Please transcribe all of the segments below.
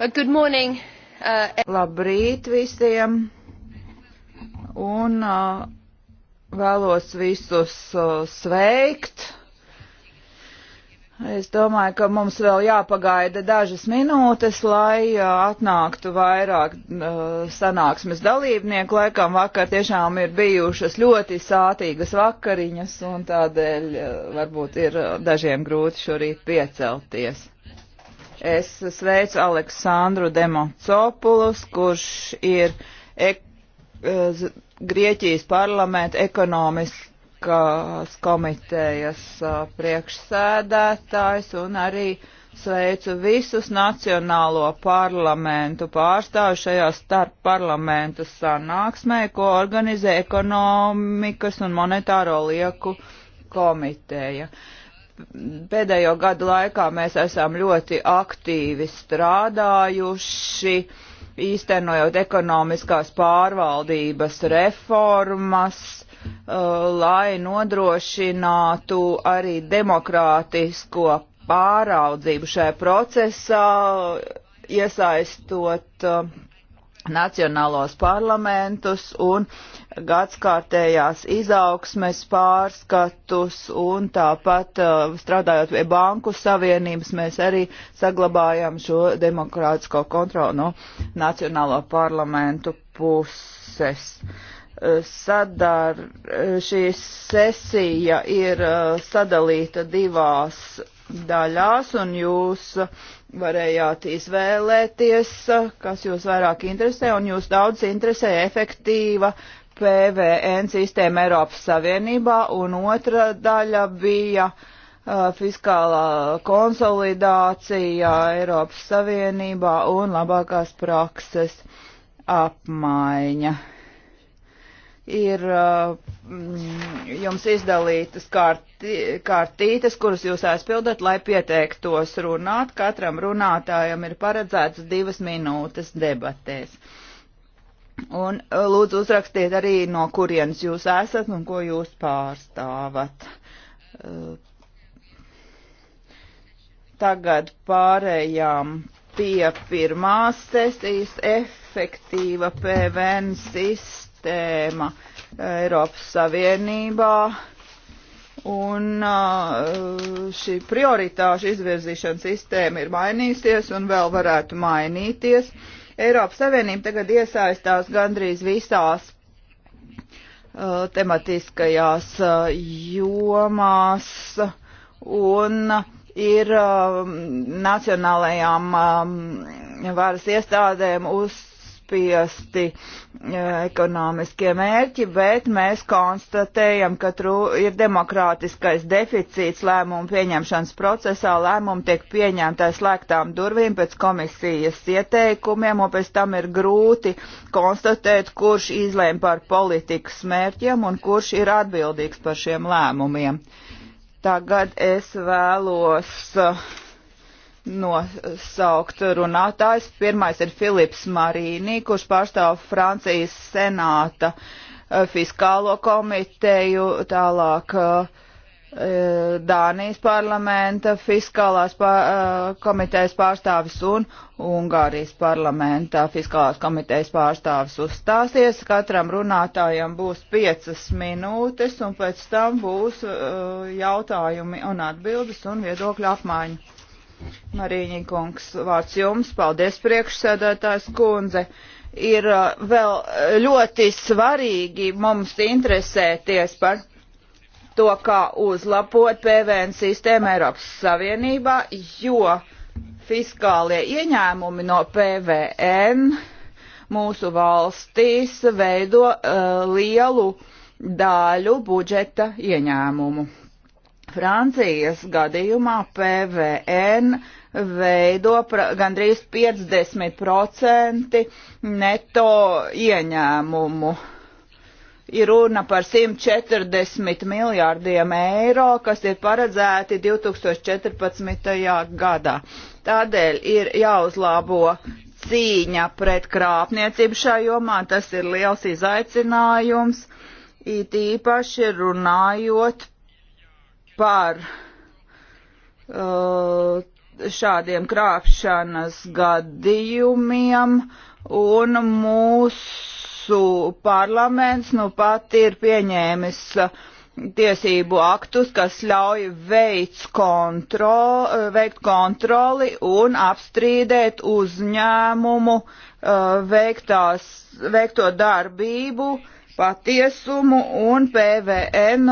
Uh, good morning. Uh, Labrīt visiem. Un uh, vēlos visus uh, sveikt. Es domāju, ka mums vēl jāpagaida dažas minūtes, lai uh, atnāktu vairāk uh, sanāksmes dalībnieku. Laikam vakar tiešām ir bijušas ļoti sātīgas vakariņas, un tādēļ varbūt ir dažiem grūti šorīt piecelties. Es sveicu Aleksandru Democopulus, kurš ir ek, Grieķijas parlamenta ekonomiskās komitejas priekšsēdētājs un arī sveicu visus nacionālo parlamentu pārstāvju šajā starp parlamentu sanāksmē, ko organizē ekonomikas un monetāro lieku komiteja. Uh, pēdējo gadu laikā mēs esam ļoti aktīvi strādājuši, īstenojot ekonomiskās pārvaldības reformas, uh, lai nodrošinātu arī demokrātisko pāraudzību šajā procesā, iesaistot uh, nacionālos parlamentus un gadskārtējās izaugsmes pārskatus un tāpat uh, strādājot pie banku savienības mēs arī saglabājam šo demokrātisko kontroli no nacionālo parlamentu puses. Uh, sadar, uh, šī sesija ir sadalīta divās daļās un jūs uh, varējāt izvēlēties, kas jūs vairāk interesē, un jūs daudz interesē efektīva PVN sistēma Eiropas Savienībā, un otra daļa bija uh, fiskālā konsolidācija Eiropas Savienībā un labākās prakses apmaiņa ir uh, mm, jums izdalītas kārti, kārtītes, kuras jūs aizpildat, lai pieteiktos runāt. Katram runātājam ir paredzētas divas minūtes debatēs. Un uh, lūdzu uzrakstiet arī, no kurienes jūs esat un ko jūs pārstāvat. Uh, tagad pārējām pie pirmās sesijas efektīva PVN sistēma sistēma Eiropas Savienībā. Un uh, šī prioritāšu izvirzīšana sistēma ir mainīsies un vēl varētu mainīties. Eiropas Savienība tagad iesaistās gandrīz visās uh, tematiskajās uh, jomās un ir uh, nacionālajām um, varas iestādēm uz uzspiesti eh, ekonomiskie mērķi, bet mēs konstatējam, ka ir demokrātiskais deficīts lēmumu pieņemšanas procesā. Lēmumi tiek pieņemti aiz slēgtām durvīm pēc komisijas ieteikumiem, un pēc tam ir grūti konstatēt, kurš izlēma par politikas mērķiem un kurš ir atbildīgs par šiem lēmumiem. Tagad es vēlos uh, nosaukt runātājs. Pirmais ir Filips Marīnī, kurš pārstāv Francijas senāta eh, fiskālo komiteju, tālāk eh, Dānijas parlamenta fiskālās pār, eh, komitejas pārstāvis un Ungārijas parlamenta fiskālās komitejas pārstāvis uzstāsies. Katram runātājam būs piecas minūtes un pēc tam būs jautājumi un atbildes un viedokļu apmaiņa. Marīņi kungs, vārds jums, paldies priekšsēdētājs kundze. Ir uh, vēl ļoti svarīgi mums interesēties par to, kā uzlabot PVN sistēmu Eiropas Savienībā, jo fiskālie ieņēmumi no PVN mūsu valstīs veido uh, lielu daļu budžeta ieņēmumu. Francijas gadījumā PVN veido gandrīz 50% neto ieņēmumu. Ir runa par 140 miljārdiem eiro, kas ir paredzēti 2014. gadā. Tādēļ ir jāuzlabo cīņa pret krāpniecību šajā jomā. Tas ir liels izaicinājums, it īpaši runājot par uh, šādiem krāpšanas gadījumiem, un mūsu parlaments nu pat ir pieņēmis uh, tiesību aktus, kas ļauj veids kontro, uh, veikt kontroli un apstrīdēt uzņēmumu uh, veiktās, veikto darbību, patiesumu un PVN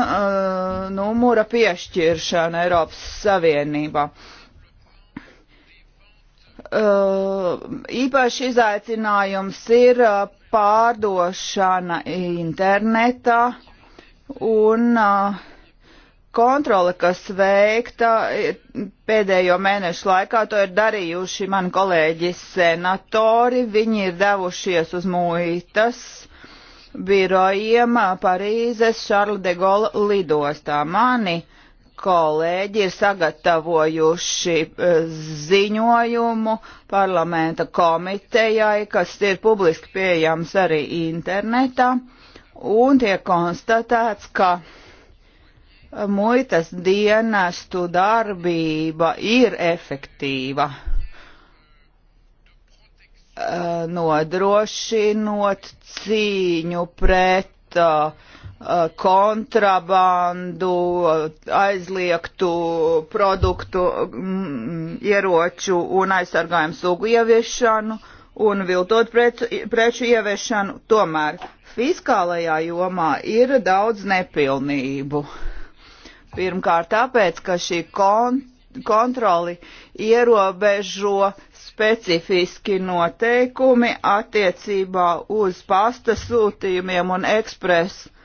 numura piešķiršanu Eiropas Savienībā. Uh, Uh, īpašs izaicinājums ir uh, pārdošana internetā un uh, kontrole, kas veikta eh, pēdējo mēnešu laikā, to ir darījuši mani kolēģi senatori. Viņi ir devušies uz muitas birojiem Parīzes Šarla de Gola lidostā. Mani uh, kolēģi ir sagatavojuši e, ziņojumu parlamenta komitejai, kas ir publiski pieejams arī internetā, un tiek konstatēts, ka muitas dienestu darbība ir efektīva e, nodrošinot cīņu pret uh, Uh, kontrabandu, uh, aizliegtu produktu, mm, ieroču un aizsargājumu sugu ieviešanu un viltot preču, preču ieviešanu. Tomēr fiskālajā jomā ir daudz nepilnību. Pirmkārt tāpēc, ka šī kon kontroli ierobežo specifiski noteikumi attiecībā uz pasta sūtījumiem un ekspresu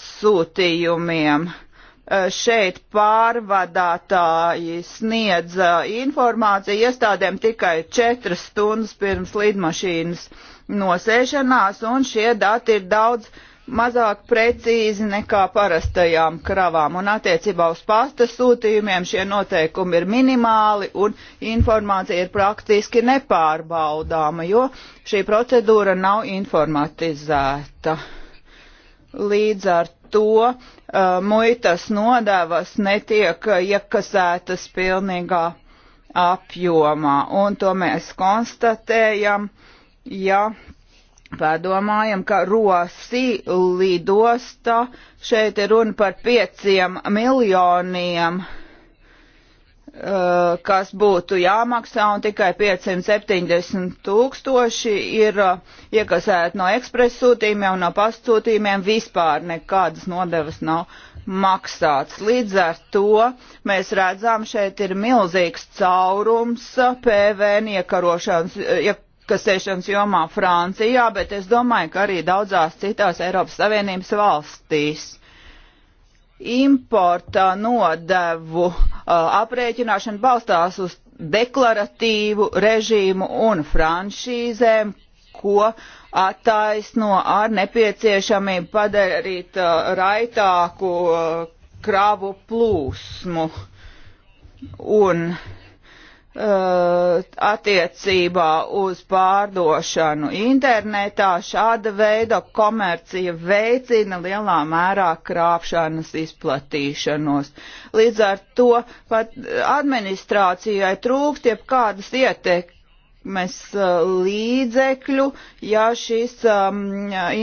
sūtījumiem. Šeit pārvadātāji sniedz informāciju iestādēm tikai četras stundas pirms lidmašīnas nosēšanās, un šie dati ir daudz mazāk precīzi nekā parastajām kravām, un attiecībā uz pasta sūtījumiem šie noteikumi ir minimāli, un informācija ir praktiski nepārbaudāma, jo šī procedūra nav informatizēta. Līdz ar to uh, muitas nodevas netiek uh, iekasētas pilnīgā apjomā. Un to mēs konstatējam, ja Padomājam, ka Rosī lidosta šeit ir runa par pieciem miljoniem uh, Eh, kas būtu jāmaksā, un tikai 570 tūkstoši ir eh, iekasēti no ekspresūtījumiem un no pastsūtījumiem. Vispār nekādas nodevas nav maksāts. Līdz ar to mēs redzam, šeit ir milzīgs caurums PVN iekarošanas, eh, iekasēšanas jomā Francijā, bet es domāju, ka arī daudzās citās Eiropas Savienības valstīs importa nodevu aprēķināšana balstās uz deklaratīvu režīmu un franšīzēm, ko attaisno ar nepieciešamību padarīt raitāku kravu plūsmu. Un uh, Uh, attiecībā uz pārdošanu internetā šāda veida komercija veicina lielā mērā krāpšanas izplatīšanos. Līdz ar to pat administrācijai trūkst jeb kādas ietekmes uh, līdzekļu, ja šis um,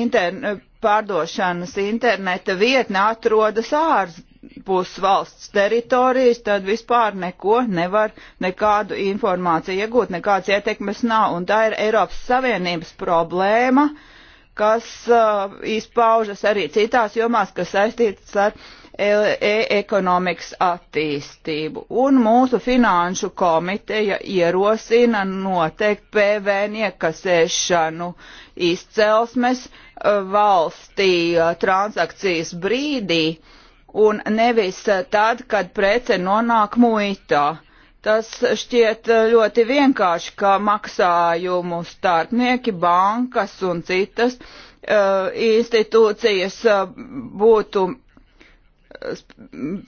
interne, pārdošanas interneta vietne atrodas ārz, ārpus valsts teritorijas, tad vispār neko nevar, nekādu informāciju iegūt, nekādas ietekmes nav. Un tā ir Eiropas Savienības problēma, kas uh, izpaužas arī citās jomās, kas saistītas ar e-ekonomikas e, e attīstību. Un mūsu finanšu komiteja ierosina noteikt PVN iekasēšanu izcelsmes uh, valstī uh, transakcijas brīdī un nevis tad, kad prece nonāk muitā. Tas šķiet ļoti vienkārši, ka maksājumu starpnieki, bankas un citas uh, institūcijas uh, būtu, eh,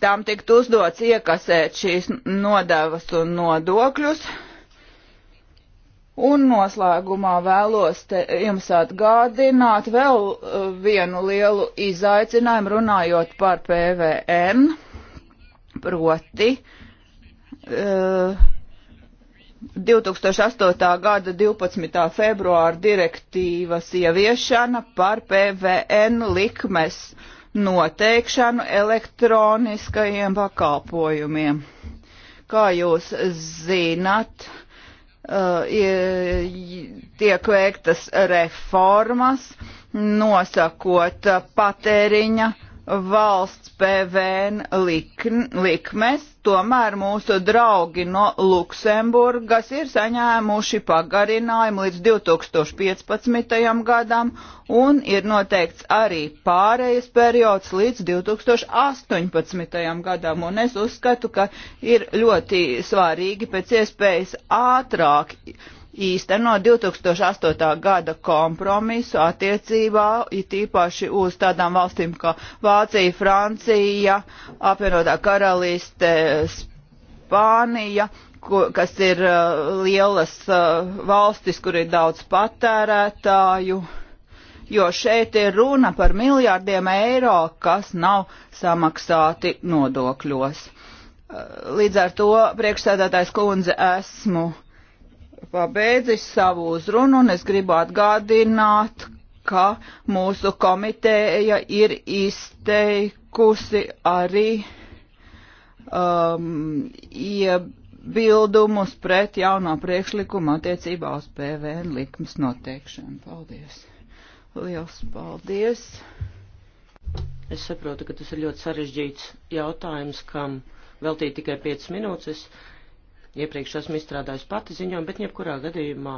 tām tikt uzdots iekasēt šīs nodevas un nodokļus, Un noslēgumā vēlos te, jums atgādināt vēl uh, vienu lielu izaicinājumu runājot par PVN, proti uh, 2008. gada 12. februāra direktīvas ieviešana par PVN likmes noteikšanu elektroniskajiem pakalpojumiem. Kā jūs zinat, Uh, tiek veiktas reformas, nosakot patēriņa uh, valsts PVN likn, likmes, tomēr mūsu draugi no Luksemburgas ir saņēmuši pagarinājumu līdz 2015. gadam un ir noteikts arī pārējais periods līdz 2018. gadam. Un es uzskatu, ka ir ļoti svarīgi pēc iespējas ātrāk īsteno 2008. gada kompromisu attiecībā, it īpaši uz tādām valstīm kā Vācija, Francija, apvienotā karaliste, Spānija, kas ir uh, lielas uh, valstis, kur ir daudz patērētāju, jo šeit ir runa par miljārdiem eiro, kas nav samaksāti nodokļos. Uh, līdz ar to priekšsēdētājs kundze esmu pabeidzis savu uzrunu un es gribu atgādināt, ka mūsu komiteja ir izteikusi arī um, iebildumus pret jauno priekšlikumu attiecībā uz PVN likmes noteikšanu. Paldies! Liels paldies! Es saprotu, ka tas ir ļoti sarežģīts jautājums, kam veltīt tikai 5 minūtes. Es Iepriekš esmu izstrādājusi pati ziņojumu, bet jebkurā gadījumā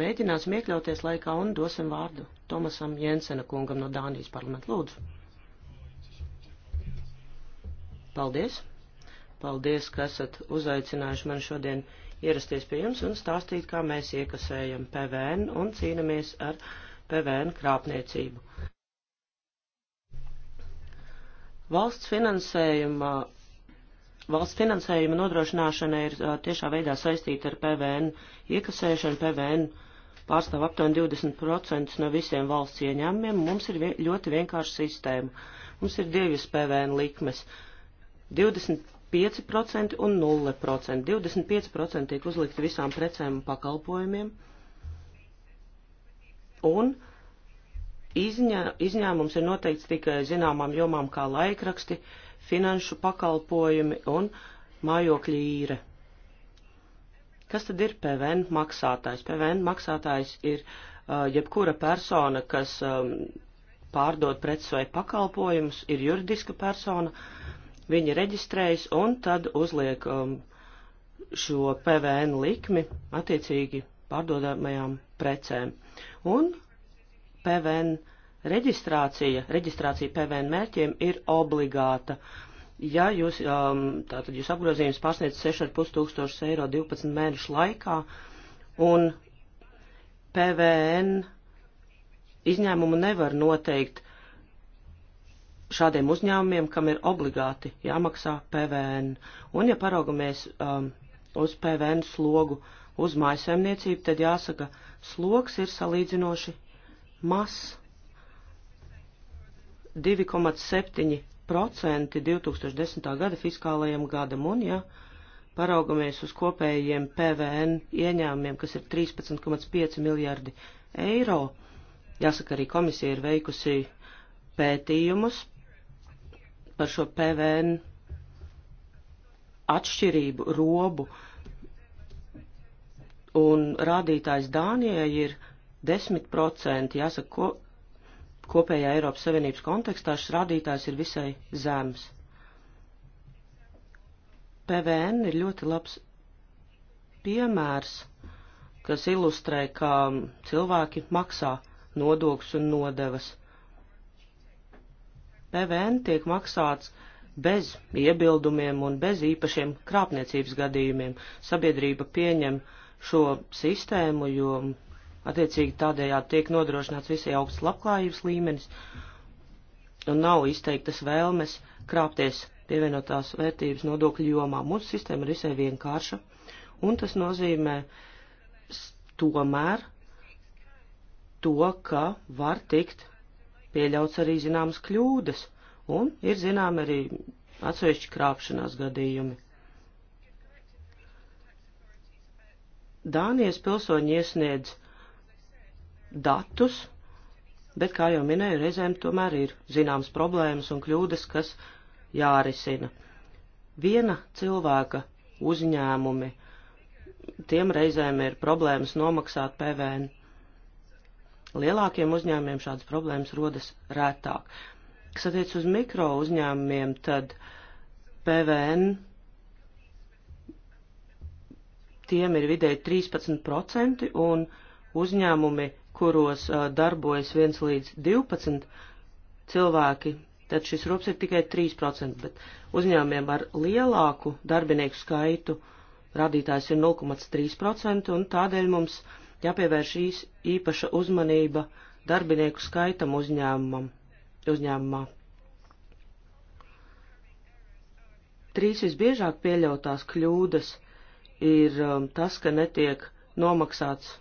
mēģināsim iekļauties laikā un dosim vārdu Tomasam Jensena kungam no Dānijas parlamenta. Lūdzu. Paldies. Paldies, ka esat uzaicinājuši mani šodien ierasties pie jums un stāstīt, kā mēs iekasējam PVN un cīnamies ar PVN krāpniecību. Valsts finansējuma valsts finansējuma nodrošināšana ir tiešā veidā saistīta ar PVN iekasēšanu. PVN pārstāv aptuveni 20% no visiem valsts ieņēmumiem. Mums ir vie ļoti vienkārša sistēma. Mums ir divas PVN likmes. 25% un 0%. 25% tiek uzlikti visām precēm un pakalpojumiem. Un izņē, izņēmums ir noteikts tikai zināmām jomām kā laikraksti, uh, finanšu pakalpojumi un mājokļa īre. Kas tad ir PVN maksātājs? PVN maksātājs ir uh, jebkura persona, kas um, pārdod preces vai pakalpojumus, ir juridiska persona, viņi reģistrējas un tad uzliek um, šo PVN likmi attiecīgi pārdodamajām precēm. Un PVN Reģistrācija, reģistrācija PVN mērķiem ir obligāta. Ja jūs, um, tātad jūs apgrozījums pārsniedz 6,5 tūkstošus eiro 12 mēnešu laikā un PVN izņēmumu nevar noteikt šādiem uzņēmumiem, kam ir obligāti jāmaksā PVN. Un ja paraugamies um, uz PVN slogu uz mājasemniecību, tad jāsaka, sloks ir salīdzinoši mazs. 2,7% 2010. gada fiskālajam gadam, un, ja paraugamies uz kopējiem PVN ieņēmumiem, kas ir 13,5 miljardi eiro, jāsaka arī komisija ir veikusi pētījumus par šo PVN atšķirību, robu, un rādītājs Dānijai ir 10%, jāsaka, ko, kopējā Eiropas Savienības kontekstā šis rādītājs ir visai zems. PVN ir ļoti labs piemērs, kas ilustrē, kā cilvēki maksā nodokļus un nodevas. PVN tiek maksāts bez iebildumiem un bez īpašiem krāpniecības gadījumiem. Sabiedrība pieņem šo sistēmu, jo Attiecīgi tādējādi tiek nodrošināts visai augsts labklājības līmenis un nav izteiktas vēlmes krāpties pievienotās vērtības nodokļu jomā. Mūsu sistēma ir visai vienkārša, un tas nozīmē tomēr to, ka var tikt pieļauts arī zināmas kļūdas, un ir zinām arī atsevišķi krāpšanās gadījumi. Dānijas pilsoņi iesniedz datus, bet, kā jau minēju, reizēm tomēr ir zināmas problēmas un kļūdas, kas jārisina. Viena cilvēka uzņēmumi, tiem reizēm ir problēmas nomaksāt PVN. Lielākiem uzņēmumiem šādas problēmas rodas rētāk. Kas attiec uz mikro uzņēmumiem, tad PVN tiem ir vidēji 13% un uzņēmumi kuros uh, darbojas 1 līdz 12 cilvēki, tad šis rūps ir tikai 3%, bet uzņēmumiem ar lielāku darbinieku skaitu rādītājs ir 0,3%, un tādēļ mums jāpievērš īpaša uzmanība darbinieku skaitam uzņēmumam, uzņēmumā. Trīs visbiežāk pieļautās kļūdas ir um, tas, ka netiek nomaksāts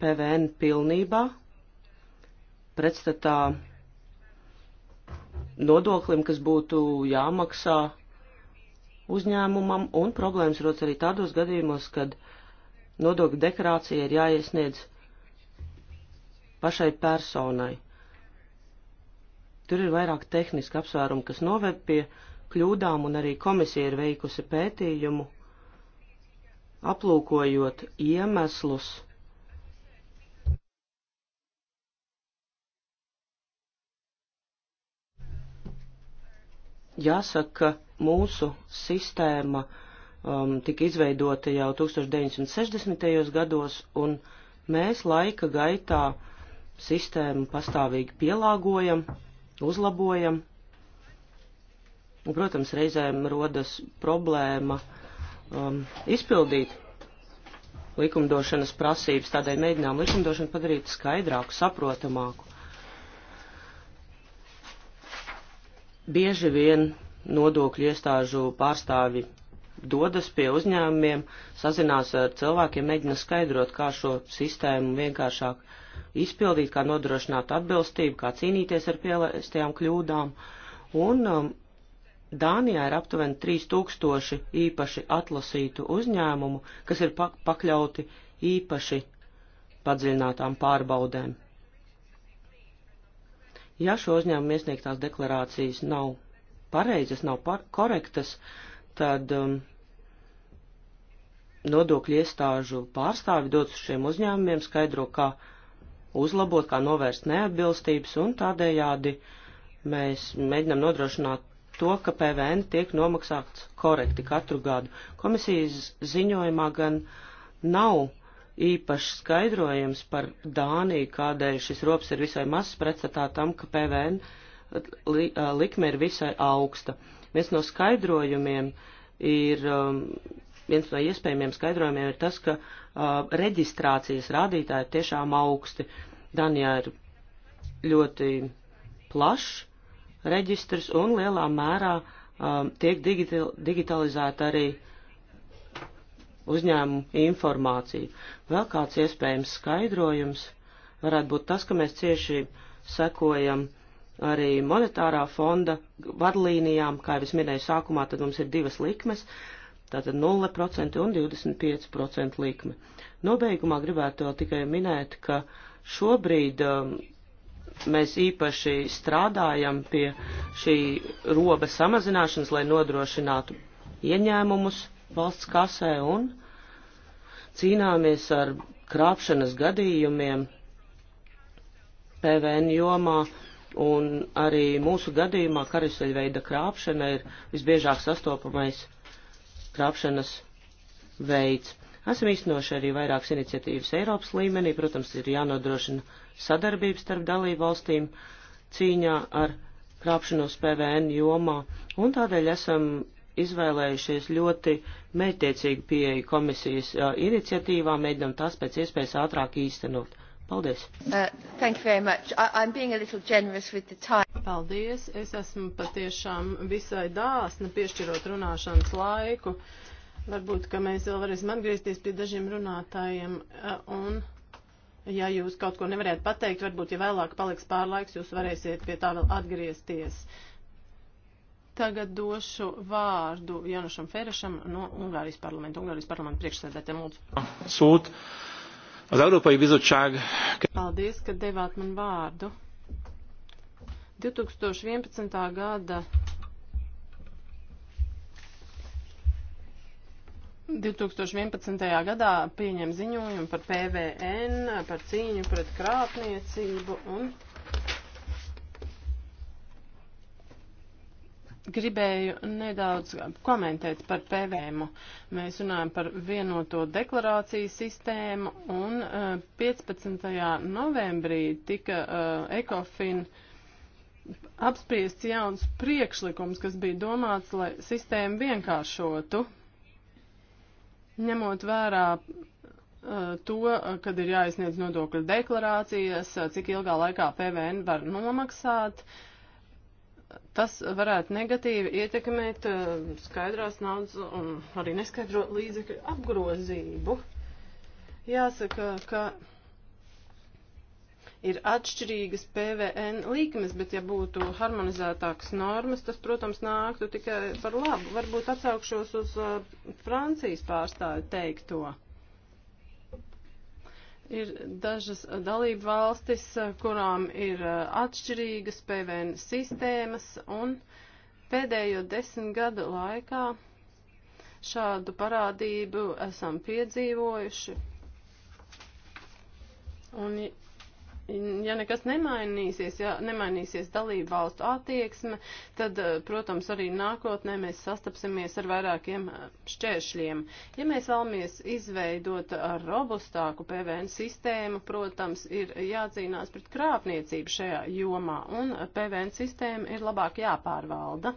PVN pilnībā pretstatā nodoklim, kas būtu jāmaksā uzņēmumam, un problēmas rodas arī tādos gadījumos, kad nodokļu deklarācija ir jāiesniedz pašai personai. Tur ir vairāk tehniski apsvērumi, kas noved pie kļūdām, un arī komisija ir veikusi pētījumu, aplūkojot iemeslus Jāsaka, mūsu sistēma um, tika izveidota jau 1960. gados, un mēs laika gaitā sistēmu pastāvīgi pielāgojam, uzlabojam. Un, protams, reizēm rodas problēma um, izpildīt likumdošanas prasības, tādēļ mēģinām likumdošanu padarīt skaidrāku, saprotamāku. Bieži vien nodokļu iestāžu pārstāvi dodas pie uzņēmumiem, sazinās ar cilvēkiem, mēģina skaidrot, kā šo sistēmu vienkāršāk izpildīt, kā nodrošināt atbilstību, kā cīnīties ar pielaistajām kļūdām. Un um, Dānijā ir aptuveni 3000 īpaši atlasītu uzņēmumu, kas ir pak pakļauti īpaši padziļinātām pārbaudēm. Ja šo uzņēmumu iesniegtās deklarācijas nav pareizas, nav par korektas, tad um, nodokļu iestāžu pārstāvi dodas uz šiem uzņēmumiem, skaidro, kā uzlabot, kā novērst neatbilstības, un tādējādi mēs mēģinam nodrošināt to, ka PVN tiek nomaksāts korekti katru gadu. Komisijas ziņojumā gan nav īpašs skaidrojums par Dāniju, kādēļ šis rops ir visai mazs pretstatā tam, ka PVN li, likme ir visai augsta. Viens no skaidrojumiem ir, um, viens no iespējamiem skaidrojumiem ir tas, ka uh, reģistrācijas rādītāji ir tiešām augsti. Danijā ir ļoti plašs reģistrs un lielā mērā um, tiek digital, digitalizēta arī uh, uzņēmumu informāciju. Vēl kāds iespējams skaidrojums varētu būt tas, ka mēs cieši sekojam arī monetārā fonda vadlīnijām, kā jau es minēju sākumā, tad mums ir divas likmes, tātad 0% un 25% likme. Nobeigumā gribētu vēl tikai minēt, ka šobrīd um, mēs īpaši strādājam pie šī roba samazināšanas, lai nodrošinātu ieņēmumus valsts kasē un cīnāmies ar krāpšanas gadījumiem PVN jomā. Un arī mūsu gadījumā karuseļveida krāpšana ir visbiežāk sastopamais krāpšanas veids. Esam īstenoši arī vairākas iniciatīvas Eiropas līmenī. Protams, ir jānodrošina sadarbības starp dalību valstīm cīņā ar krāpšanos PVN jomā, un tādēļ esam izvēlējušies ļoti uh, mērķtiecīgu pieeju komisijas uh, iniciatīvām, mēģinam tās pēc iespējas ātrāk īstenot. Paldies! Uh, thank you very much. I, I'm being a little generous with the time. Paldies! Es esmu patiešām visai dāsna piešķirot runāšanas laiku. Varbūt, ka mēs vēl varēsim atgriezties pie dažiem runātājiem. Uh, un, ja jūs kaut ko nevarētu pateikt, varbūt, ja vēlāk paliks pārlaiks, jūs varēsiet pie tā vēl atgriezties. Uh, Tagad došu vārdu Janušam Ferešam no Ungārijas parlamenta. Ungārijas parlamenta priekšsēdētājiem lūdzu. Sūt. Az Európai Bizottság... Paldies, ka devāt man vārdu. 2011. gada 2011. gadā pieņem ziņojumu par PVN, par cīņu pret krāpniecību un gribēju nedaudz komentēt par PVM. Mēs runājam par vienoto deklarāciju sistēmu un 15. Eh, novembrī tika eh, ECOFIN apspriests jauns priekšlikums, kas bija domāts, lai sistēmu vienkāršotu, ņemot vērā eh, to, kad ir jāizsniedz nodokļu deklarācijas, cik ilgā laikā PVN var nomaksāt, uh, tas varētu negatīvi ietekmēt uh, skaidrās naudas un arī neskaidro līdzekļu apgrozību. Jāsaka, ka ir atšķirīgas PVN likmes, bet ja būtu harmonizētākas normas, tas, protams, nāktu tikai par labu. Varbūt atsaukšos uz uh, Francijas pārstāvi teikto. Ir dažas dalību valstis, kurām ir eh, atšķirīgas PVN sistēmas, un pēdējo desmit gadu laikā šādu parādību esam piedzīvojuši. Un ja nekas nemainīsies, ja nemainīsies dalību valstu attieksme, tad, eh, protams, arī nākotnē mēs sastapsimies ar vairākiem eh, šķēršļiem. Ja mēs vēlamies izveidot eh, robustāku PVN sistēmu, protams, ir jācīnās pret krāpniecību šajā jomā, un PVN sistēma ir labāk jāpārvalda.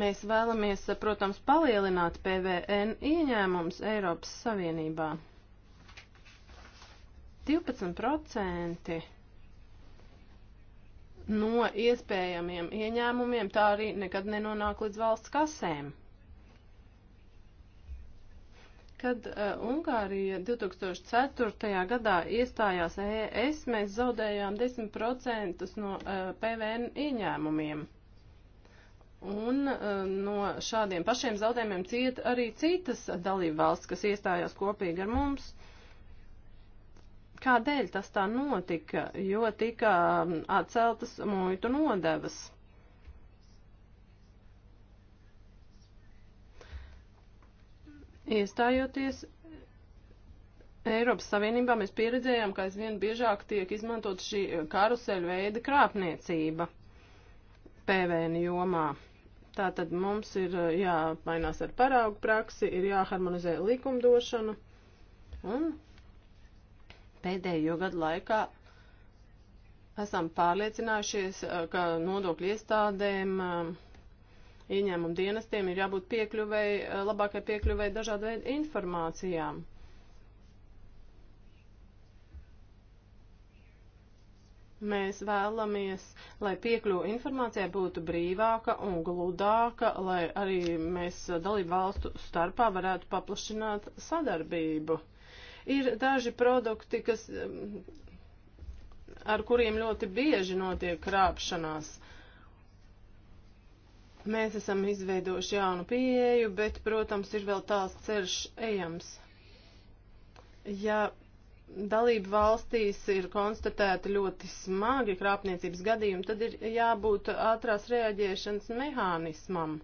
Mēs vēlamies, protams, palielināt PVN ieņēmums Eiropas Savienībā. 12% no iespējamiem ieņēmumiem tā arī nekad nenonāk līdz valsts kasēm. Kad uh, Ungārija 2004. gadā iestājās ES, mēs zaudējām 10% no uh, PVN ieņēmumiem. Un eh, no šādiem pašiem zaudējumiem ciet arī citas dalību valsts, kas iestājās kopīgi ar mums. Kādēļ tas tā notika? Jo tika mm, atceltas muitu nodevas. Iestājoties Eiropas Savienībā, mēs pieredzējām, ka aizvien biežāk tiek izmantot šī karuseļu veida krāpniecība PVN jomā. Tātad mums ir jāmainās ar paraugu praksi, ir jāharmonizē likumdošana. Un pēdējo gadu laikā esam pārliecinājušies, ka nodokļu iestādēm, ieņēmumu dienestiem ir jābūt piekļuvēji, labākai piekļuvēji dažādu veidu informācijām. Mēs vēlamies, lai piekļuva informācijai būtu brīvāka un gludāka, lai arī mēs dalību valstu starpā varētu paplašināt sadarbību. Ir daži produkti, kas, ar kuriem ļoti bieži notiek krāpšanās. Mēs esam izveidojuši jaunu pieeju, bet, protams, ir vēl tāls ceļš ejams. Ja dalību valstīs ir konstatēti ļoti smagi krāpniecības gadījumi, tad ir jābūt ātrās reaģēšanas mehānismam.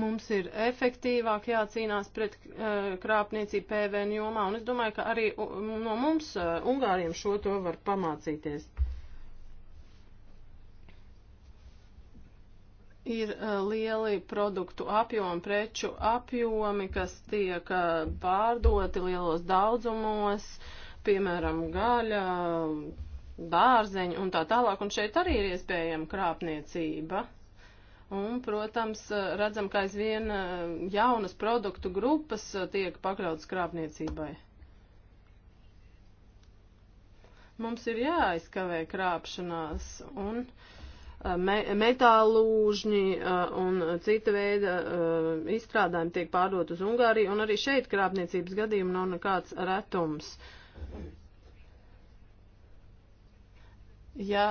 Mums ir efektīvāk jācīnās pret eh, krāpniecību PVN jomā, un es domāju, ka arī no mums, eh, Ungāriem, šo to var pamācīties. ir uh, lieli produktu apjomi, preču apjomi, kas tiek uh, pārdoti lielos daudzumos, piemēram, gaļa, dārzeņi un tā tālāk. Un šeit arī ir iespējama krāpniecība. Un, protams, uh, redzam, ka aizvien jaunas produktu grupas tiek pakļautas krāpniecībai. Mums ir jāaizkavē krāpšanās un uh, Uh, me, metālūžņi uh, un cita veida uh, izstrādājumi tiek pārdot uz Ungāriju, un arī šeit krāpniecības gadījumu nav nekāds retums. Ja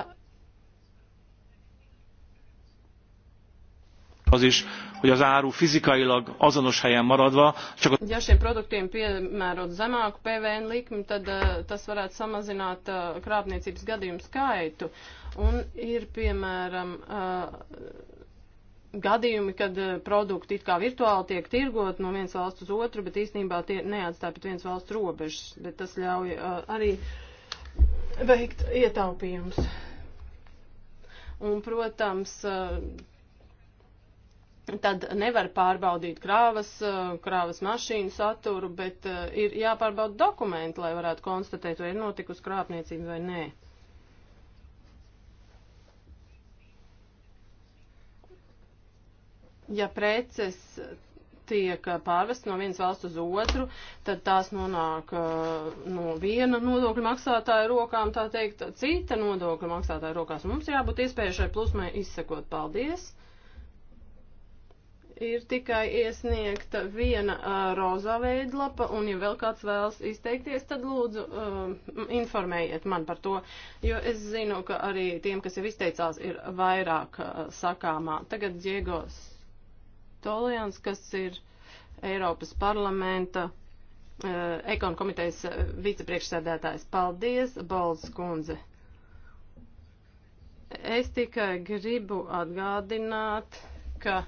az is, hogy az áru fizikailag azonos helyen maradva csak a... Ja šiem produktiem piemērot zemāku PVN likmi, tad uh, tas varētu samazināt uh, krāpniecības gadījumu skaitu. Un ir, piemēram, uh, gadījumi, kad produkti it kā virtuāli tiek tirgot no vienas valsts uz otru, bet īstenībā tie neatstāja pat vienas valsts robežas, bet tas ļauj uh, arī veikt ietaupījumus. Un, protams, uh, tad nevar pārbaudīt krāvas, eh, krāvas mašīnu saturu, bet eh, ir jāpārbauda dokumenti, lai varētu konstatēt, vai ir notikusi krāpniecība vai nē. Ja preces tiek pārvest no vienas valsts uz otru, tad tās nonāk eh, no viena nodokļu maksātāja rokām, tā teikt, cita nodokļu maksātāja rokās. Mums jābūt iespējušai plusmai izsekot. Paldies! ir tikai iesniegta viena uh, rozā veidlapa, un ja vēl kāds vēlas izteikties, tad lūdzu uh, informējiet man par to, jo es zinu, ka arī tiem, kas jau izteicās, ir vairāk uh, sakāmā. Tagad Diegos Tolijans, kas ir Eiropas parlamenta uh, ekon komitejas vicepriekšsēdētājs. Paldies, Bols kundze. Es tikai gribu atgādināt, ka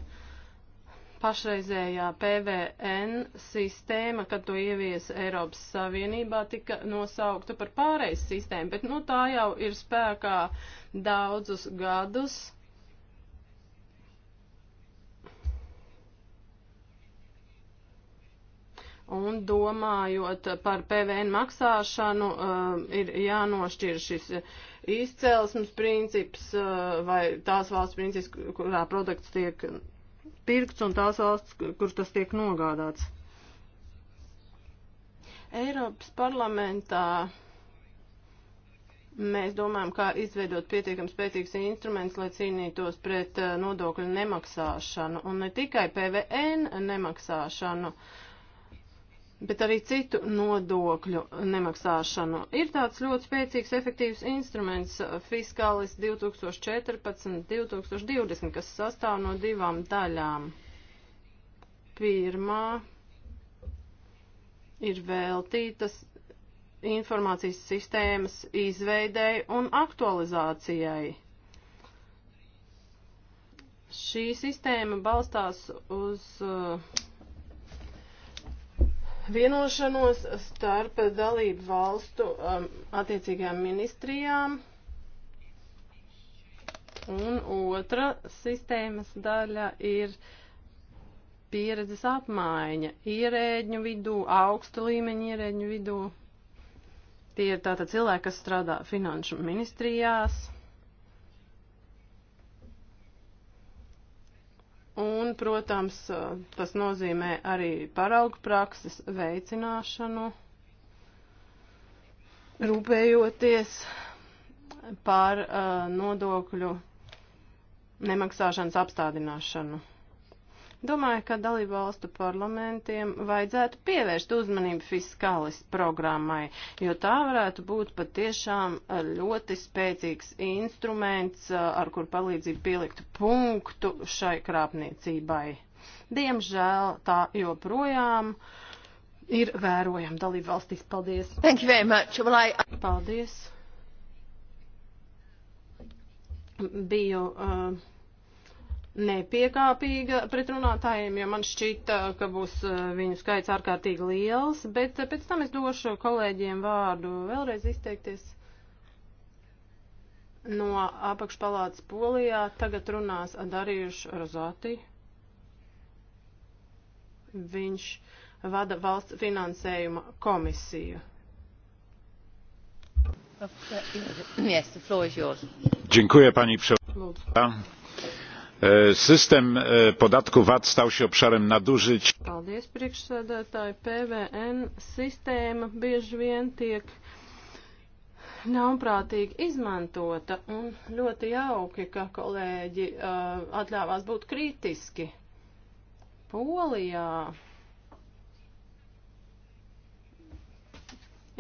pašreizējā PVN sistēma, kad to ieviesa Eiropas Savienībā, tika nosaukta par pārejas sistēmu, bet nu, tā jau ir spēkā daudzus gadus. Un domājot par PVN maksāšanu, uh, ir jānošķir šis izcelsmes princips uh, vai tās valsts princips, kurā produkts tiek pirkts un tās valsts, kur tas tiek nogādāts. Eiropas parlamentā mēs domājam, kā izveidot pietiekami spēcīgs instruments, lai cīnītos pret eh, nodokļu nemaksāšanu un ne tikai PVN nemaksāšanu. Uh, bet arī citu nodokļu nemaksāšanu. Ir tāds ļoti spēcīgs, efektīvs instruments uh, fiskālis 2014-2020, kas sastāv no divām daļām. Pirmā ir veltītas informācijas sistēmas izveidēji un aktualizācijai. Šī sistēma balstās uz uh, vienošanos starp dalību valstu um, attiecīgajām ministrijām. Un otra sistēmas daļa ir pieredzes apmaiņa ierēģņu vidū, augsta līmeņa ierēģņu vidū. Tie ir tātad cilvēki, kas strādā finanšu ministrijās. Un, protams, eh, tas nozīmē arī paraugu prakses veicināšanu, rūpējoties par uh, nodokļu nemaksāšanas apstādināšanu. Domāju, ka dalību valstu parlamentiem vajadzētu pievērst uzmanību fiskālis programmai, jo tā varētu būt patiešām eh, ļoti spēcīgs instruments, eh, ar kur palīdzību pielikt punktu šai krāpniecībai. Diemžēl tā joprojām ir vērojama dalību valstīs. Paldies! Thank you very much. Well, I... Paldies! Biju uh, eh, nepiekāpīga pret runātājiem, jo man šķita, ka būs eh, viņu skaits ārkārtīgi liels, bet eh, pēc tam es došu kolēģiem vārdu vēlreiz izteikties. No apakšpalātas polijā tagad runās Darījuš Rozāti. Viņš vada valsts finansējuma komisiju. Dziękuję pani przewodnicząca. E, system e, podatku VAT stał się obszarem nadużyć. Paldies, priekšsēdētāji. PVN sistēma bieži vien tiek ļaunprātīgi izmantota un ļoti jauki, ka kolēģi uh, atļāvās būt kritiski. Polijā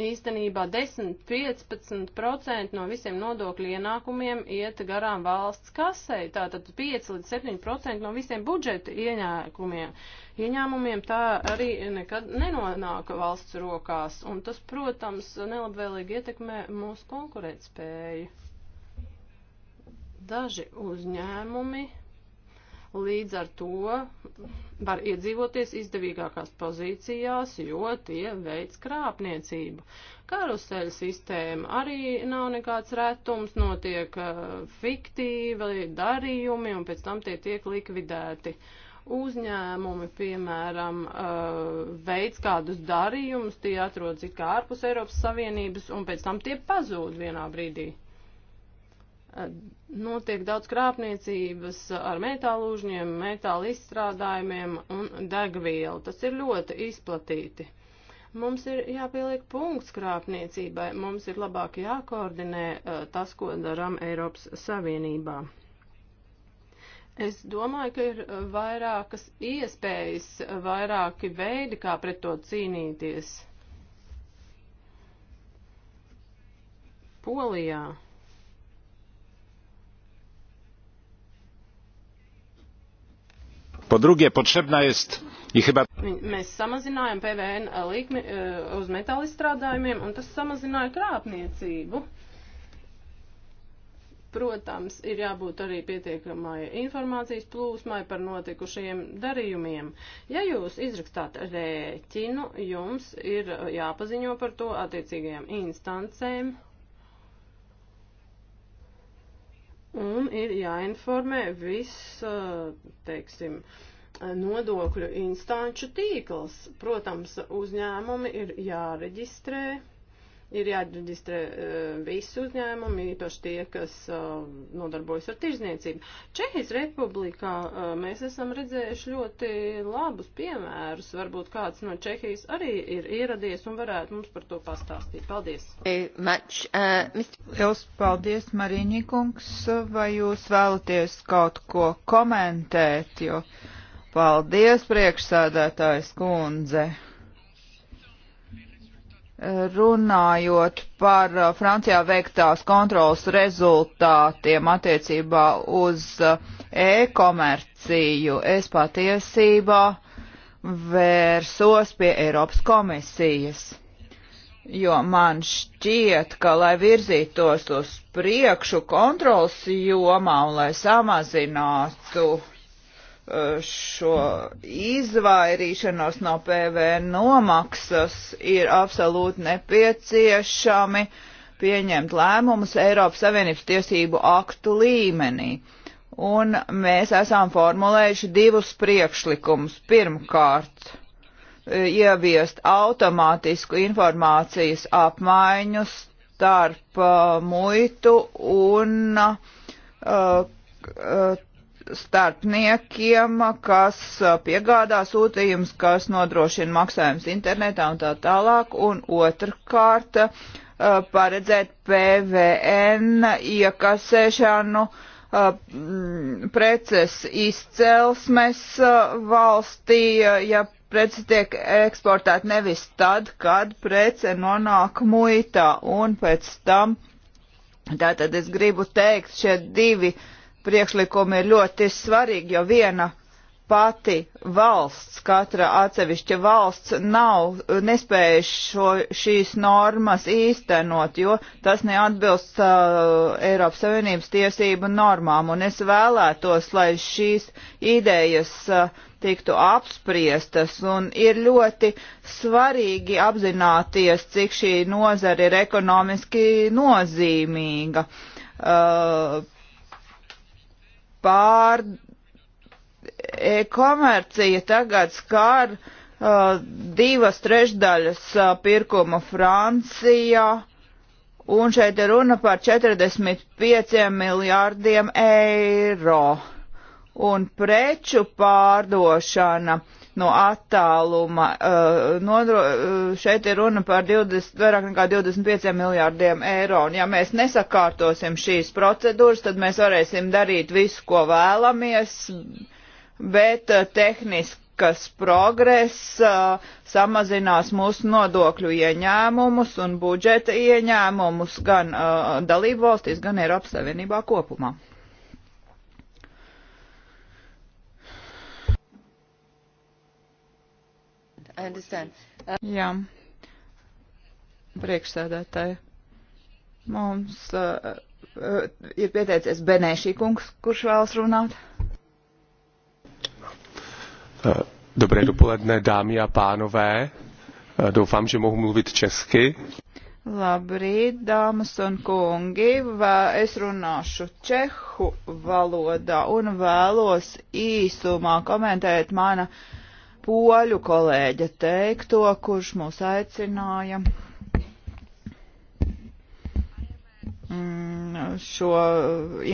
Īstenībā 10-15% no visiem nodokļu ienākumiem iet garām valsts kasei, tātad 5 līdz 7% no visiem budžeta ienākumiem. Ieņēmumiem tā arī nekad nenonāk valsts rokās, un tas, protams, nelabvēlīgi ietekmē mūsu konkurētspēju. Daži uzņēmumi Līdz ar to var iedzīvoties izdevīgākās pozīcijās, jo tie veids krāpniecību. Karuseļu sistēma arī nav nekāds retums, notiek eh, fiktīvi darījumi un pēc tam tie tiek likvidēti uzņēmumi, piemēram, eh, veids kādus darījumus, tie atrodas it kā ārpus Eiropas Savienības, un pēc tam tie pazūd vienā brīdī. Eh, Notiek daudz krāpniecības ar metālu užņiem, metāla izstrādājumiem un degvielu. Tas ir ļoti izplatīti. Mums ir jāpieliek punkts krāpniecībai, mums ir labāk jākoordinē eh, tas, ko darām Eiropas Savienībā. Es domāju, ka ir eh, vairākas iespējas, vairāki veidi, kā pret to cīnīties. Polijā. Po drugie, potrzebna jest i chyba. Mēs samazinājām PVN e, likmi e, uz metālistrādājumiem, un tas samazināja krāpniecību. Protams, ir jābūt arī pietiekamai informācijas plūsmai par notikušajiem darījumiem. Ja jūs izrakstāt rēķinu, jums ir e, jāpaziņo par to attiecīgajām instancēm, un ir jāinformē viss, uh, teiksim, nodokļu instanču tīkls. Protams, uzņēmumi ir jāreģistrē ir jāatreģistrē eh, visi uzņēmumi, īpaši tie, kas eh, nodarbojas ar tirzniecību. Čehijas republikā eh, mēs esam redzējuši ļoti labus piemērus. Varbūt kāds no Čehijas arī ir ieradies un varētu mums par to pastāstīt. Paldies! Uh, Liels paldies, Marīņikungs! Vai jūs vēlaties kaut ko komentēt? Jo... Paldies, priekšsēdētājs kundze! runājot par uh, Francijā veiktās kontrolas rezultātiem attiecībā uz uh, e-komerciju, es patiesībā vērsos pie Eiropas komisijas, jo man šķiet, ka, lai virzītos uz priekšu kontrolas jomā un lai samazinātu šo izvairīšanos no PVN nomaksas ir absolūti nepieciešami pieņemt lēmumus Eiropas Savienības tiesību aktu līmenī. Un mēs esam formulējuši divus priekšlikumus. Pirmkārt, ieviest automātisku informācijas apmaiņu starp uh, muitu un uh, uh, starpniekiem, kas uh, piegādā sūtījums, kas nodrošina maksājums internetā un tā tālāk, un otrkārt uh, paredzēt PVN iekasēšanu uh, preces izcelsmes valstī, ja prece tiek eksportēta nevis tad, kad prece nonāk muitā, un pēc tam, tātad es gribu teikt, šie divi uh, priekšlikumi ir ļoti svarīgi, jo viena pati valsts, katra atsevišķa valsts nav nespējuši šīs normas īstenot, jo tas neatbilst uh, Eiropas Savienības tiesību normām. Un es vēlētos, lai šīs idejas uh, tiktu apspriestas un ir ļoti svarīgi apzināties, cik šī nozara ir ekonomiski nozīmīga. Uh, pār e-komercija tagad skār uh, e, divas trešdaļas uh, pirkuma Francijā, un šeit ir runa par 45 miljārdiem eiro. Un preču pārdošana uh, no attāluma. Eh, nodro, eh, šeit ir runa par 20, vairāk nekā 25 miljārdiem eiro, un ja mēs nesakārtosim šīs procedūras, tad mēs varēsim darīt visu, ko vēlamies, bet eh, tehniski kas progress uh, samazinās mūsu nodokļu ieņēmumus un budžeta ieņēmumus gan uh, dalību valstīs, gan Eiropas Savienībā kopumā. I understand. Uh... Jā, priekšsēdētāji. Mums uh, uh, ir pieteicies Benēšī kungs, kurš vēlas runāt. Uh, dobré dopoledne, dámy a pánové. Uh, doufám, že mohu mluvit česky. Labrīt, dāmas un kungi, Vē es runāšu čehu valodā un vēlos īsumā komentēt mana uh, poļu kolēģa teikto, kurš mūs aicināja mm, šo,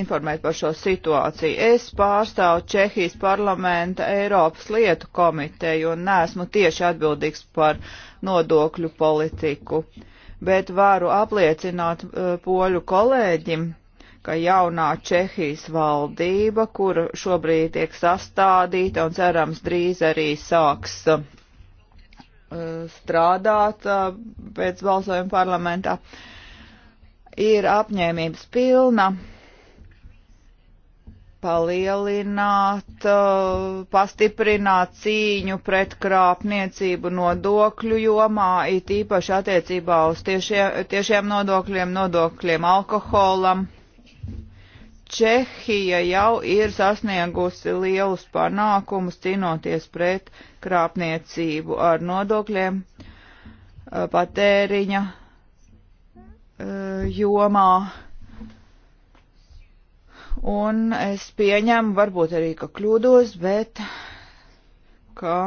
informēt par šo situāciju. Es pārstāvu Čehijas parlamenta Eiropas lietu komiteju un neesmu tieši atbildīgs par nodokļu politiku, bet varu apliecināt eh, poļu kolēģim, ka jaunā Čehijas valdība, kura šobrīd tiek sastādīta un cerams drīz arī sāks uh, strādāt uh, pēc balsojuma parlamentā, ir apņēmības pilna palielināt, uh, pastiprināt cīņu pret krāpniecību nodokļu jomā, it īpaši attiecībā uz tiešie, tiešiem nodokļiem, nodokļiem alkoholam Čehija jau ir sasniegusi lielus panākumus cīnoties pret krāpniecību ar nodokļiem eh, patēriņa eh, jomā. Un es pieņemu, varbūt arī, ka kļūdos, bet ka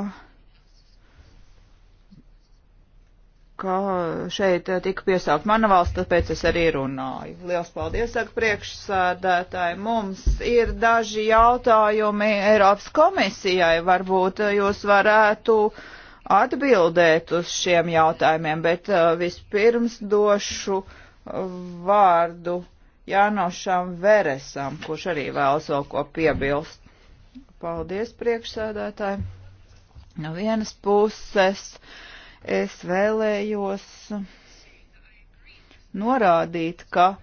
ka šeit tika piesaukt mana valsts, tāpēc es arī runāju. Liels paldies, saka priekšsādātāji. Mums ir daži jautājumi Eiropas komisijai. Varbūt jūs varētu atbildēt uz šiem jautājumiem, bet uh, vispirms došu vārdu Jānošam Veresam, kurš arī vēlas vēl ko piebilst. Paldies, priekšsēdētāji. No vienas puses Es vēlējos norādīt, ka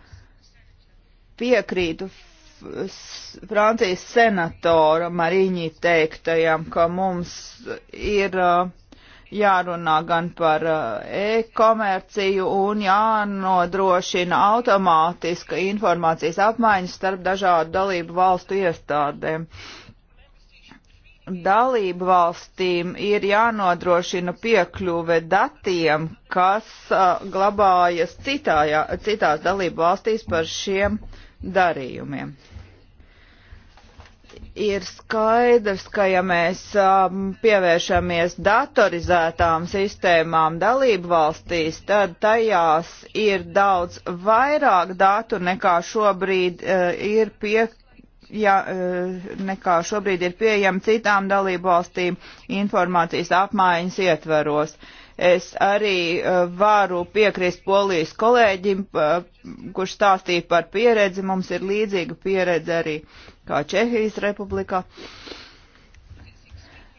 piekrītu Francijas senatora Mariņī teiktajam, ka mums ir uh, jārunā gan par uh, e-komerciju un jānodrošina automātiska informācijas apmaiņas starp dažādu dalību valstu iestādēm. Uh, dalību valstīm ir jānodrošina piekļuve datiem, kas uh, glabājas citā, citās dalību valstīs par šiem darījumiem. Ir skaidrs, ka ja mēs um, pievēršamies datorizētām sistēmām dalību valstīs, tad tajās ir daudz vairāk datu nekā šobrīd uh, ir piekļuve ja eh, nekā šobrīd ir pieejama citām dalībvalstīm informācijas apmaiņas ietvaros. Es arī eh, varu piekrist polijas kolēģim, eh, kurš stāstīja par pieredzi. Mums ir līdzīga pieredze arī kā Čehijas republikā.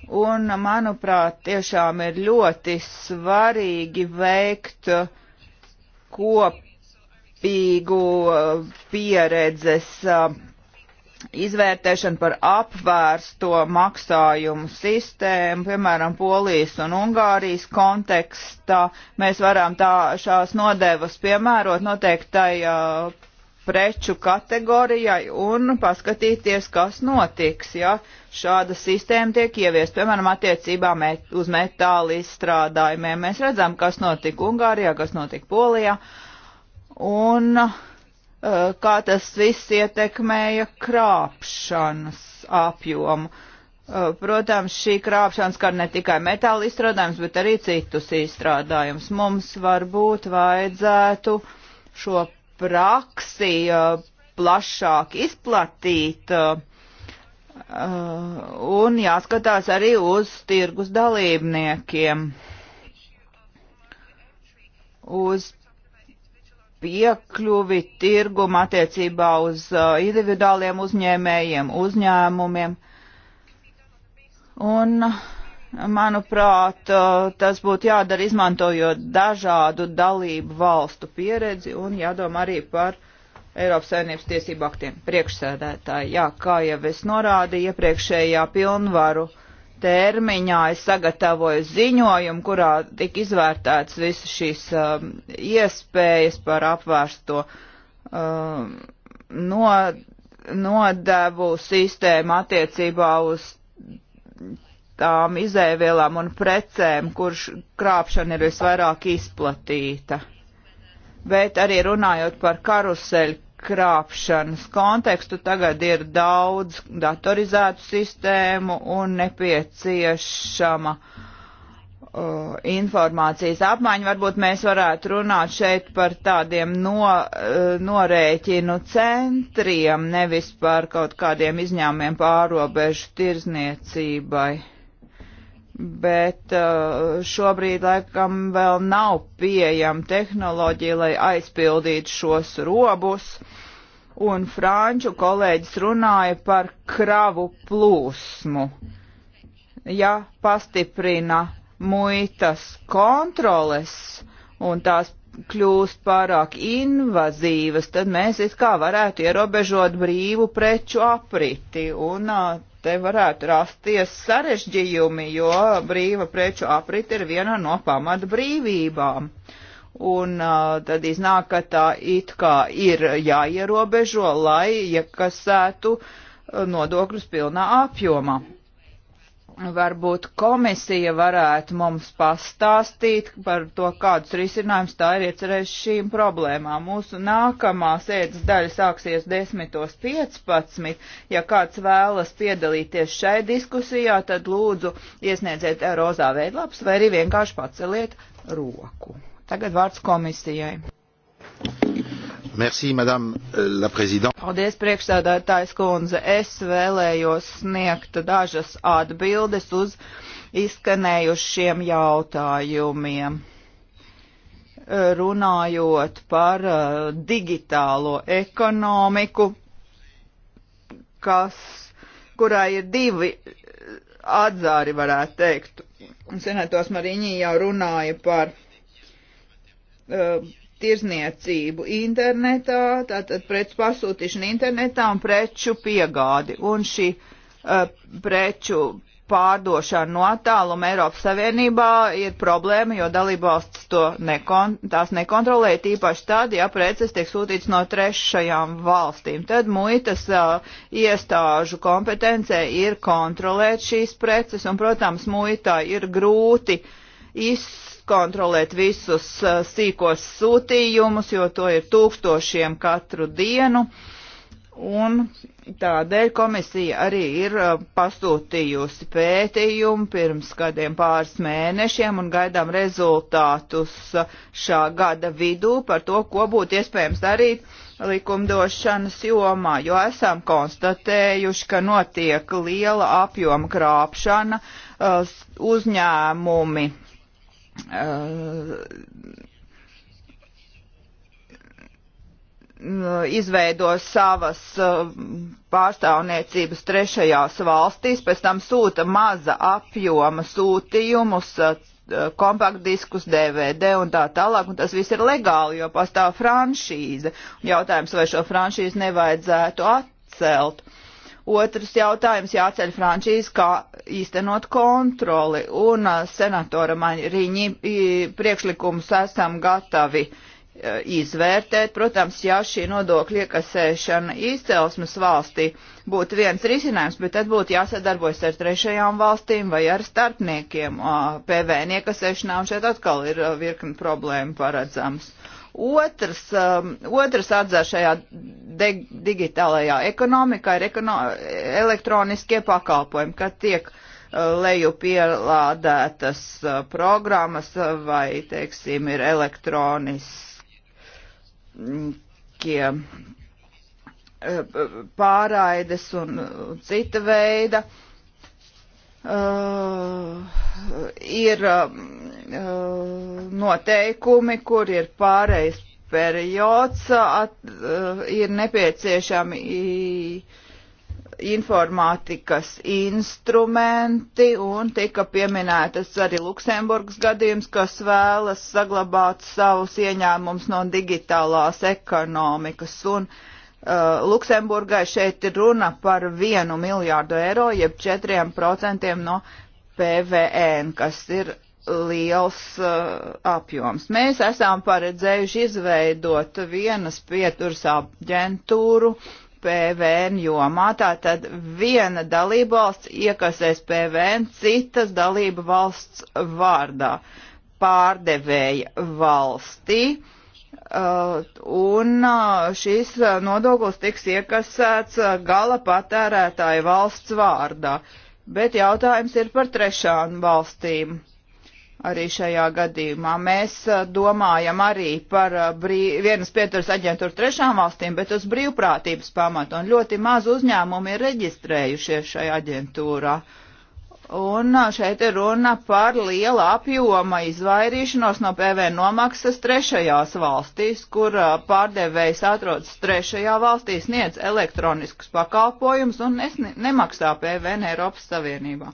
Un, manuprāt, tiešām ir ļoti svarīgi veikt kopīgu pieredzes uh, izvērtēšana par apvērsto maksājumu sistēmu, piemēram, Polijas un Ungārijas kontekstā. Mēs varam tā, šās nodevas piemērot noteiktai uh, preču kategorijai un paskatīties, kas notiks, ja šāda sistēma tiek ieviest, piemēram, attiecībā met, uz metāla izstrādājumiem. Mēs redzam, kas notika Ungārijā, kas notika Polijā. Un uh, Uh, kā tas viss ietekmēja krāpšanas apjomu. Uh, protams, šī krāpšana skar ne tikai metāla izstrādājumus, bet arī citus izstrādājumus. Mums varbūt vajadzētu šo praksi uh, plašāk izplatīt un jāskatās arī uz tirgus dalībniekiem, uz piekļuvi tirgum attiecībā uz uh, individuāliem uzņēmējiem, uzņēmumiem. Un, manuprāt, uh, tas būtu jādara izmantojot dažādu dalību valstu pieredzi un jādomā arī par Eiropas saimnības tiesību aktiem priekšsēdētāji. Jā, kā jau es norādīju, iepriekšējā pilnvaru uh, termiņā es sagatavoju ziņojumu, kurā tika izvērtēts visas šīs um, iespējas par apvērsto um, no, nodevu sistēmu attiecībā uz tām izēvielām un precēm, kurš krāpšana ir visvairāk izplatīta. Bet arī runājot par karuseļu krāpšanas kontekstu. Tagad ir daudz datorizētu sistēmu un nepieciešama uh, informācijas apmaiņa. Varbūt mēs varētu runāt šeit par tādiem no, uh, norēķinu centriem, nevis par kaut kādiem izņēmumiem pārobežu tirzniecībai bet uh, šobrīd laikam vēl nav pieejama tehnoloģija, lai aizpildītu šos robus. Un franču kolēģis runāja par kravu plūsmu. Ja pastiprina muitas kontroles un tās kļūst pārāk invazīvas, tad mēs it kā varētu ierobežot brīvu preču apriti, un uh, te varētu rasties sarežģījumi, jo brīva preču aprit ir viena no pamata brīvībām. Un uh, tad iznāk, ka tā it kā ir jāierobežo, lai iekasētu nodokļus pilnā apjomā. Varbūt komisija varētu mums pastāstīt par to, kādus risinājumus tā ir iecerējusi šīm problēmām. Mūsu nākamā sēdes daļa sāksies 10.15. Ja kāds vēlas piedalīties šai diskusijā, tad lūdzu iesniedziet rozā veidlaps vai arī vienkārši paceliet roku. Tagad vārds komisijai. Merci, madame, euh, la prezident. Paldies, priekšsēdētājs kundze. Es vēlējos sniegt dažas atbildes uz izskanējušiem jautājumiem. Runājot par uh, digitālo ekonomiku, kas, kurai ir divi uh, atzāri, varētu teikt. Un senators Mariņī jau runāja par uh, tirzniecību internetā, tātad preču pasūtīšanu internetā un preču piegādi. Un šī uh, preču pārdošana no attāluma Eiropas Savienībā ir problēma, jo dalībvalsts to nekon, tās nekontrolē, tīpaši tad, ja preces tiek sūtīts no trešajām valstīm. Tad muitas uh, iestāžu kompetencē ir kontrolēt šīs preces, un, protams, muitā ir grūti izsākt kontrolēt visus uh, sīkos sūtījumus, jo to ir tūkstošiem katru dienu. Un tādēļ komisija arī ir uh, pasūtījusi pētījumu pirms kādiem pāris mēnešiem un gaidām rezultātus uh, šā gada vidū par to, ko būtu iespējams darīt likumdošanas jomā, jo esam konstatējuši, ka notiek liela apjoma krāpšana, uzņēmumi Eh, izveido savas eh, pārstāvniecības trešajās valstīs, pēc tam sūta maza apjoma sūtījumus, eh, kompaktdiskus, DVD un tā tālāk, un tas viss ir legāli, jo pastāv franšīze. Jautājums, vai šo franšīzi nevajadzētu atcelt. Uh, Otrs jautājums jāceļ Frančijas, kā īstenot kontroli. Un uh, senatora Maņriņi priekšlikumus esam gatavi uh, izvērtēt. Protams, ja šī nodokļa iekasēšana izcelsmes valstī būtu viens risinājums, bet tad būtu jāsadarbojas ar trešajām valstīm vai ar starpniekiem. Uh, PVN iekasēšanā un šeit atkal ir virkni problēma paredzams. Otrs, um, otrs atzars šajā digitālajā ekonomikā ir ekono elektroniskie pakalpojumi, kad tiek uh, leju pielādētas uh, programmas vai, teiksim, ir elektroniskie uh, pārraides un cita veida uh, Uh, ir um, uh, noteikumi, kur ir pārējais periods, uh, at, uh, ir nepieciešami informātikas instrumenti, un tika pieminētas arī Luksemburgas gadījums, kas vēlas saglabāt savus ieņēmumus no digitālās ekonomikas. Un, uh, Uh, Luksemburgai šeit ir runa par vienu miljārdu eiro, jeb četriem procentiem no PVN, kas ir liels uh, apjoms. Mēs esam paredzējuši izveidot vienas pieturas aģentūru PVN jomā, tātad viena dalībvalsts iekasēs PVN citas dalība valsts vārdā pārdevēja valstī. Uh, Uh, un uh, šis uh, nodoklis tiks iekasēts gala patērētāja valsts vārdā. Bet jautājums ir par trešām valstīm. Arī šajā gadījumā mēs domājam arī par brī, vienas pieturas aģentūru trešām valstīm, bet uz brīvprātības pamatu, un ļoti maz uzņēmumi ir reģistrējušies šajā aģentūrā. Uh, Un šeit ir runa par liela apjoma izvairīšanos no PVN nomaksas trešajās valstīs, kur pārdevējs atrodas trešajā valstī, sniedz elektroniskus pakalpojumus un nemaksā PVN Eiropas Savienībā.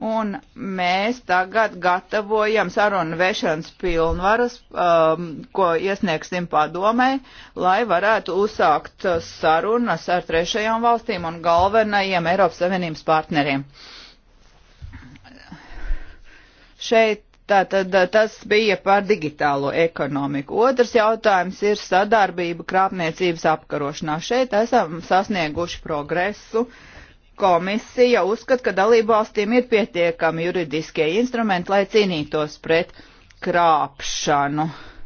Un mēs tagad gatavojam sarunu vešanas pilnvaras, um, ko iesniegsim padomē, lai varētu uzsākt sarunas ar trešajām valstīm un galvenajiem Eiropas Savienības partneriem. Uh, Šeit tātad tas bija par digitālo ekonomiku. Otrs jautājums ir sadarbība krāpniecības apkarošanā. Šeit esam sasnieguši progresu. Komisija uzskata, ka dalībvalstīm ir pietiekami juridiskie instrumenti, lai cīnītos pret krāpšanu. Uh,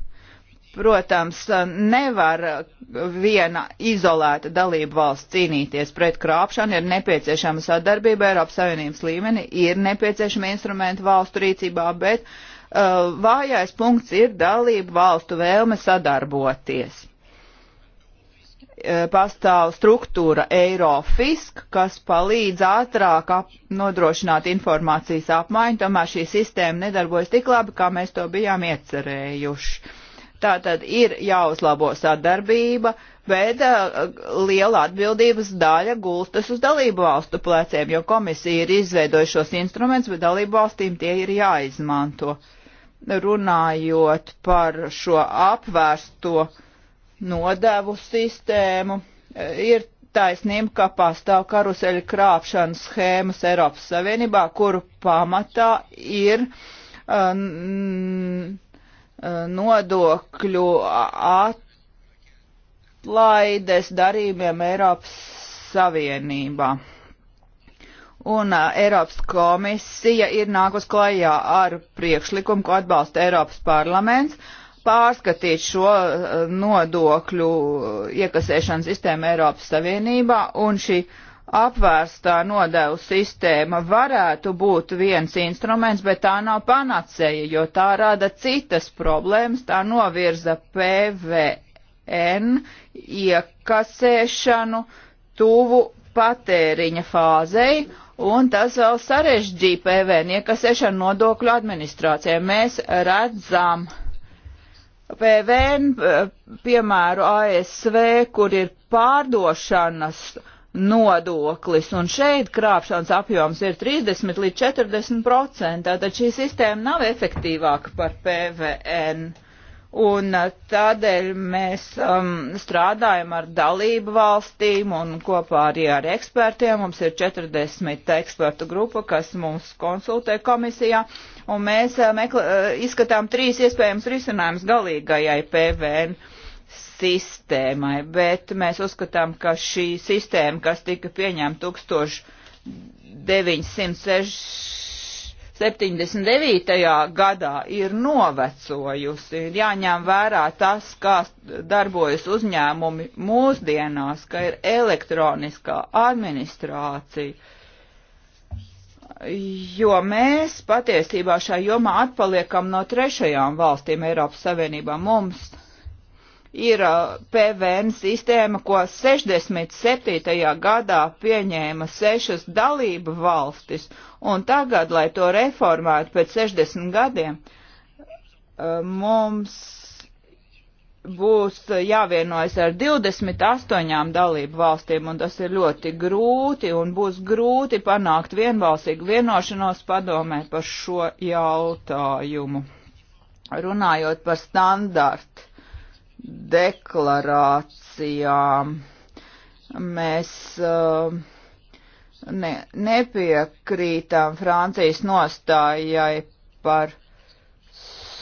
Protams, nevar viena izolēta dalība valsts cīnīties pret krāpšanu, ir nepieciešama sadarbība Eiropas Savienības līmenī, ir nepieciešama instrumenta valstu rīcībā, bet uh, vājais punkts ir dalība valstu vēlme sadarboties. Uh, pastāv struktūra Eirofisk, kas palīdz ātrāk ap, nodrošināt informācijas apmaiņu, tomēr šī sistēma nedarbojas tik labi, kā mēs to bijām iecerējuši Tātad ir jāuzlabo sadarbība, bet uh, liela atbildības daļa gulstas uz dalību valstu pleciem, jo komisija ir izveidojusi šos instrumentus, bet dalību valstīm tie ir jāizmanto. Runājot par šo apvērsto nodevu sistēmu, eh, ir taisnība, ka pastāv karuseļu krāpšanas schēmas Eiropas Savienībā, kuru pamatā ir um, nodokļu atlaides darījumiem Eiropas Savienībā. Un uh, Eiropas komisija ir nākus klajā ar priekšlikumu, ko atbalsta Eiropas parlaments, pārskatīt šo uh, nodokļu iekasēšanas sistēmu Eiropas Savienībā, un šī uh, apvērstā nodevu sistēma varētu būt viens instruments, bet tā nav panacēja, jo tā rada citas problēmas, tā novirza PVN iekasēšanu tuvu patēriņa fāzei, un tas vēl sarežģīja PVN iekasēšanu nodokļu administrācijai. Mēs redzam PVN eh, piemēru ASV, kur ir pārdošanas nodoklis, un šeit krāpšanas apjoms ir 30 līdz 40 procenti, tātad šī sistēma nav efektīvāka par PVN. Un uh, tādēļ mēs um, strādājam ar dalību valstīm un kopā arī ar ekspertiem. Mums ir 40 ekspertu grupa, kas mums konsultē komisijā, un mēs um, uh, ekla, uh, izskatām trīs iespējams risinājumus galīgajai PVN. Uh, sistēmai, bet mēs uzskatām, ka šī sistēma, kas tika pieņemta 1979. gadā, ir novecojusi. Ir jāņem vērā tas, kā darbojas uzņēmumi mūsdienās, ka ir elektroniskā administrācija jo mēs patiesībā šajā jomā atpaliekam no trešajām valstīm Eiropas Savienībā. Mums ir PVN sistēma, ko 67. gadā pieņēma sešas dalību valstis, un tagad, lai to reformētu pēc 60 gadiem, mums būs jāvienojas ar 28 dalību valstīm, un tas ir ļoti grūti, un būs grūti panākt vienbalsīgu vienošanos padomē par šo jautājumu. Runājot par standartu deklarācijām. Mēs uh, ne, nepiekrītam Francijas nostājai par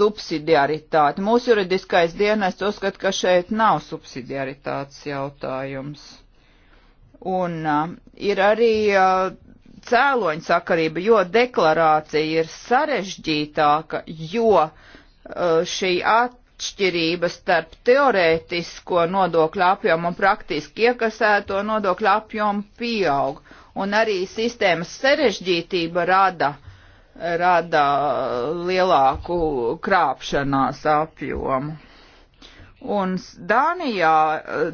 subsidiaritāti. Mūsu juridiskais dienests uzskata, ka šeit nav subsidiaritātes jautājums. Un uh, ir arī uh, cēloņa sakarība, jo deklarācija ir sarežģītāka, jo uh, šī at atšķirības starp teorētisko nodokļu apjomu un praktiski iekasēto nodokļu apjomu pieaug, un arī sistēmas sarežģītība rada, rada lielāku krāpšanās apjomu. Un Dānijā,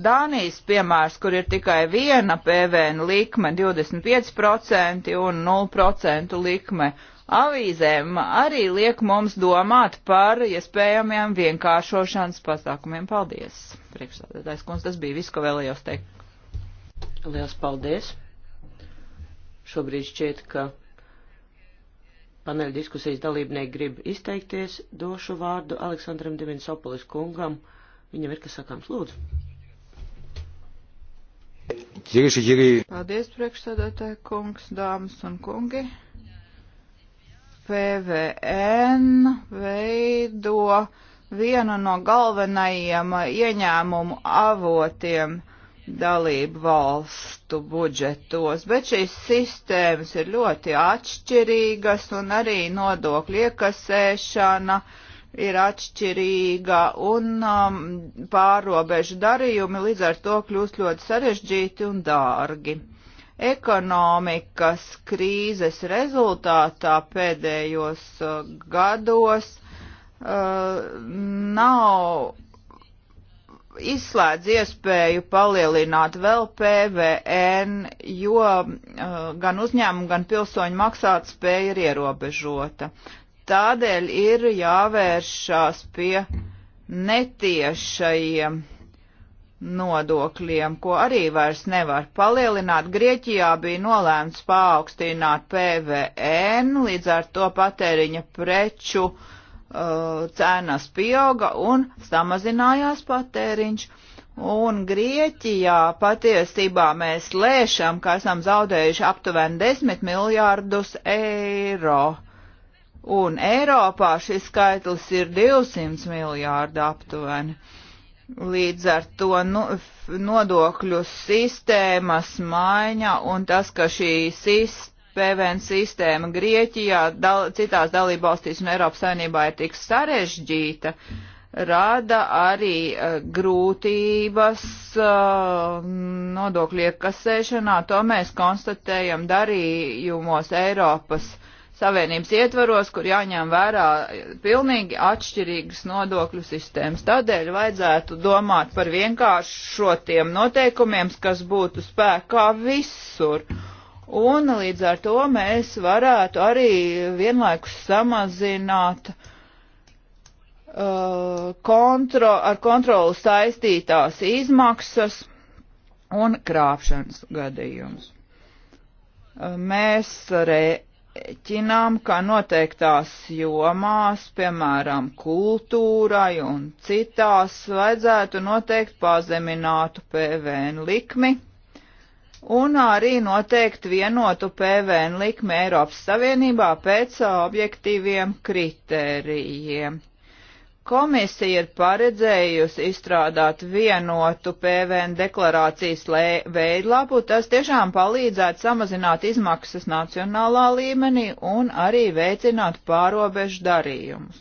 Dānijas piemērs, kur ir tikai viena PVN likme 25% un 0% likme avīzēm arī liek mums domāt par iespējamiem vienkāršošanas pasākumiem. Paldies! Priekšsādātājs kundze, tas bija viss, ko vēlējos teikt. Liels paldies! Šobrīd šķiet, ka paneļa diskusijas dalībnieki grib izteikties. Došu vārdu Aleksandram Divinsopolis kungam. Viņam ir kas sakāms, lūdzu. Paldies, priekšsēdētāji kungs, dāmas un kungi. PVN veido vienu no galvenajiem ieņēmumu avotiem dalību valstu budžetos, bet šīs sistēmas ir ļoti atšķirīgas un arī nodokļu iekasēšana ir atšķirīga un um, pārobežu darījumi līdz ar to kļūst ļoti sarežģīti un dārgi. Ekonomikas krīzes rezultātā pēdējos uh, gados uh, nav izslēdz iespēju palielināt vēl PVN, jo uh, gan uzņēmumu, gan pilsoņu maksāt spēja ir ierobežota. Tādēļ ir jāvēršās pie netiešajiem nodokļiem, ko arī vairs nevar palielināt. Grieķijā bija nolēmts paaugstināt PVN, līdz ar to patēriņa preču uh, cenas pieauga un samazinājās patēriņš. Un Grieķijā patiesībā mēs lēšam, ka esam zaudējuši aptuveni 10 miljārdus eiro. Un Eiropā šis skaitlis ir 200 miljārdi aptuveni. Uh, Līdz ar to nu, nodokļu sistēmas maiņa un tas, ka šī sistēma, PVN sistēma Grieķijā, dal, citās dalībvalstīs un Eiropas saimnībā ir tik sarežģīta, rada arī uh, grūtības uh, nodokļu iekasēšanā. To mēs konstatējam darījumos Eiropas uh, Savienības ietvaros, kur jāņem vērā pilnīgi atšķirīgas nodokļu sistēmas. Tādēļ vajadzētu domāt par vienkāršotiem noteikumiem, kas būtu spēkā visur. Un līdz ar to mēs varētu arī vienlaikus samazināt uh, kontro, ar kontroli saistītās izmaksas un krāpšanas gadījumus. Uh, mēs re, rēķinām, ka noteiktās jomās, piemēram, kultūrai un citās, vajadzētu noteikt pazeminātu PVN likmi un arī noteikt vienotu PVN likmi Eiropas Savienībā pēc objektīviem kritērijiem. Komisija ir paredzējusi izstrādāt vienotu PVN deklarācijas veidlapu. Tas tiešām palīdzētu samazināt izmaksas nacionālā līmenī un arī veicināt pārobežu darījumus.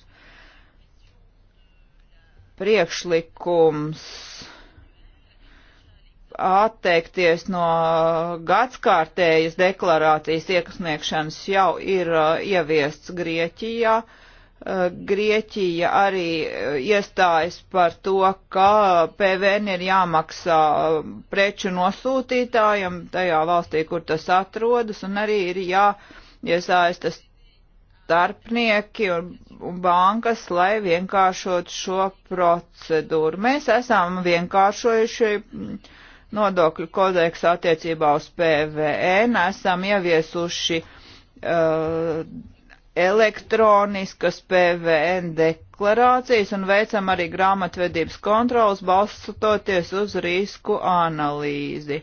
Priekšlikums atteikties no gadskārtējas deklarācijas iekasniegšanas jau ir uh, ieviests Grieķijā. Uh, Eh, Grieķija arī eh, iestājas par to, ka PVN ir jāmaksā eh, preču nosūtītājam tajā valstī, kur tas atrodas, un arī ir jāiesaistas starpnieki un, un bankas, lai vienkāršot šo procedūru. Mēs esam vienkāršojuši mm, nodokļu kodeksu attiecībā uz PVN, esam ieviesuši uh, elektroniskas PVN deklarācijas un veicam arī grāmatvedības kontrolas balstoties uz risku analīzi.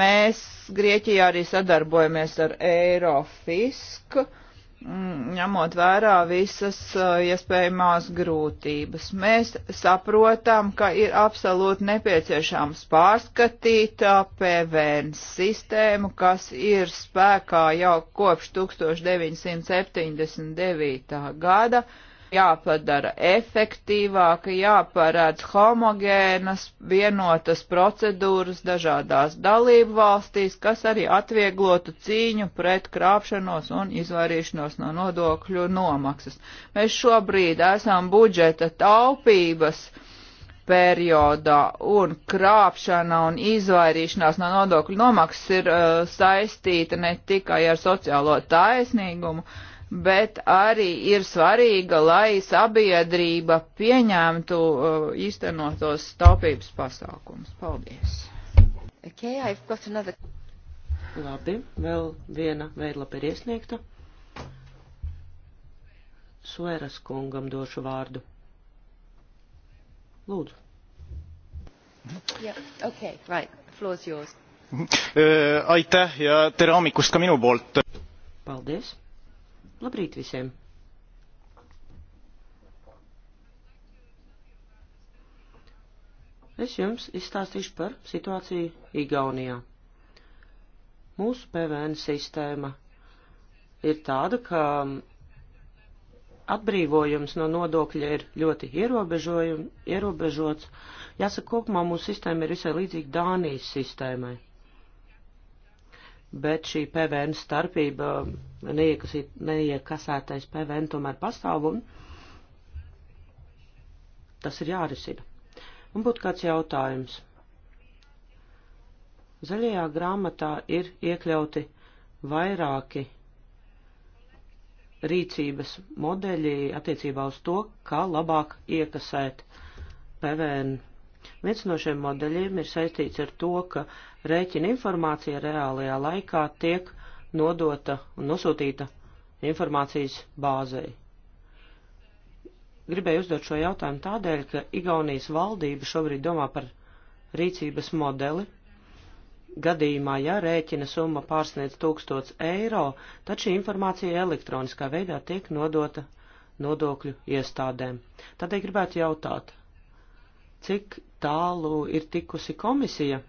Mēs Grieķijā arī sadarbojamies ar Eirofisku Mm, ņemot vērā visas uh, iespējamās grūtības. Mēs saprotam, ka ir absolūti nepieciešams pārskatīt uh, PVN sistēmu, kas ir spēkā jau kopš 1979. gada. Uh, jāpadara efektīvāka, jāparāds homogēnas, vienotas procedūras dažādās dalību valstīs, kas arī atvieglotu cīņu pret krāpšanos un izvairīšanos no nodokļu nomaksas. Mēs šobrīd esam budžeta taupības periodā, un krāpšana un izvairīšanās no nodokļu nomaksas ir uh, saistīta ne tikai ar sociālo taisnīgumu, uh, bet arī ir svarīga, lai sabiedrība pieņemtu uh, īstenotos taupības pasākumus. Paldies! Okay, I've got another... Labi, vēl viena veidlapa ir iesniegta. Sueras kungam došu vārdu. Lūdzu. Yeah, okay, right. Floor's yours. Eh, aitäh ja tere hommikust ka minu poolt. Paldies. Labrīt visiem! Es jums izstāstīšu par situāciju Igaunijā. Mūsu PVN sistēma ir tāda, ka atbrīvojums no nodokļa ir ļoti ierobežots. Jāsaka, kopumā mūsu sistēma ir visai līdzīga Dānijas sistēmai bet šī PVN starpība, neiekasētais PVN tomēr pastāv un tas ir jārisina. Un būtu kāds jautājums. Zaļajā grāmatā ir iekļauti vairāki rīcības modeļi attiecībā uz to, kā labāk iekasēt PVN. Viens no šiem modeļiem ir saistīts ar to, ka rēķina informācija reālajā laikā tiek nodota un nosūtīta informācijas bāzei. Gribēju uzdot šo jautājumu tādēļ, ka Igaunijas valdība šobrīd domā par rīcības modeli. Gadījumā, ja rēķina summa pārsniedz 1000 eiro, tad šī informācija elektroniskā veidā tiek nodota nodokļu iestādēm. Tādēļ gribētu jautāt, cik tālu ir tikusi komisija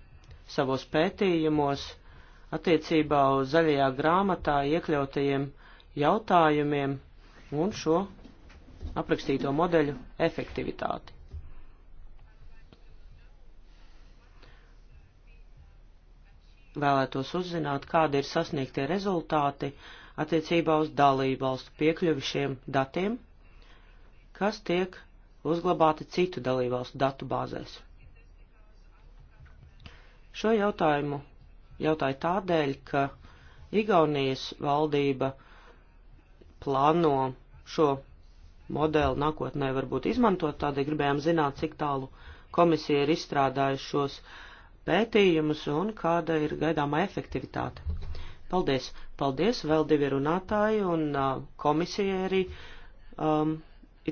savos pētījumos attiecībā uz zaļajā grāmatā iekļautajiem jautājumiem un šo aprakstīto modeļu efektivitāti. Vēlētos uzzināt, kādi ir sasniegtie rezultāti attiecībā uz dalību valstu piekļuvi šiem datiem, kas tiek uzglabāti citu dalību valstu datu bāzēs. Šo jautājumu jautāju tādēļ, ka Igaunijas valdība plāno šo modeli nākotnē varbūt izmantot, tādēļ gribējām zināt, cik tālu komisija ir izstrādājusi šos pētījumus un kāda ir gaidāmā efektivitāte. Paldies! Paldies! Vēl divi runātāji un uh, komisija arī um,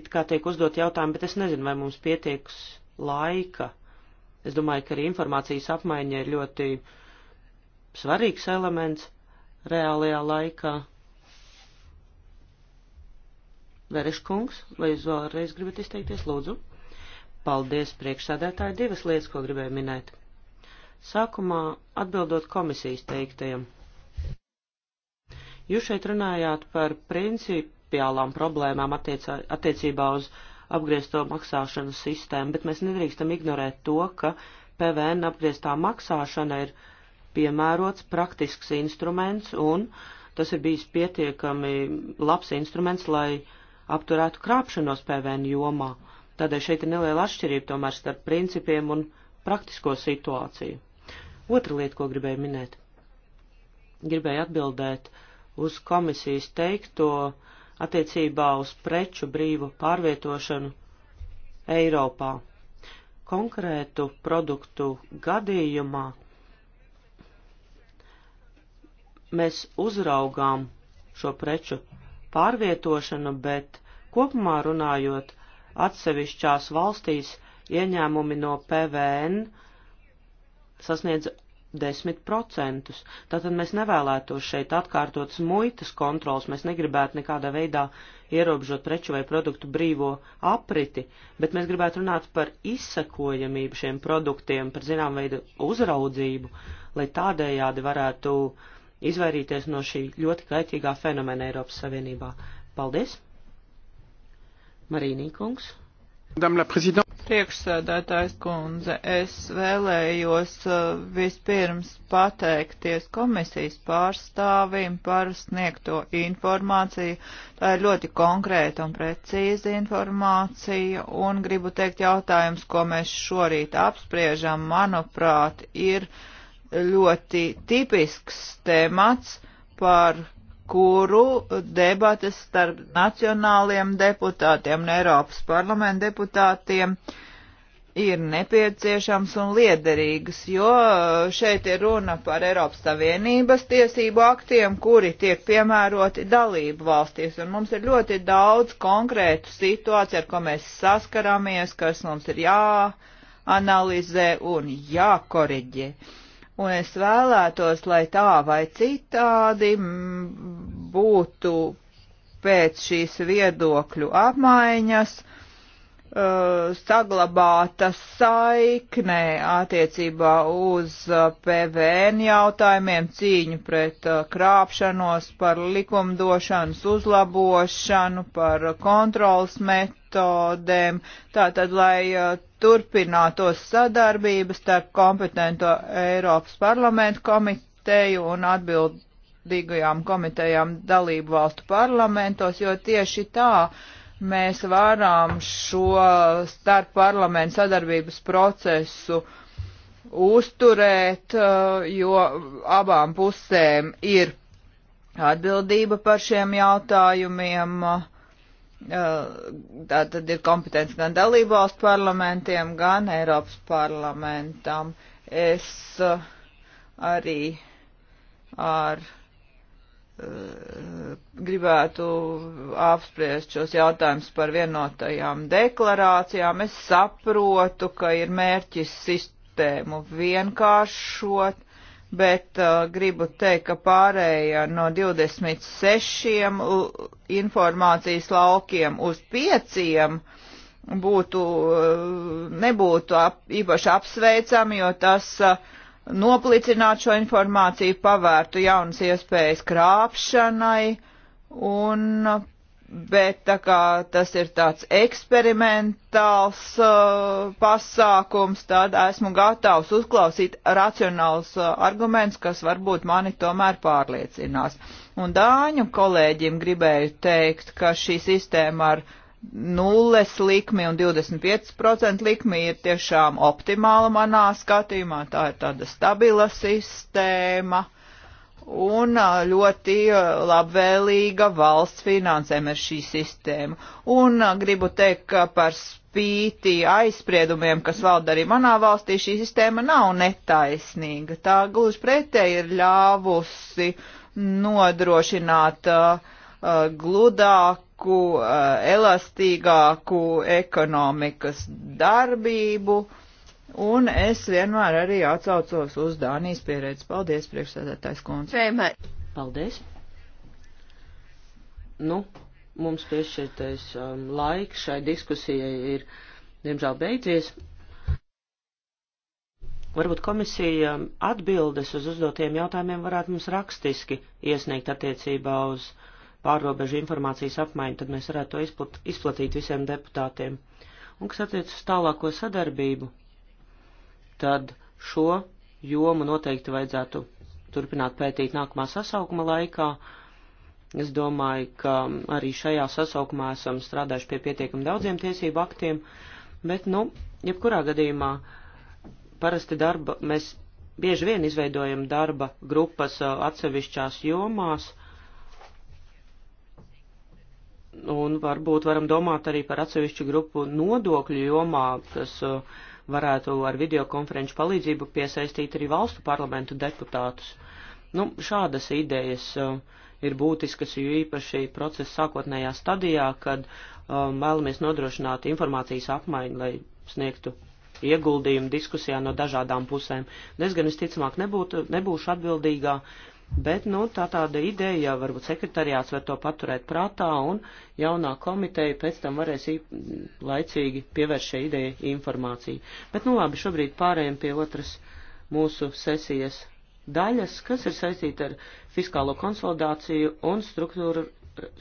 it kā tiek uzdot jautājumi, bet es nezinu, vai mums pietieks laika Es domāju, ka arī informācijas apmaiņa ir ļoti svarīgs elements reālajā laikā. Vereškungs, vai jūs vēlreiz gribat izteikties, lūdzu? Paldies, priekšsādētāji, divas lietas, ko gribēju minēt. Sākumā atbildot komisijas teiktajam. Jūs šeit runājāt par principiālām problēmām attiecā, attiecībā uz uh, apgriezto maksāšanu sistēmu, bet mēs nedrīkstam ignorēt to, ka PVN apgrieztā maksāšana ir piemērots praktisks instruments un tas ir bijis pietiekami labs instruments, lai apturētu krāpšanos PVN jomā. Tādēļ šeit ir neliela atšķirība tomēr starp principiem un praktisko situāciju. Otra lieta, ko gribēju minēt. Gribēju atbildēt uz komisijas teikto, uh, attiecībā uz preču brīvu pārvietošanu Eiropā. Konkrētu produktu gadījumā mēs uzraugām šo preču pārvietošanu, bet kopumā runājot, atsevišķās valstīs ieņēmumi no PVN sasniedz 10%. Tātad mēs nevēlētos šeit atkārtotas muitas kontrols, mēs negribētu nekādā veidā ierobežot preču vai produktu brīvo apriti, bet mēs gribētu runāt par izsekojamību šiem produktiem, par zinām veidu uzraudzību, lai tādējādi varētu izvairīties no šī ļoti kaitīgā fenomena Eiropas Savienībā. Paldies! Marīnī kungs! Priekšsēdētājs kundze, es vēlējos uh, vispirms pateikties komisijas pārstāvim par sniegto informāciju. Tā ir ļoti konkrēta un precīza informācija, un gribu teikt jautājums, ko mēs šorīt apspriežam, manuprāt, ir ļoti tipisks temats par kuru debates starp nacionāliem deputātiem un Eiropas parlamenta deputātiem ir nepieciešams un liederīgas, jo šeit ir runa par Eiropas Savienības tiesību aktiem, kuri tiek piemēroti dalību valstīs, un mums ir ļoti daudz konkrētu situāciju, ar ko mēs saskaramies, kas mums ir jāanalizē un jākoriģē un es vēlētos, lai tā vai citādi būtu pēc šīs viedokļu apmaiņas uh, saglabāta saiknē attiecībā uz uh, PVN jautājumiem, cīņu pret uh, krāpšanos, par likumdošanas uzlabošanu, par kontrols metodēm. Tātad, lai turpinātos sadarbības starp kompetento Eiropas parlamentu komiteju un atbildīgajām komitejām dalību valstu parlamentos, jo tieši tā mēs varam šo starp parlamentu sadarbības procesu uzturēt, eh, jo abām pusēm ir atbildība par šiem jautājumiem. Uh, tā tad ir kompetence gan dalībvalstu parlamentiem, gan Eiropas parlamentam. Es uh, arī ar uh, gribētu apspriest šos jautājumus par vienotajām deklarācijām. Es saprotu, ka ir mērķis sistēmu vienkāršot, bet uh, gribu teikt, ka pārēja no 26 informācijas laukiem uz 5 būtu, uh, nebūtu ap, īpaši apsveicami, jo tas uh, noplicinātu šo informāciju, pavērtu jaunas iespējas krāpšanai un bet tā kā tas ir tāds eksperimentāls uh, pasākums, tad esmu gatavs uzklausīt racionāls uh, arguments, kas varbūt mani tomēr pārliecinās. Un Dāņu kolēģim gribēju teikt, ka šī sistēma ar nulles likmi un 25% likmi ir tiešām optimāla manā skatījumā, tā ir tāda stabila sistēma un ļoti labvēlīga valsts finansēm ir šī sistēma. Un gribu teikt, ka par spīti aizspriedumiem, kas valda arī manā valstī, šī sistēma nav netaisnīga. Tā gluži pretēji ir ļāvusi nodrošināt uh, gludāku, uh, elastīgāku ekonomikas darbību. Uh, Un es vienmēr arī atsaucos uz Dānijas pieredzi. Paldies, priekšsēdētājs kundze. Vienmēr. Paldies. Nu, mums piešķirtais um, laiks šai diskusijai ir, diemžēl, beidzies. Varbūt komisija um, atbildes uz uzdotiem jautājumiem varētu mums rakstiski iesniegt attiecībā uz pārrobežu informācijas apmaiņu, tad mēs varētu to izplat, izplatīt visiem deputātiem. Un kas attiec uz tālāko sadarbību, tad šo jomu noteikti vajadzētu turpināt pētīt nākamā sasaukuma laikā. Es domāju, ka arī šajā sasaukumā esam strādājuši pie pietiekam daudziem tiesību aktiem, bet, nu, jebkurā gadījumā parasti darba mēs bieži vien izveidojam darba grupas atsevišķās jomās, un varbūt varam domāt arī par atsevišķu grupu nodokļu jomā, tas uh, varētu ar videokonferenču palīdzību piesaistīt arī valstu parlamentu deputātus. Nu, šādas idejas uh, ir būtiskas, jo īpaši procesa sākotnējā stadijā, kad um, vēlamies nodrošināt informācijas apmaiņu, lai sniegtu ieguldījumu diskusijā no dažādām pusēm. Es gan visticamāk nebūtu, nebūšu atbildīgā Bet, nu, tā tāda ideja, varbūt sekretariāts var to paturēt prātā un jaunā komiteja pēc tam varēs laicīgi pievērst šai ideja informāciju. Bet, nu, labi, šobrīd pārējiem pie otras mūsu sesijas daļas, kas ir saistīta ar fiskālo konsolidāciju un struktūru,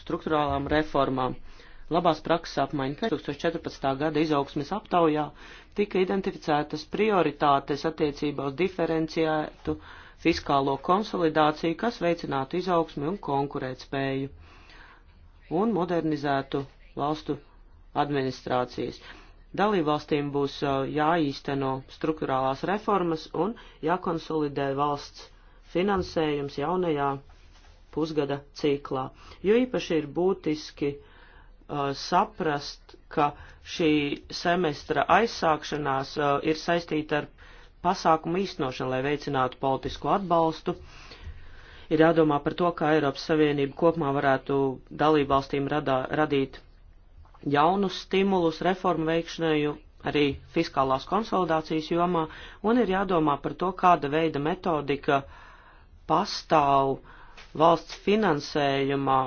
struktūrālām reformām. Labās prakses apmaiņa 2014. gada izaugsmes aptaujā tika identificētas prioritātes attiecībā uz diferenciētu uh, fiskālo konsolidāciju, kas veicinātu izaugsmi un konkurētspēju un modernizētu valstu administrācijas. Dalībvalstīm būs uh, jāīsteno struktūrālās reformas un jākonsolidē valsts finansējums jaunajā pusgada ciklā. Jo īpaši ir būtiski uh, saprast, ka šī semestra aizsākšanās uh, ir saistīta ar pasākumu īstenošanu, lai veicinātu politisko atbalstu. Ir jādomā par to, kā Eiropas Savienība kopumā varētu dalībvalstīm radā, radīt jaunus stimulus reformu veikšanai, arī fiskālās konsolidācijas jomā, un ir jādomā par to, kāda veida metodika pastāv valsts finansējumā,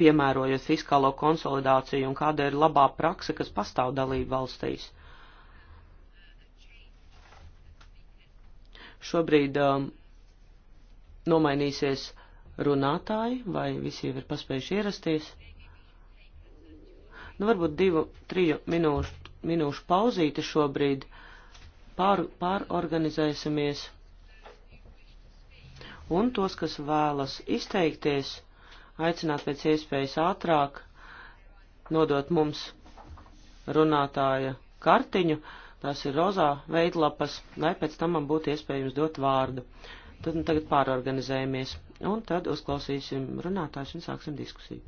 piemērojot fiskālo konsolidāciju, un kāda ir labā praksa, kas pastāv dalību valstīs. Šobrīd um, nomainīsies runātāji, vai visi jau ir paspējuši ierasties. Nu, varbūt divu, triju minūšu, minūšu pauzīte šobrīd. Pār, pārorganizēsimies. Un tos, kas vēlas izteikties, aicināt pēc iespējas ātrāk, nodot mums runātāja kartiņu tās ir rozā veidlapas, lai pēc tam man būtu iespējams dot vārdu. Tad nu, tagad pārorganizējamies, un tad uzklausīsim runātājs un sāksim diskusiju.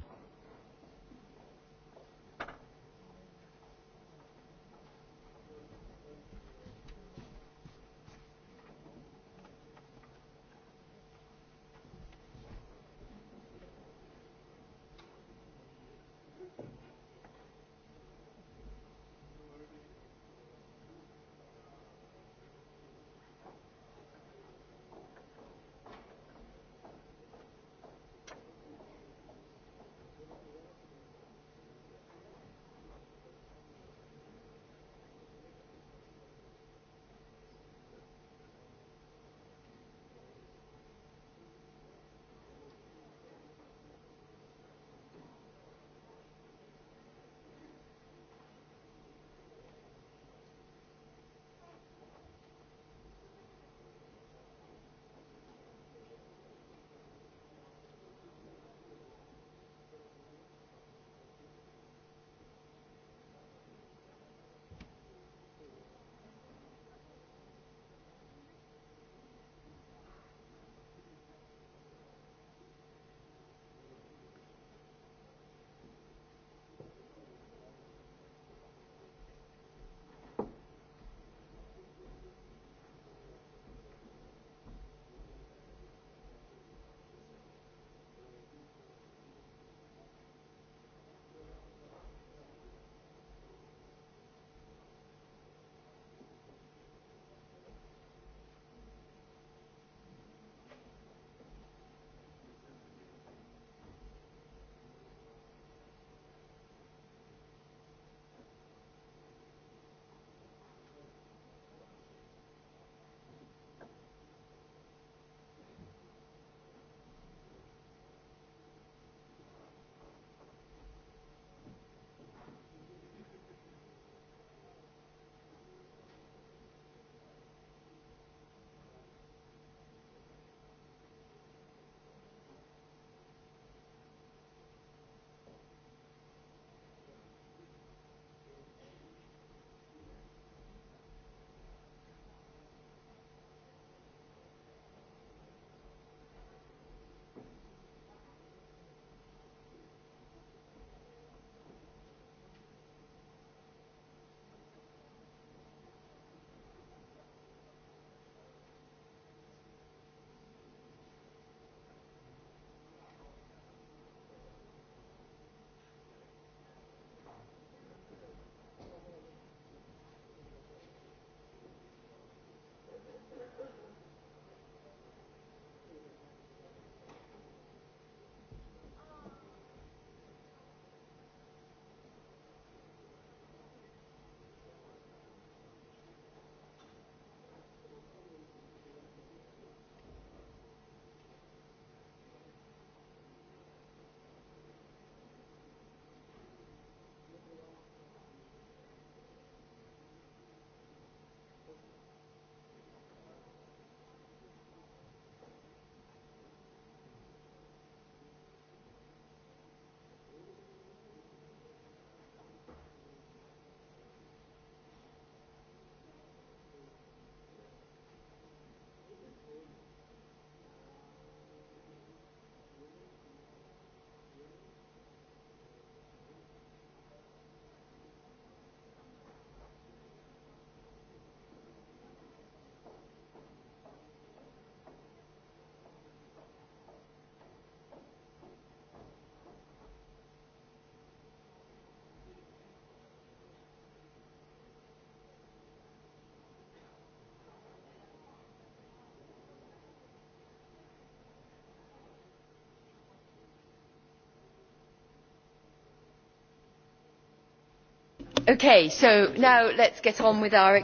Okay, so now let's get on with our...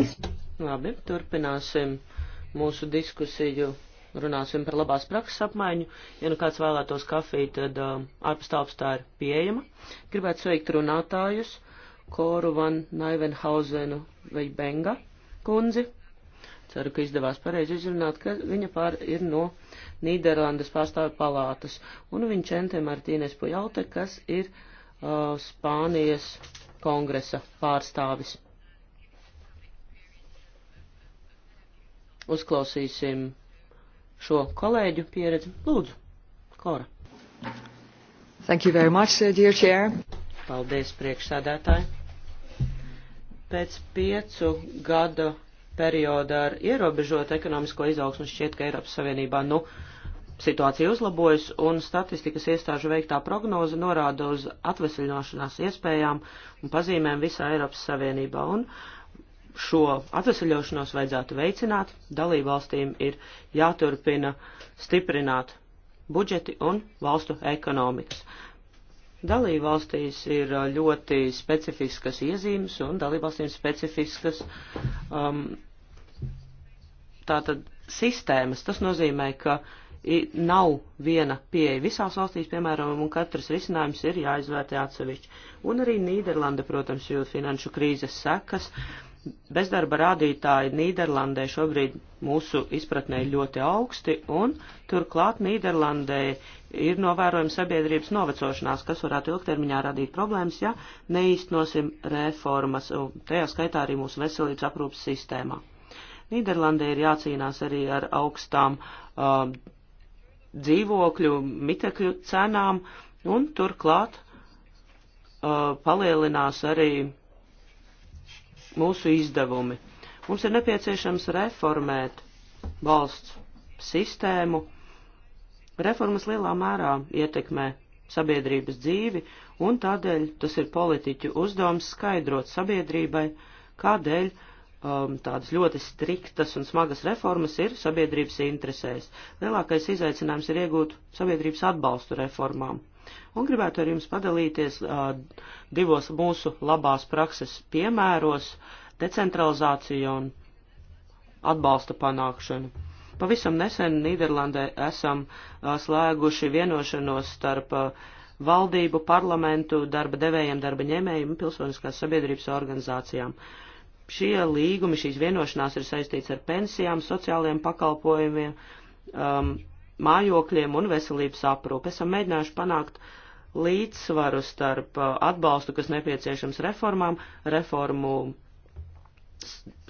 Labi, turpināsim mūsu diskusiju, runāsim par labās prakses apmaiņu. Ja nu kāds vēlētos kafiju, tad uh, ārpus telpas tā ir pieejama. Gribētu sveikt runātājus, Koru van Naivenhauzenu vai Benga kundzi. Ceru, ka izdevās pareizi izrunāt, ka viņa pār ir no Nīderlandes pārstāvju palātas. Un viņa čentē Martīnes Pujalte, kas ir uh, Spānijas kongresa pārstāvis. Uzklausīsim šo kolēģu pieredzi. Lūdzu, Kora. Thank you very much, uh, dear chair. Paldies, priekšsādātāji. Pēc piecu gada perioda ar ierobežotu ekonomisko izaugsmu šķiet, ka Eiropas Savienībā, nu, uh, situācija uzlabojas un statistikas iestāžu veiktā prognoze norāda uz atvesaļošanās iespējām un pazīmēm visā Eiropas Savienībā. Un šo atvesaļošanos vajadzētu veicināt, dalībvalstīm ir jāturpina stiprināt budžeti un valstu ekonomikas. Dalībvalstīs ir ļoti specifiskas iezīmes un dalībvalstīm specifiskas um, tātad sistēmas. Tas nozīmē, ka uh, nav viena pieeja visās valstīs, piemēram, un katrs risinājums ir jāizvērtē atsevišķi. Un arī Nīderlanda, protams, jūt finanšu krīzes sekas. Bezdarba rādītāji Nīderlandē šobrīd mūsu izpratnē ļoti augsti, un turklāt Nīderlandē ir novērojama sabiedrības novecošanās, kas varētu ilgtermiņā radīt problēmas, ja neīstenosim reformas, tajā skaitā arī mūsu veselības aprūpas sistēmā. Nīderlandē ir jācīnās arī ar augstām uh, dzīvokļu, mitekļu cenām, un turklāt uh, palielinās arī mūsu izdevumi. Mums ir nepieciešams reformēt valsts sistēmu. Reformas lielā mērā ietekmē sabiedrības dzīvi, un tādēļ tas ir politiķu uzdevums skaidrot sabiedrībai, kādēļ uh, um, tādas ļoti striktas un smagas reformas ir sabiedrības interesēs. Lielākais izaicinājums ir iegūt sabiedrības atbalstu reformām. Un gribētu ar jums padalīties uh, divos mūsu labās prakses piemēros - decentralizācija un atbalsta panākšana. Pavisam nesen Nīderlandē esam uh, slēguši vienošanos starp uh, valdību, parlamentu, darba devējiem, darba ņēmējiem un pilsoniskās sabiedrības organizācijām. Uh, Šie līgumi, šīs vienošanās ir saistīts ar pensijām, sociālajiem pakalpojumiem, um, mājokļiem un veselības aprūpi. Esam mēģinājuši panākt līdzsvaru starp uh, atbalstu, kas nepieciešams reformām, reformu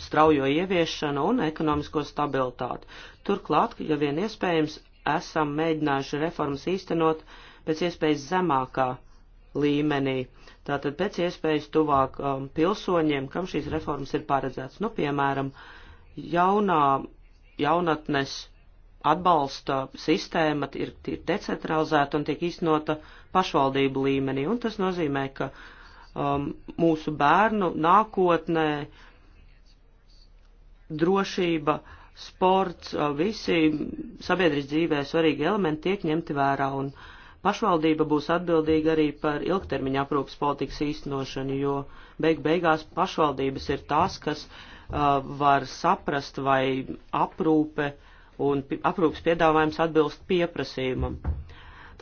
straujo ieviešanu un ekonomisko stabilitāti. Turklāt, ja vien iespējams, esam mēģinājuši reformas īstenot pēc iespējas zemākā līmenī Tātad pēc iespējas tuvāk um, pilsoņiem, kam šīs reformas ir paredzēts. Nu, piemēram, jaunā jaunatnes atbalsta sistēma ir, ir decentralizēta un tiek iznota pašvaldību līmenī. Un tas nozīmē, ka um, mūsu bērnu nākotnē drošība, sports, uh, visi sabiedrības dzīvē svarīgi elementi tiek ņemti vērā. Un, uh, Pašvaldība būs atbildīga arī par ilgtermiņa aprūpas politikas īstenošanu, jo beig beigās pašvaldības ir tās, kas uh, var saprast, vai aprūpe un aprūpas piedāvājums atbilst pieprasījumam.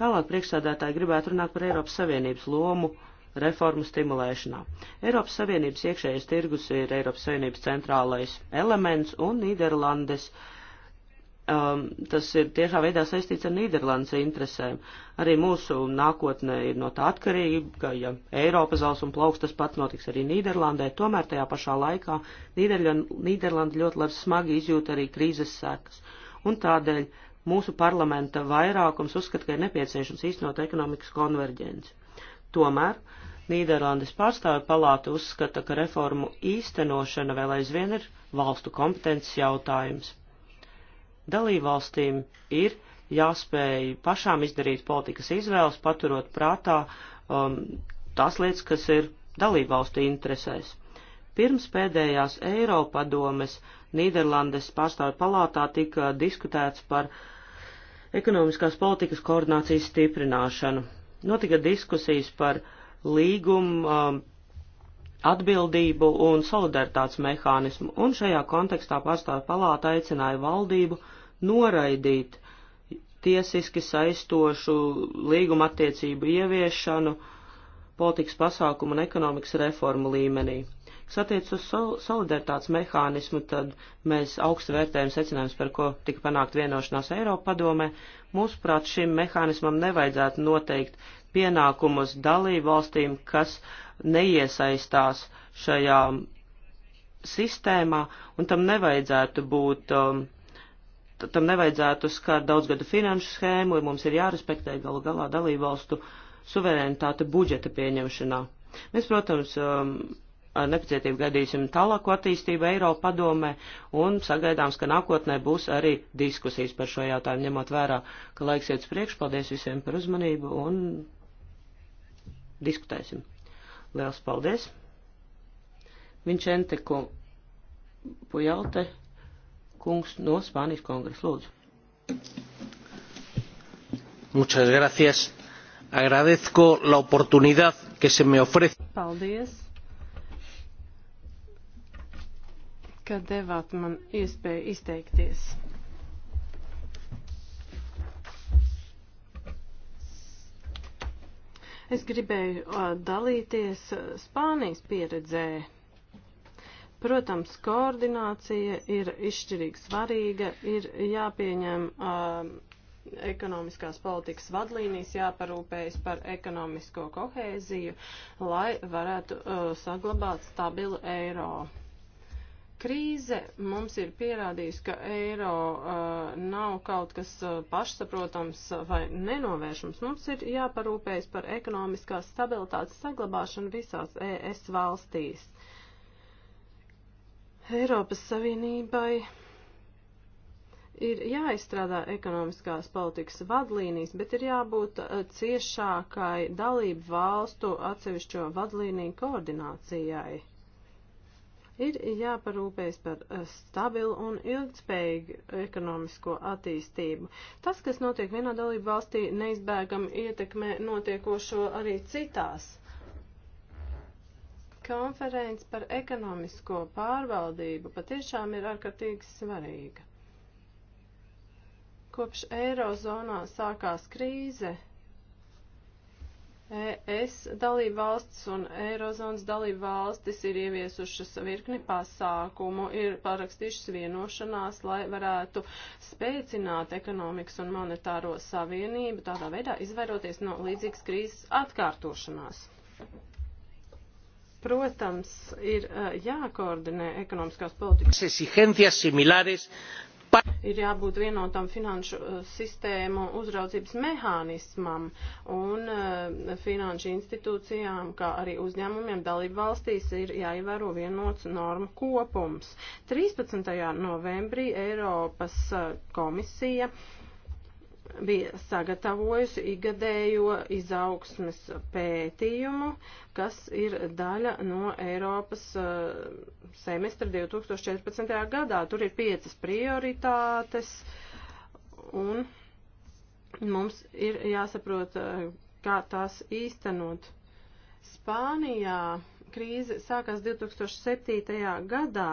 Tālāk priekšsēdētāji gribētu runāt par Eiropas Savienības lomu reformu stimulēšanā. Eiropas Savienības iekšējais tirgus ir Eiropas Savienības centrālais elements un Nīderlandes uh, um, tas ir tiešā veidā saistīts ar Nīderlandes interesēm. Arī mūsu nākotnē ir no tā atkarība, ka ja Eiropa zels un plauks, tas pats notiks arī Nīderlandē. Tomēr tajā pašā laikā Nīderlanda ļoti labi smagi izjūt arī krīzes sekas. Un tādēļ mūsu parlamenta vairākums uzskata, ka ir nepieciešams īstenot ekonomikas konverģenci. Tomēr Nīderlandes pārstāvju palāta uzskata, ka reformu īstenošana vēl aizvien ir valstu kompetences jautājums Dalībvalstīm ir jāspēj pašām izdarīt politikas izvēles, paturot prātā um, tās lietas, kas ir dalībvalstu interesēs. Pirms pēdējās Eiropadomes Nīderlandes pārstāvju palātā tika diskutēts par ekonomiskās politikas koordinācijas stiprināšanu. Notika diskusijas par līgumu um, atbildību un solidaritātes mehānismu, un šajā kontekstā pārstāvja palāta aicināja valdību noraidīt tiesiski saistošu līguma attiecību ieviešanu politikas pasākumu un ekonomikas reformu līmenī. Kas attiec uz sol solidaritātes mehānismu, tad mēs augstu vērtējam secinājums, par ko tika panākt vienošanās Eiropa padomē. Mūsuprāt, šim mehānismam nevajadzētu noteikt pienākumus dalību valstīm, kas uh, neiesaistās šajā sistēmā, un tam nevajadzētu būt, um, tam nevajadzētu skart daudzgadu finanšu schēmu, ja mums ir jārespektē galu galā dalībvalstu suverenitāte budžeta pieņemšanā. Mēs, protams, um, ar nepacietību gaidīsim tālāko attīstību Eiropa padomē un sagaidāms, ka nākotnē būs arī diskusijas par šo jautājumu, ņemot vērā, ka laiks iet uz priekšu. Paldies visiem par uzmanību un diskutēsim. Liels paldies! Vinčente Pujalte, kungs no Spānijas kongresa, lūdzu. Muchas gracias. Agradezco la oportunidad que se me ofrece. Paldies, ka devāt man iespēju izteikties. Es gribēju uh, dalīties Spānijas pieredzē. Protams, koordinācija ir izšķirīgi svarīga, ir jāpieņem uh, ekonomiskās politikas vadlīnijas, jāparūpējas par ekonomisko kohēziju, lai varētu uh, saglabāt stabilu eiro. Krīze mums ir pierādījusi, ka eiro uh, nav kaut kas uh, pašsaprotams vai nenovēršams. Mums ir jāparūpējas par ekonomiskās stabilitātes saglabāšanu visās ES valstīs. Eiropas Savienībai ir jāizstrādā ekonomiskās politikas vadlīnijas, bet ir jābūt uh, ciešākai dalību valstu atsevišķo vadlīniju koordinācijai. Ir jāparūpējas par eh, stabilu un ilgtspējīgu ekonomisko attīstību. Tas, kas notiek vienā dalību valstī, neizbēgami ietekmē notiekošo arī citās. Konference par ekonomisko pārvaldību patiešām ir ārkārtīgi svarīga. Kopš Eirozonā sākās krīze, ES dalību valstis un Eirozonas dalību valstis ir ieviesušas virkni pasākumu, ir parakstījušas vienošanās, lai varētu spēcināt ekonomikas un monetāro savienību, tādā veidā izvairoties no līdzīgas krīzes atkārtošanās. Protams, ir e, jākoordinē ekonomiskās politikas ir jābūt vienotam finanšu eh, sistēmu uzraudzības mehānismam un uh, finanšu institūcijām, kā arī uzņēmumiem dalību valstīs ir jāievēro vienots normu kopums. 13. novembrī Eiropas eh, komisija uh, bija sagatavojusi igadējo izaugsmes pētījumu, kas ir daļa no Eiropas uh, semestra 2014. gadā. Tur ir piecas prioritātes un mums ir jāsaprot, uh, kā tās īstenot. Spānijā krīze sākās 2007. gadā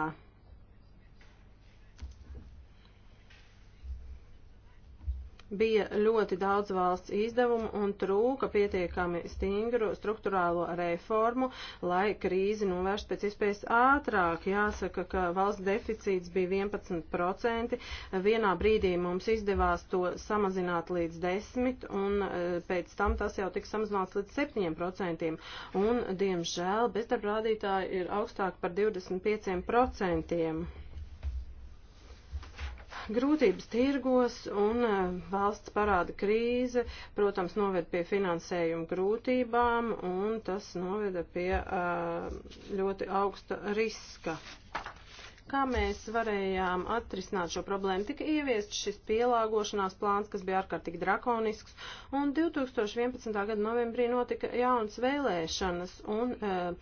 bija ļoti daudz valsts izdevumu un trūka pietiekami stingru struktūrālo reformu, lai krīzi novērst pēc iespējas ātrāk. Jāsaka, ka valsts deficīts bija 11%, vienā brīdī mums izdevās to samazināt līdz 10%, un eh, pēc tam tas jau tika samazināts līdz 7%, un, diemžēl, bezdarbrādītāji ir augstāk par 25% grūtības tirgos un e, valsts parāda krīze, protams, noved pie finansējuma grūtībām un tas noveda pie e, ļoti augsta riska. Kā mēs varējām atrisināt šo problēmu? Tika ieviest šis pielāgošanās plāns, kas bija ārkārtīgi drakonisks, un 2011. gada novembrī notika jaunas vēlēšanas, un uh,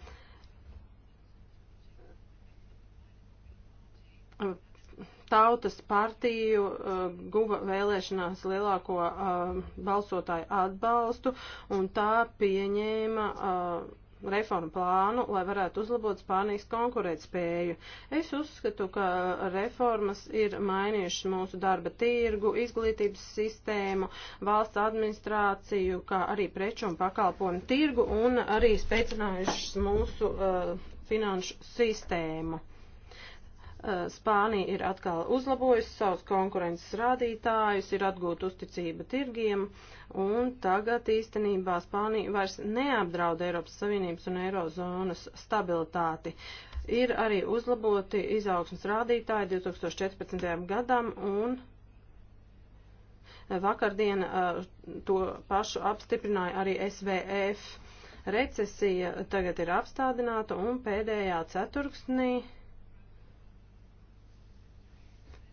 tautas partiju uh, guva vēlēšanās lielāko uh, balsotāju atbalstu un tā pieņēma. Uh, reformu plānu, lai varētu uzlabot Spānijas konkurētspēju. Es uzskatu, ka reformas ir mainījušas mūsu darba tirgu, izglītības sistēmu, valsts administrāciju, kā arī preču un pakalpojumu tirgu un arī spēcinājušas mūsu uh, finanšu sistēmu. Eh, Spānija ir atkal uzlabojusi savus konkurences rādītājus, ir atgūta uzticība tirgiem, un tagad īstenībā Spānija vairs neapdraud Eiropas Savienības un Eirozonas stabilitāti. Ir arī uzlaboti izaugsmas rādītāji 2014. gadam, un eh, vakardien eh, to pašu apstiprināja arī SVF. Recesija tagad ir apstādināta, un pēdējā ceturksnī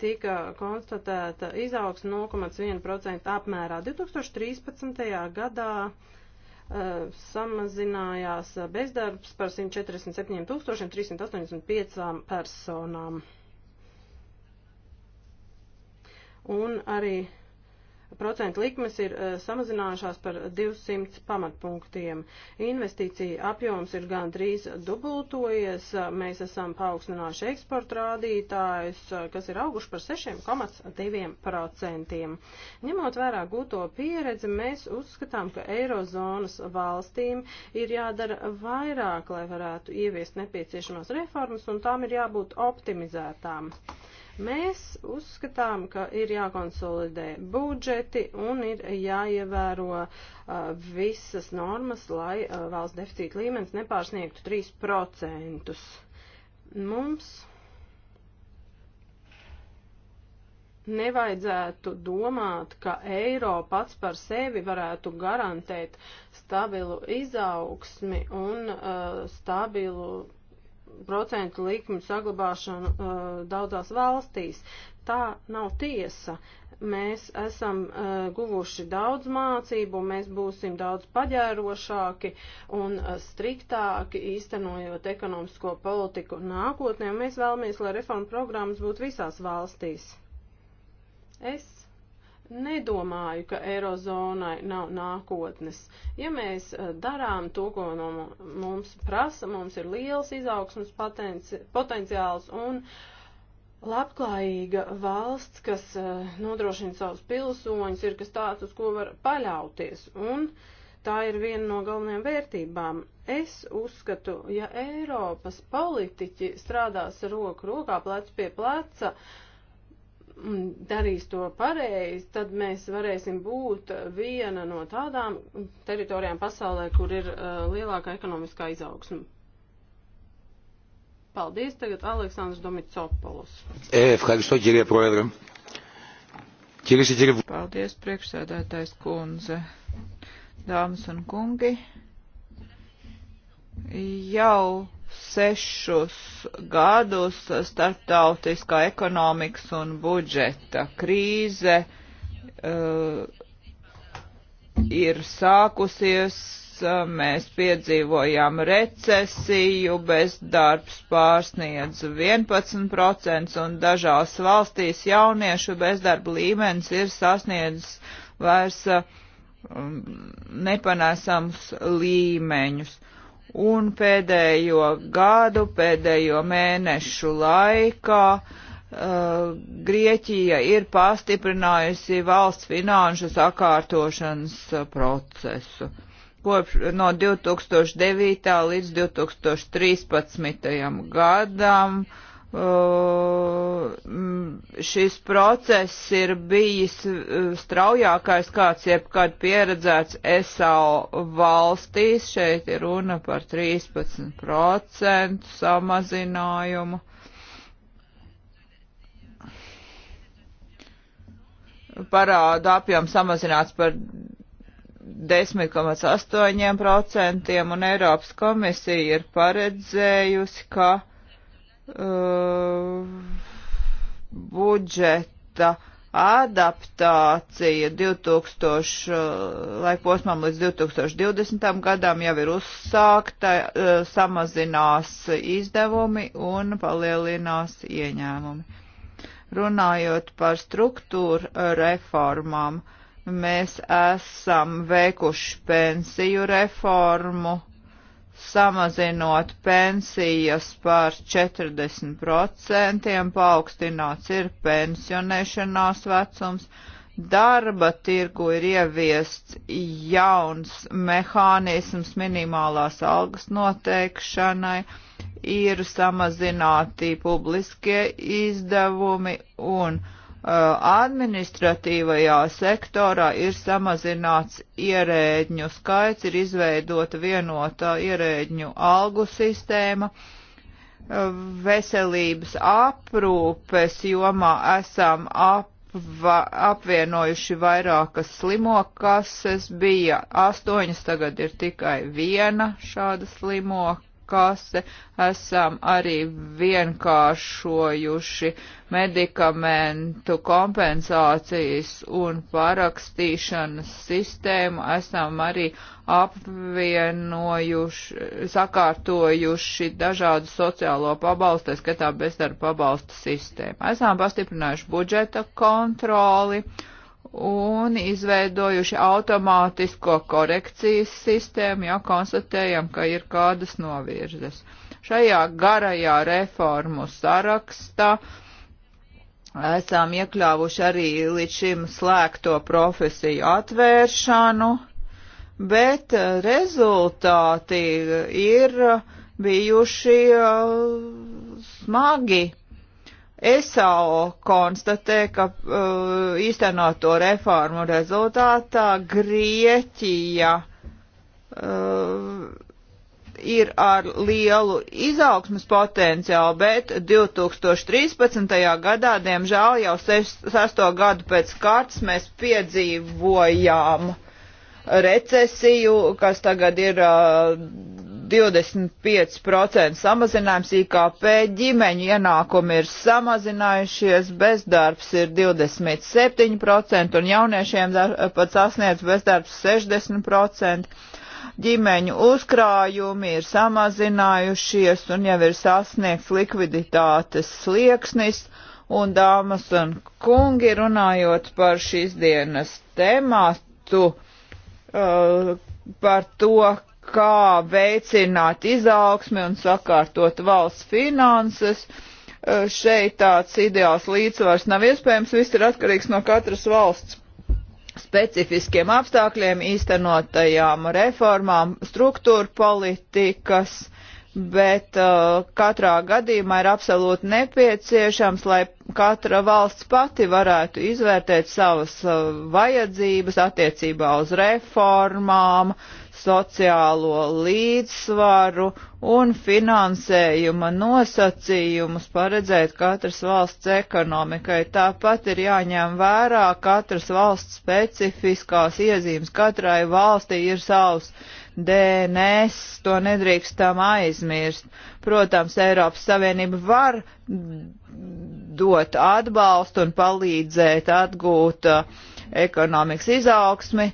tika konstatēta izaugsme 0,1% apmērā. 2013. gadā uh, samazinājās bezdarbs par 147 385 personām. Un arī procentu likmes ir uh, samazinājušās par 200 pamatpunktiem. Investīcija apjoms ir gandrīz dubultojies, mēs esam paaugstinājuši eksporta rādītājus, eh, kas ir auguši par 6,2%. Ņemot vērā gūto pieredzi, mēs uzskatām, ka Eirozonas valstīm ir jādara vairāk, lai varētu ieviest nepieciešamās reformas, un tām ir jābūt optimizētām. Mēs uzskatām, ka ir jākonsolidē budžeti un ir jāievēro uh, visas normas, lai uh, valsts deficīta līmenis nepārsniegtu 3%. Mums nevajadzētu domāt, ka eiro pats par sevi varētu garantēt stabilu izaugsmi un uh, stabilu procentu likmi saglabāšanu uh, daudzās valstīs. Tā nav tiesa. Mēs esam uh, guvuši daudz mācību, mēs būsim daudz paģērošāki un uh, striktāki īstenojot ekonomisko politiku nākotnē. Mēs vēlamies, lai reforma programmas būtu visās valstīs. Es nedomāju, ka Eirozonai nav nākotnes. Ja mēs eh, darām to, ko no mums prasa, mums ir liels izaugsmas potenci potenciāls un labklājīga valsts, kas eh, nodrošina savus pilsoņus, ir kas tāds, uz ko var paļauties. Un tā ir viena no galvenajām vērtībām. Es uzskatu, ja Eiropas politiķi strādās roku rokā, plec pie pleca, uh, darīs to pareizi, tad mēs varēsim būt viena no tādām teritorijām pasaulē, kur ir uh, lielākā ekonomiskā izaugsme. Paldies, tagad Aleksandrs Domitsopolus. Э, Paldies, priekšsēdētājs kundze, dāmas un kungi. Jau sešus gadus starptautiskā ekonomikas un budžeta krīze uh, ir sākusies, mēs piedzīvojām recesiju, bezdarbs pārsniedz 11% un dažās valstīs jauniešu bezdarba līmenis ir sasniedzis vairs um, nepanesams līmeņus. Uh, un pēdējo gadu, pēdējo mēnešu laikā uh, Grieķija ir pastiprinājusi valsts finanšu sakārtošanas uh, procesu. Kopš no 2009. līdz 2013. gadam uh, Uh, mm, šis process ir bijis uh, straujākais kāds jebkad pieredzēts SAO valstīs. Šeit ir runa par 13% samazinājumu. Parāda apjoms samazināts par 10,8% un Eiropas komisija ir paredzējusi, ka Uh, budžeta adaptācija 2000, uh, laikposmam līdz 2020. gadam jau ir uzsākta, uh, samazinās izdevumi un palielinās ieņēmumi. Runājot par struktūru reformām, mēs esam veikuši pensiju reformu, samazinot pensijas par 40%, paaugstināts ir pensionēšanās vecums, darba tirgu ir ieviests jauns mehānisms minimālās algas noteikšanai, ir samazināti publiskie izdevumi un Eh, administratīvajā sektorā ir samazināts ierēģņu skaits, ir izveidota vienotā ierēģņu algu sistēma. Eh, veselības aprūpes jomā esam ap va, apvienojuši vairākas slimo kases, bija astoņas, tagad ir tikai viena šāda slimo kase, esam arī vienkāršojuši medikamentu kompensācijas un parakstīšanas sistēmu, esam arī apvienojuši, sakārtojuši dažādu sociālo pabalstu, skatā bezdarba pabalstu sistēmu. Esam pastiprinājuši budžeta kontroli. Uh, un izveidojuši automātisko korekcijas sistēmu, ja konstatējam, ka ir kādas novirzes. Šajā garajā reformu sarakstā esam iekļāvuši arī līdz šim slēgto profesiju atvēršanu, bet rezultāti ir bijuši uh, smagi ESAO konstatē, ka uh, īstenoto reformu rezultātā Grieķija uh, ir ar lielu izaugsmas potenciālu, bet 2013. gadā, diemžēl, jau ses, sesto gadu pēc kārtas mēs piedzīvojām recesiju, kas tagad ir uh, 25% samazinājums IKP, ģimeņu ienākumi ir samazinājušies, bezdarbs ir 27% un jauniešiem pat sasniedz bezdarbs 60%. Ģimeņu uzkrājumi ir samazinājušies un jau ir sasniegts likviditātes slieksnis. Un dāmas un kungi, runājot par šīs dienas tēmātu, uh, par to, kā veicināt izaugsmi un sakārtot valsts finanses. Eh, šeit tāds ideāls līdzsvars nav iespējams, viss ir atkarīgs no katras valsts specifiskiem apstākļiem, īstenotajām reformām, struktūra politikas, bet uh, katrā gadījumā ir absolūti nepieciešams, lai katra valsts pati varētu izvērtēt savas uh, vajadzības attiecībā uz reformām, uh, sociālo līdzsvaru un finansējuma nosacījumus paredzēt katras valsts ekonomikai. Tāpat ir jāņem vērā katras valsts specifiskās iezīmes. Katrai valstī ir savs DNS, to nedrīkstam aizmirst. Protams, Eiropas Savienība var dot atbalstu un palīdzēt atgūt uh, ekonomikas izaugsmi,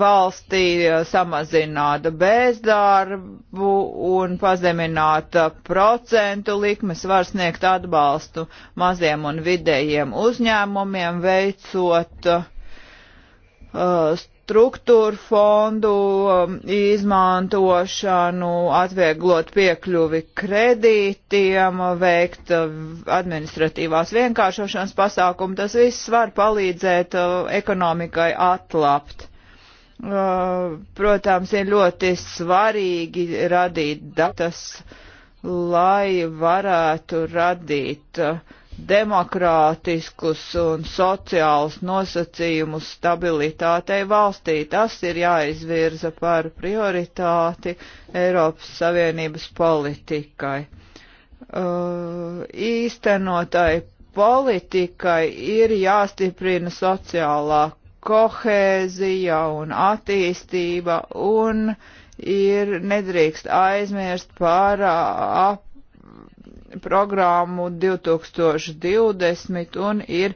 valstī eh, samazināta bezdarbu un pazemināta eh, procentu likmes var sniegt atbalstu maziem un vidējiem uzņēmumiem, veicot uh, struktūru fondu um, izmantošanu, atvieglot piekļuvi kredītiem, veikt uh, administratīvās vienkāršošanas pasākumu. Tas viss var palīdzēt uh, ekonomikai atlapt. Uh, protams, ir ļoti svarīgi radīt datus, lai varētu radīt uh, demokrātiskus un sociālus nosacījumus stabilitātei valstī. Tas ir jāizvirza par prioritāti Eiropas Savienības politikai. Uh, īstenotai politikai ir jāstiprina sociālā kohēzija un attīstība un ir nedrīkst aizmirst par uh, ap programmu 2020 un ir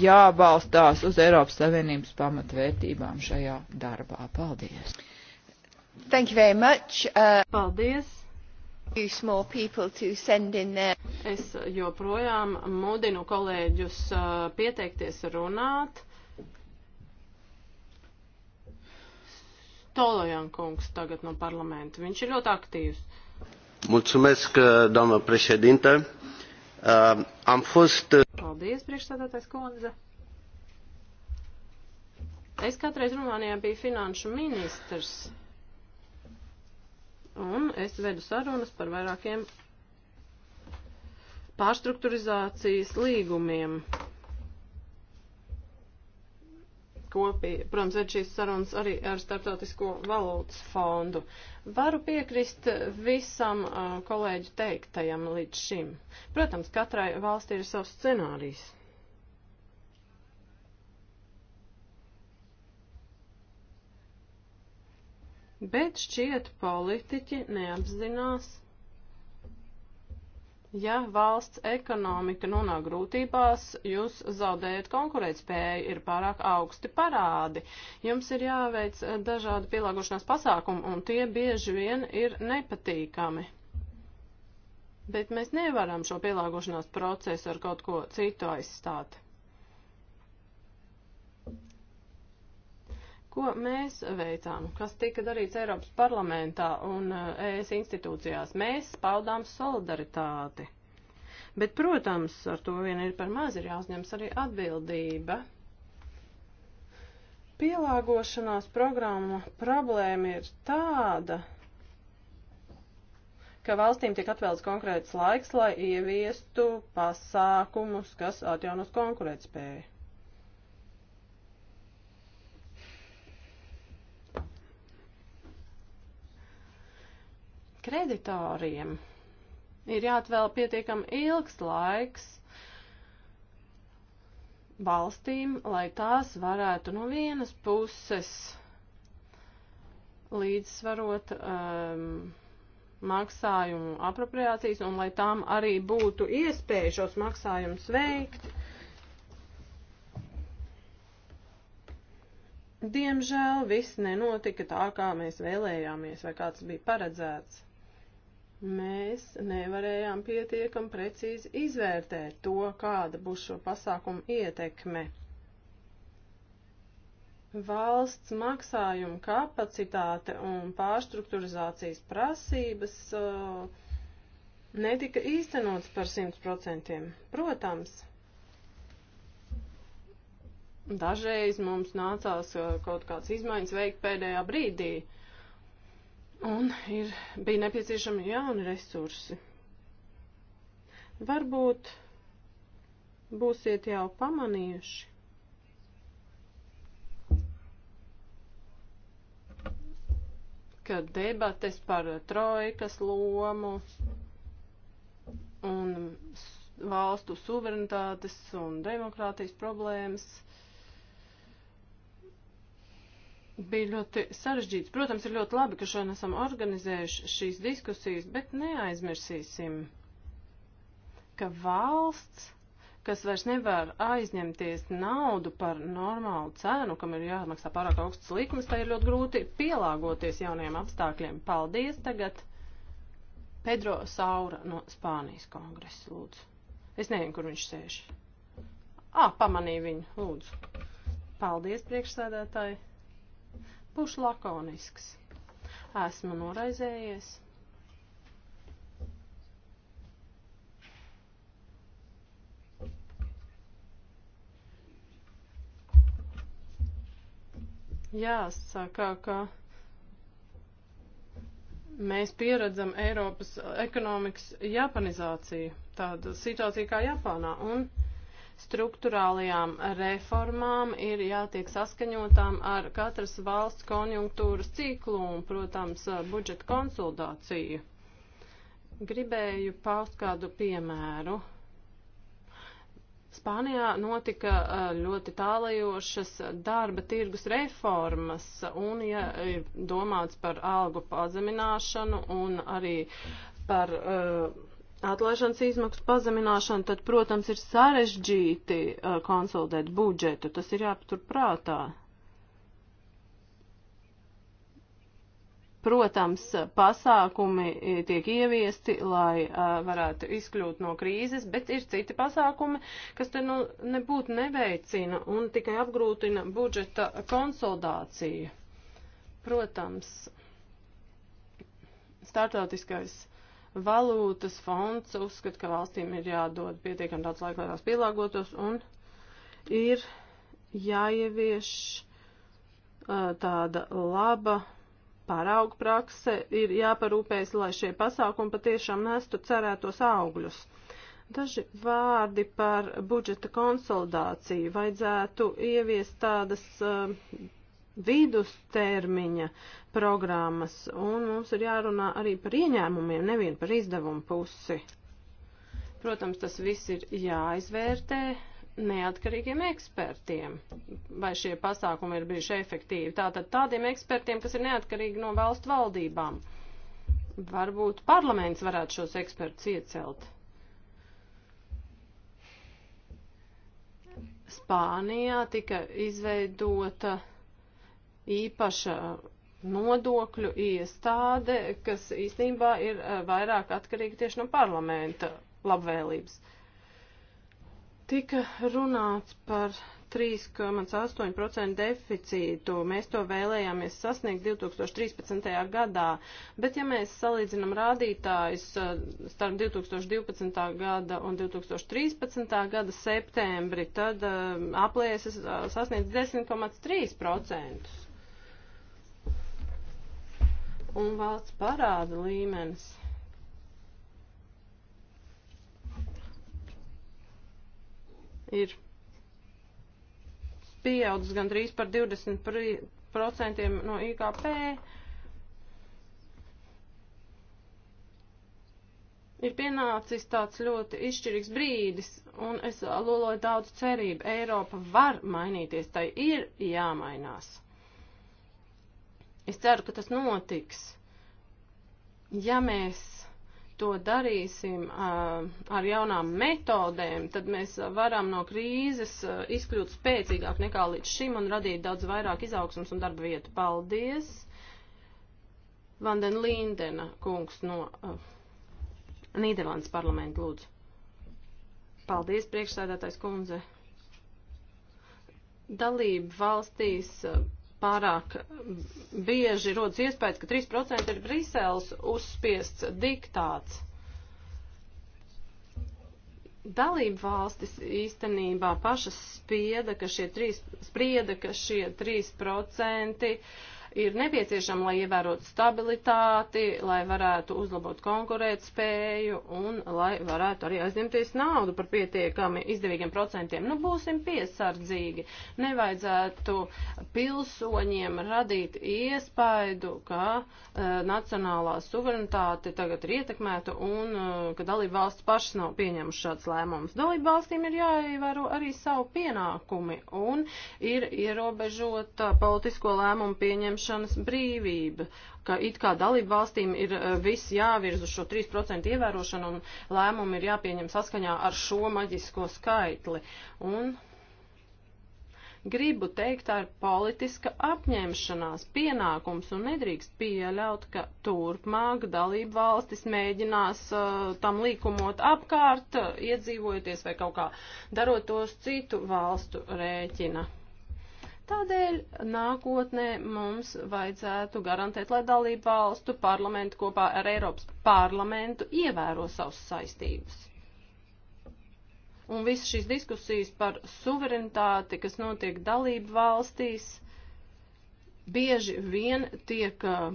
jābalstās uz Eiropas Savienības pamatvērtībām šajā darbā. Paldies! Thank you very much. Uh, Paldies! Use more people to send in their... Es joprojām mudinu kolēģus uh, pieteikties runāt. Tolojankungs tagad no parlamenta. Viņš ir ļoti aktīvs. Mulțumesc, uh, doamnă președintă. Uh, am fost... Uh, Paldies, priekšstādātais kundze. Es kādreiz Rumānijā biju finanšu ministrs, un es vedu sarunas par vairākiem pārstrukturizācijas līgumiem. Kopī, protams, ved šīs sarunas arī ar Startautisko valūtas fondu. Varu piekrist visam uh, kolēģu teiktajam līdz šim. Protams, katrai valstī ir savs scenārijs. Bet šķiet politiķi neapzinās Ja valsts ekonomika nonāk grūtībās, jūs zaudējat konkurētspēju, ir pārāk augsti parādi. Jums ir jāveic dažādi pielāgošanās pasākumi, un tie bieži vien ir nepatīkami. Bet mēs nevaram šo pielāgošanās procesu ar kaut ko citu aizstāt. Ko mēs veicām, kas tika darīts Eiropas parlamentā un eh, ES institūcijās? Mēs paudām solidaritāti. Bet, protams, ar to vien ir par maz, ir jāuzņems arī atbildība pielāgošanās programma problēma ir tāda, ka valstīm tiek atvēlts konkrēts laiks, lai ieviestu pasākumus, kas atjaunos konkurētspēju. kreditoriem ir jāatvēl pietiekami ilgs laiks valstīm, lai tās varētu no vienas puses līdzsvarot um, maksājumu apropriācijas un lai tām arī būtu iespēja šos maksājumus veikt. Diemžēl viss nenotika tā, kā mēs vēlējāmies vai kāds bija paredzēts mēs nevarējām pietiekam precīzi izvērtēt to, kāda būs šo pasākumu ietekme. Valsts maksājuma kapacitāte un pārstruktūrizācijas prasības uh, netika īstenots par 100%. Protams, dažreiz mums nācās uh, kaut kāds izmaiņas veikt pēdējā brīdī, uh, un ir, bija nepieciešami jauni resursi. Varbūt būsiet jau pamanījuši. ka debates par trojkas lomu un valstu suverenitātes un demokrātijas problēmas bija ļoti sarežģīts. Protams, ir ļoti labi, ka šodien esam organizējuši šīs diskusijas, bet neaizmirsīsim, ka valsts, kas vairs nevar aizņemties naudu par normālu cenu, kam ir jāmaksā pārāk augsts likums, tai ir ļoti grūti pielāgoties jauniem apstākļiem. Paldies tagad Pedro Saura no Spānijas kongresa, lūdzu. Es nezinu, kur viņš sēž. Ā, pamanīju viņu, lūdzu. Paldies, priekšsēdētāji. Būšu lakonisks. Esmu noraizējies. Jāsaka, ka mēs pieredzam Eiropas ekonomikas japanizāciju, tādu situāciju kā Japānā. Un struktūrālajām reformām ir jātiek saskaņotām ar katras valsts konjunktūras ciklu un, protams, budžeta konsultāciju. Gribēju paust kādu piemēru. Spānijā notika uh, ļoti tālajošas darba tirgus reformas, un ja ir domāts par algu pazemināšanu un arī par uh, atlaišanas izmaksu pazemināšanu, tad, protams, ir sarežģīti uh, konsolidēt budžetu. Tas ir jāpatur prātā. Protams, pasākumi uh, tiek ieviesti, lai uh, varētu izkļūt no krīzes, bet ir citi pasākumi, kas te nu nebūtu neveicina un tikai apgrūtina budžeta konsolidāciju. Protams, startautiskais uh, valūtas fonds uzskata, ka valstīm ir jādod pietiekami daudz laika, lai tās pielāgotos, un ir jāievieš uh, tāda laba parauga prakse, ir jāparūpējas, lai šie pasākumi patiešām nestu cerētos augļus. Daži vārdi par budžeta konsolidāciju. Vajadzētu ieviest tādas uh, vidustermiņa programmas, un mums ir jārunā arī par ieņēmumiem, nevien par izdevumu pusi. Protams, tas viss ir jāizvērtē neatkarīgiem ekspertiem, vai šie pasākumi ir bijuši efektīvi. Tātad tādiem ekspertiem, kas ir neatkarīgi no valstu valdībām. Varbūt parlaments varētu šos ekspertus iecelt. Spānijā tika izveidota īpaša nodokļu iestāde, kas īstenībā ir eh, vairāk atkarīga tieši no parlamenta labvēlības. Tika runāts par 3,8% deficītu. Mēs to vēlējāmies sasniegt 2013. gadā, bet ja mēs salīdzinām rādītājus eh, starp 2012. gada un 2013. gada septembri, tad eh, aplieses sasniedz 10,3% un valsts parāda līmenis. Ir pieaudzis gandrīz par 20% no IKP. ir pienācis tāds ļoti izšķirīgs brīdis, un es loloju daudz cerību. Eiropa var mainīties, tai ir jāmainās. Es ceru, ka tas notiks. Ja mēs to darīsim ar jaunām metodēm, tad mēs varam no krīzes izkļūt spēcīgāk nekā līdz šim un radīt daudz vairāk izaugsmas un darba vietu. Paldies! Vanden Lindena kungs no Nīderlandes parlamenta lūdzu. Paldies, priekšsēdētājs kundze. Dalība valstīs pārāk bieži rodas iespējas, ka 3% ir Briseles uzspiests diktāts. Dalību valstis īstenībā pašas spieda, ka šie 3, sprieda, ka šie 3% ir nepieciešama, lai ievērotu stabilitāti, lai varētu uzlabot konkurēt spēju un lai varētu arī aizņemties naudu par pietiekami izdevīgiem procentiem. Nu, būsim piesardzīgi. Nevajadzētu pilsoņiem radīt iespaidu, ka uh, nacionālā suverenitāte tagad ir ietekmēta un uh, ka dalība valsts pašas nav pieņemušas šāds lēmums. Dalība valstīm ir jāievēro arī savu pienākumi un ir ierobežota politisko lēmumu pieņemšana pieņemšanas brīvība, ka it kā dalību valstīm ir eh, viss jāvirz uz šo 3% ievērošanu un lēmumi ir jāpieņem saskaņā ar šo maģisko skaitli. Un gribu teikt, tā ir politiska apņemšanās pienākums un nedrīkst pieļaut, ka turpmāk dalību valstis mēģinās uh, tam līkumot apkārt, eh, iedzīvojoties vai kaut kā darot tos citu valstu rēķina. Tādēļ nākotnē mums vajadzētu garantēt, lai dalību valstu parlamentu kopā ar Eiropas parlamentu ievēro savus saistības. Un visas šīs diskusijas par suverenitāti, kas notiek dalību valstīs, bieži vien tiek uh,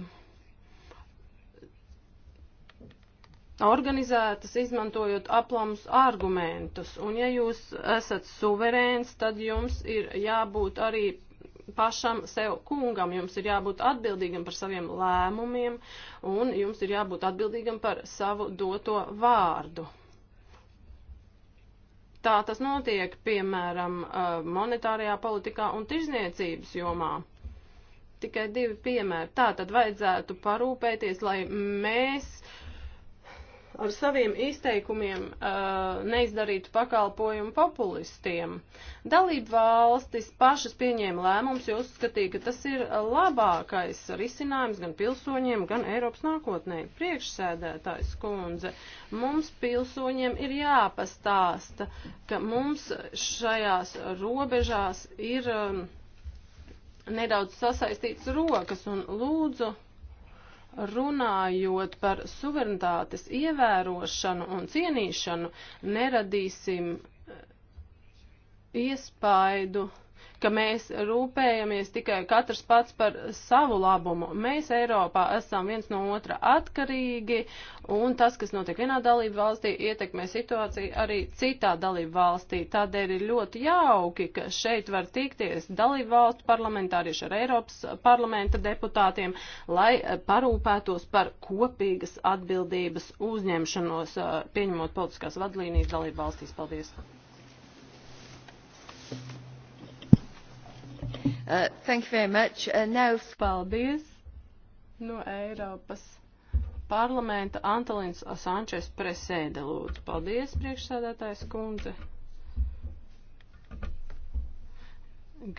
organizētas, izmantojot aplamus argumentus. Un ja jūs esat suverēns, tad jums ir jābūt arī pašam sev kungam. Jums ir jābūt atbildīgam par saviem lēmumiem un jums ir jābūt atbildīgam par savu doto vārdu. Tā tas notiek, piemēram, uh, monetārajā politikā un tirzniecības jomā tikai divi piemēri. Tā tad vajadzētu parūpēties, lai mēs ar saviem izteikumiem uh, neizdarītu pakalpojumu populistiem. Dalību valstis pašas pieņēma lēmums, jo uzskatīja, ka tas ir labākais risinājums gan pilsoņiem, gan Eiropas nākotnē. Priekšsēdētājs kundze, mums pilsoņiem ir jāpastāsta, ka mums šajās robežās ir um, nedaudz sasaistīts rokas un lūdzu runājot par suverenitātes ievērošanu un cienīšanu, neradīsim eh, iespaidu. Uh, ka mēs rūpējamies tikai katrs pats par savu labumu. Mēs Eiropā esam viens no otra atkarīgi, un tas, kas notiek vienā dalību valstī, ietekmē situāciju arī citā dalību valstī. Tādēļ ir ļoti jauki, ka šeit var tikties dalību valstu parlamentārieši ar Eiropas parlamenta deputātiem, lai parūpētos par kopīgas atbildības uzņemšanos, pieņemot politiskās vadlīnijas dalību valstīs. Paldies! Uh, thank you very much. Uh, now... Paldies no Eiropas parlamenta Antolins Sančes presēde lūdzu. Paldies, priekšsēdētājs kundze.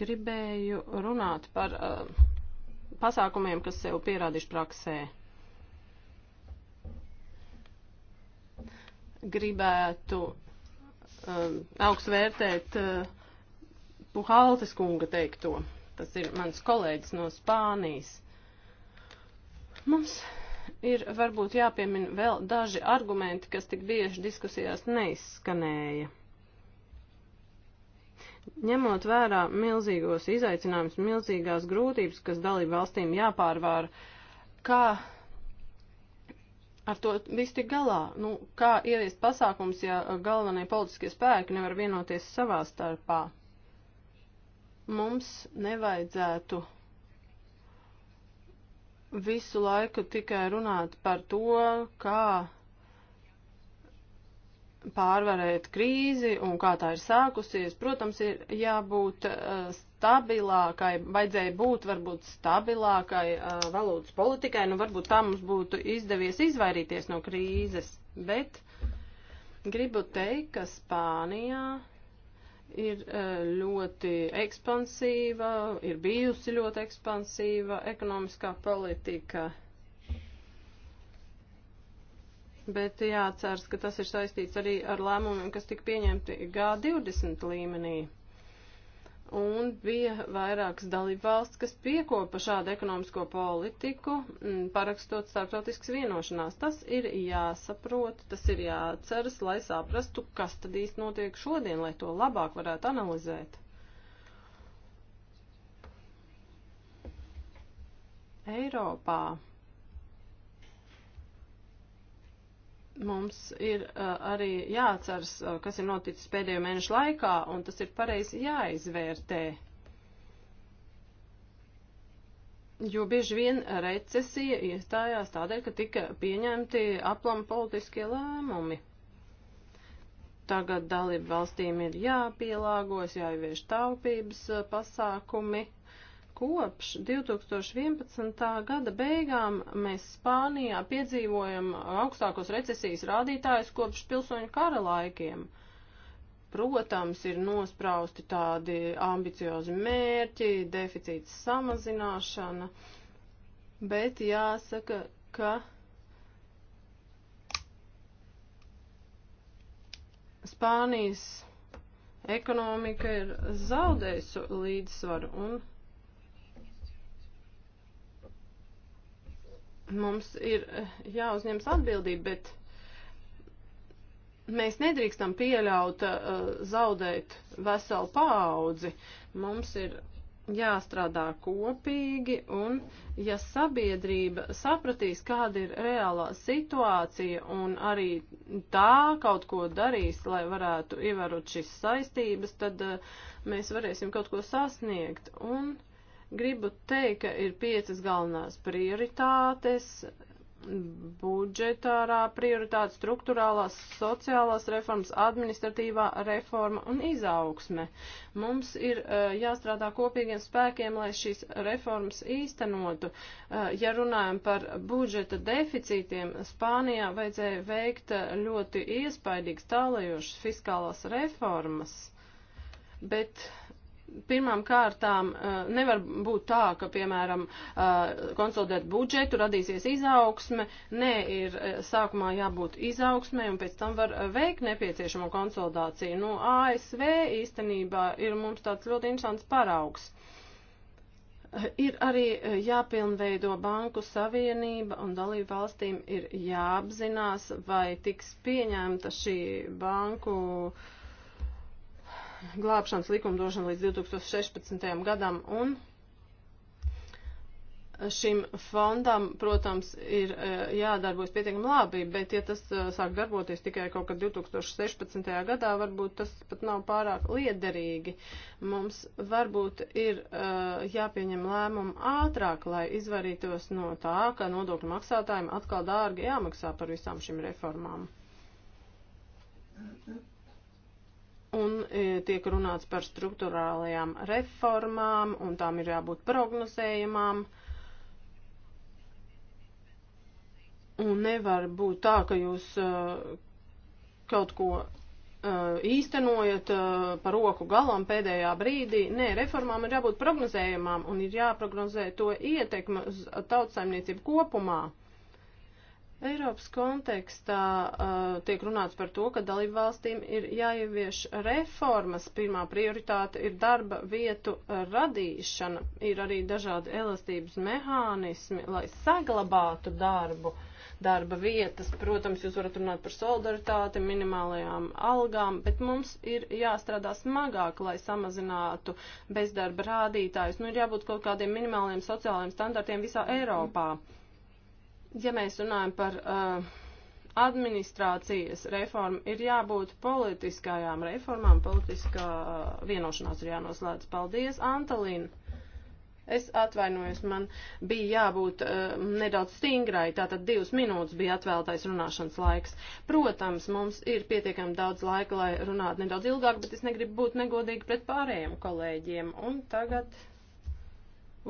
Gribēju runāt par uh, pasākumiem, kas sev pierādīšu praksē. Gribētu um, augstu vērtēt uh, Buhaltes kunga teikto. Tas ir mans kolēģis no Spānijas. Mums ir varbūt jāpiemina vēl daži argumenti, kas tik bieži diskusijās neizskanēja. Ņemot vērā milzīgos izaicinājumus, milzīgās grūtības, kas dalību valstīm jāpārvāra, kā ar to viss tik galā? Nu, kā ieviest pasākums, ja galvenie politiskie spēki nevar vienoties savā starpā? Mums nevajadzētu visu laiku tikai runāt par to, kā pārvarēt krīzi un kā tā ir sākusies. Protams, ir jābūt eh, stabilākai, vajadzēja būt varbūt stabilākai eh, valūtas politikai, nu varbūt tā mums būtu izdevies izvairīties no krīzes, bet gribu teikt, ka Spānijā ir eh, ļoti ekspansīva, ir bijusi ļoti ekspansīva ekonomiskā politika. Bet jāceras, ka tas ir saistīts arī ar lēmumiem, kas tika pieņemti G20 līmenī. Un bija vairākas dalībvalsts, kas piekopa šādu ekonomisko politiku, mm, parakstot starptautiskas vienošanās. Tas ir jāsaprot, tas ir jāatceras, lai saprastu, kas tad īsti notiek šodien, lai to labāk varētu analizēt. Eiropā mums ir uh, arī jāatceras, uh, kas ir noticis pēdējo mēnešu laikā, un tas ir pareizi jāizvērtē. Jo bieži vien recesija iestājās tādēļ, ka tika pieņemti aplam politiskie lēmumi. Tagad dalību valstīm ir jāpielāgojas, jāievieš taupības pasākumi Kopš 2011. gada beigām mēs Spānijā piedzīvojam augstākos recesijas rādītājus kopš pilsoņu kara laikiem. Protams, ir nosprausti tādi ambiciozi mērķi, deficīts samazināšana, bet jāsaka, ka Spānijas ekonomika ir zaudējusi līdzsvaru un Mums ir eh, jāuzņems atbildība, bet mēs nedrīkstam pieļaut uh, zaudēt veselu paudzi. Mums ir jāstrādā kopīgi, un ja sabiedrība sapratīs, kāda ir reālā situācija, un arī tā kaut ko darīs, lai varētu ievērot šīs saistības, tad uh, mēs varēsim kaut ko sasniegt. Un Gribu teikt, ka ir piecas galvenās prioritātes budžetārā prioritāte, struktūrālās, sociālās reformas, administratīvā reforma un izaugsme. Mums ir uh, jāstrādā kopīgiem spēkiem, lai šīs reformas īstenotu. Uh, ja runājam par budžeta deficītiem, Spānijā vajadzēja veikt eh, ļoti iespaidīgas tālajošas fiskālās reformas, bet uh, pirmām kārtām eh, nevar būt tā, ka, piemēram, eh, konsolidēt budžetu radīsies izaugsme. Nē, ir eh, sākumā jābūt izaugsmē un pēc tam var veikt nepieciešamo konsolidāciju. Nu, ASV īstenībā ir mums tāds ļoti interesants paraugs. Ir arī jāpilnveido banku savienība un dalību valstīm ir jāapzinās, vai tiks pieņemta šī banku uh, glābšanas likumdošana līdz 2016. gadam un šim fondam, protams, ir e, jādarbojas pietiekami labi, bet ja tas e, sāk darboties tikai kaut kad 2016. gadā, varbūt tas pat nav pārāk liederīgi. Mums varbūt ir e, jāpieņem lēmumu ātrāk, lai izvarītos no tā, ka nodokļu maksātājiem atkal dārgi jāmaksā par visām šīm reformām. Mm-hmm un e, tiek runāts par struktūrālajām reformām, un tām ir jābūt prognozējumām. Un nevar būt tā, ka jūs e, kaut ko e, īstenojat par roku galam pēdējā brīdī. Nē, reformām ir jābūt prognozējumām un ir jāprognozē to ietekme uz tautsaimniecību kopumā. Eiropas kontekstā uh, tiek runāts par to, ka dalību valstīm ir jāievieš reformas. Pirmā prioritāte ir darba vietu uh, radīšana. Ir arī dažādi elastības mehānismi, lai saglabātu darbu, darba vietas. Protams, jūs varat runāt par solidaritāti, minimālajām algām, bet mums ir jāstrādā smagāk, lai samazinātu bezdarba rādītājus. Nu, ir jābūt kaut kādiem minimāliem sociālajiem standartiem visā Eiropā. Mm Ja mēs runājam par uh, administrācijas reformu, ir jābūt politiskajām reformām, politiskā uh, vienošanās ir jānoslēdz. Paldies, Antalīna! Es atvainojos, man bija jābūt uh, nedaudz stingrai, tātad divas minūtes bija atvēltais runāšanas laiks. Protams, mums ir pietiekami daudz laika, lai runātu nedaudz ilgāk, bet es negribu būt negodīgi pret pārējiem kolēģiem. Un tagad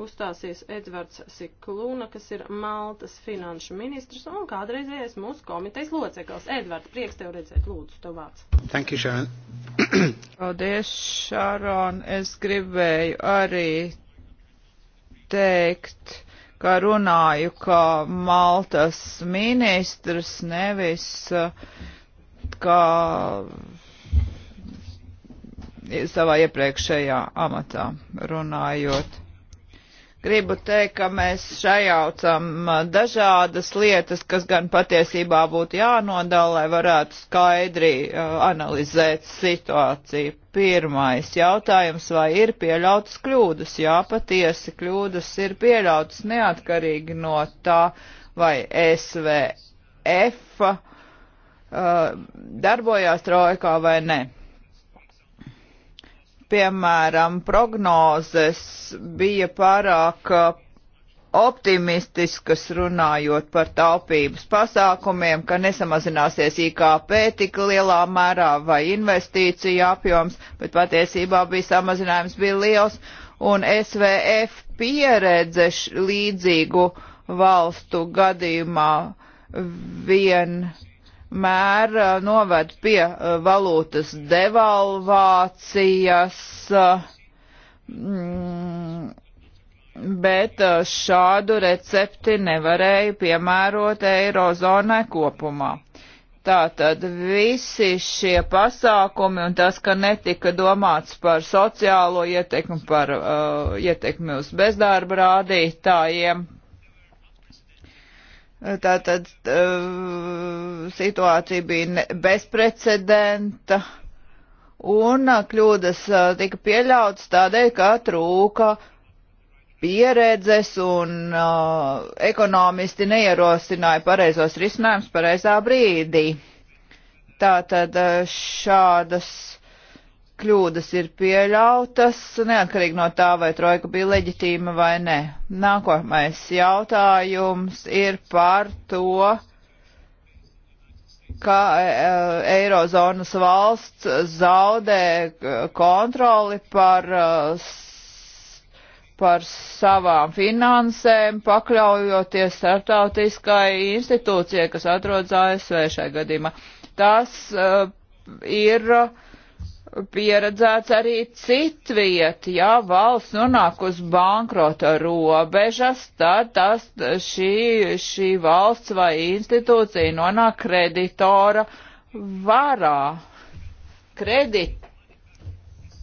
uzstāsies Edvards Siklūna, kas ir Maltas finanšu ministrs un kādreizējais mūsu komitejas loceklis. Edvards, prieks tev redzēt, lūdzu, tev vārds. Thank you, Sharon. Paldies, Sharon. Es gribēju arī teikt, ka runāju kā Maltas ministrs, nevis uh, kā savā iepriekšējā amatā runājot. Gribu teikt, ka mēs šajaucam uh, dažādas lietas, kas gan patiesībā būtu jānodala, lai varētu skaidri uh, analizēt situāciju. Pirmais jautājums, vai ir pieļautas kļūdas? Jā, patiesi kļūdas ir pieļautas neatkarīgi no tā, vai SVF uh, darbojās trojkā vai ne piemēram, prognozes bija pārāk uh, optimistiskas runājot par taupības pasākumiem, ka nesamazināsies IKP tik lielā mērā vai investīcija apjoms, bet patiesībā bija samazinājums bija liels, un SVF pieredze līdzīgu valstu gadījumā vien mēr uh, noved pie uh, valūtas devalvācijas, mm, bet uh, šādu recepti nevarēja piemērot eirozonai kopumā. Tātad visi šie pasākumi un tas, ka netika domāts par sociālo ietekmi, par uh, ietekmi uz bezdarba rādītājiem, Tātad eh, situācija bija bezprecedenta un eh, kļūdas eh, tika pieļautas tādēļ, ka trūka pieredzes un uh, ekonomisti neierosināja pareizos risinājumus pareizā brīdī. Tātad šādas kļūdas ir pieļautas, neatkarīgi no tā, vai trojka bija leģitīma vai nē. Nākamais jautājums ir par to, ka e, e, Eirozonas valsts zaudē e, kontroli par, par savām finansēm, pakļaujoties starptautiskai institūcijai, kas atrodas ASV šajā gadījumā. Tas uh, ir uh, pieredzēts arī citviet, ja valsts nonāk uz bankrota robežas, tad tas, šī, šī valsts vai institūcija nonāk kreditora varā. Kredit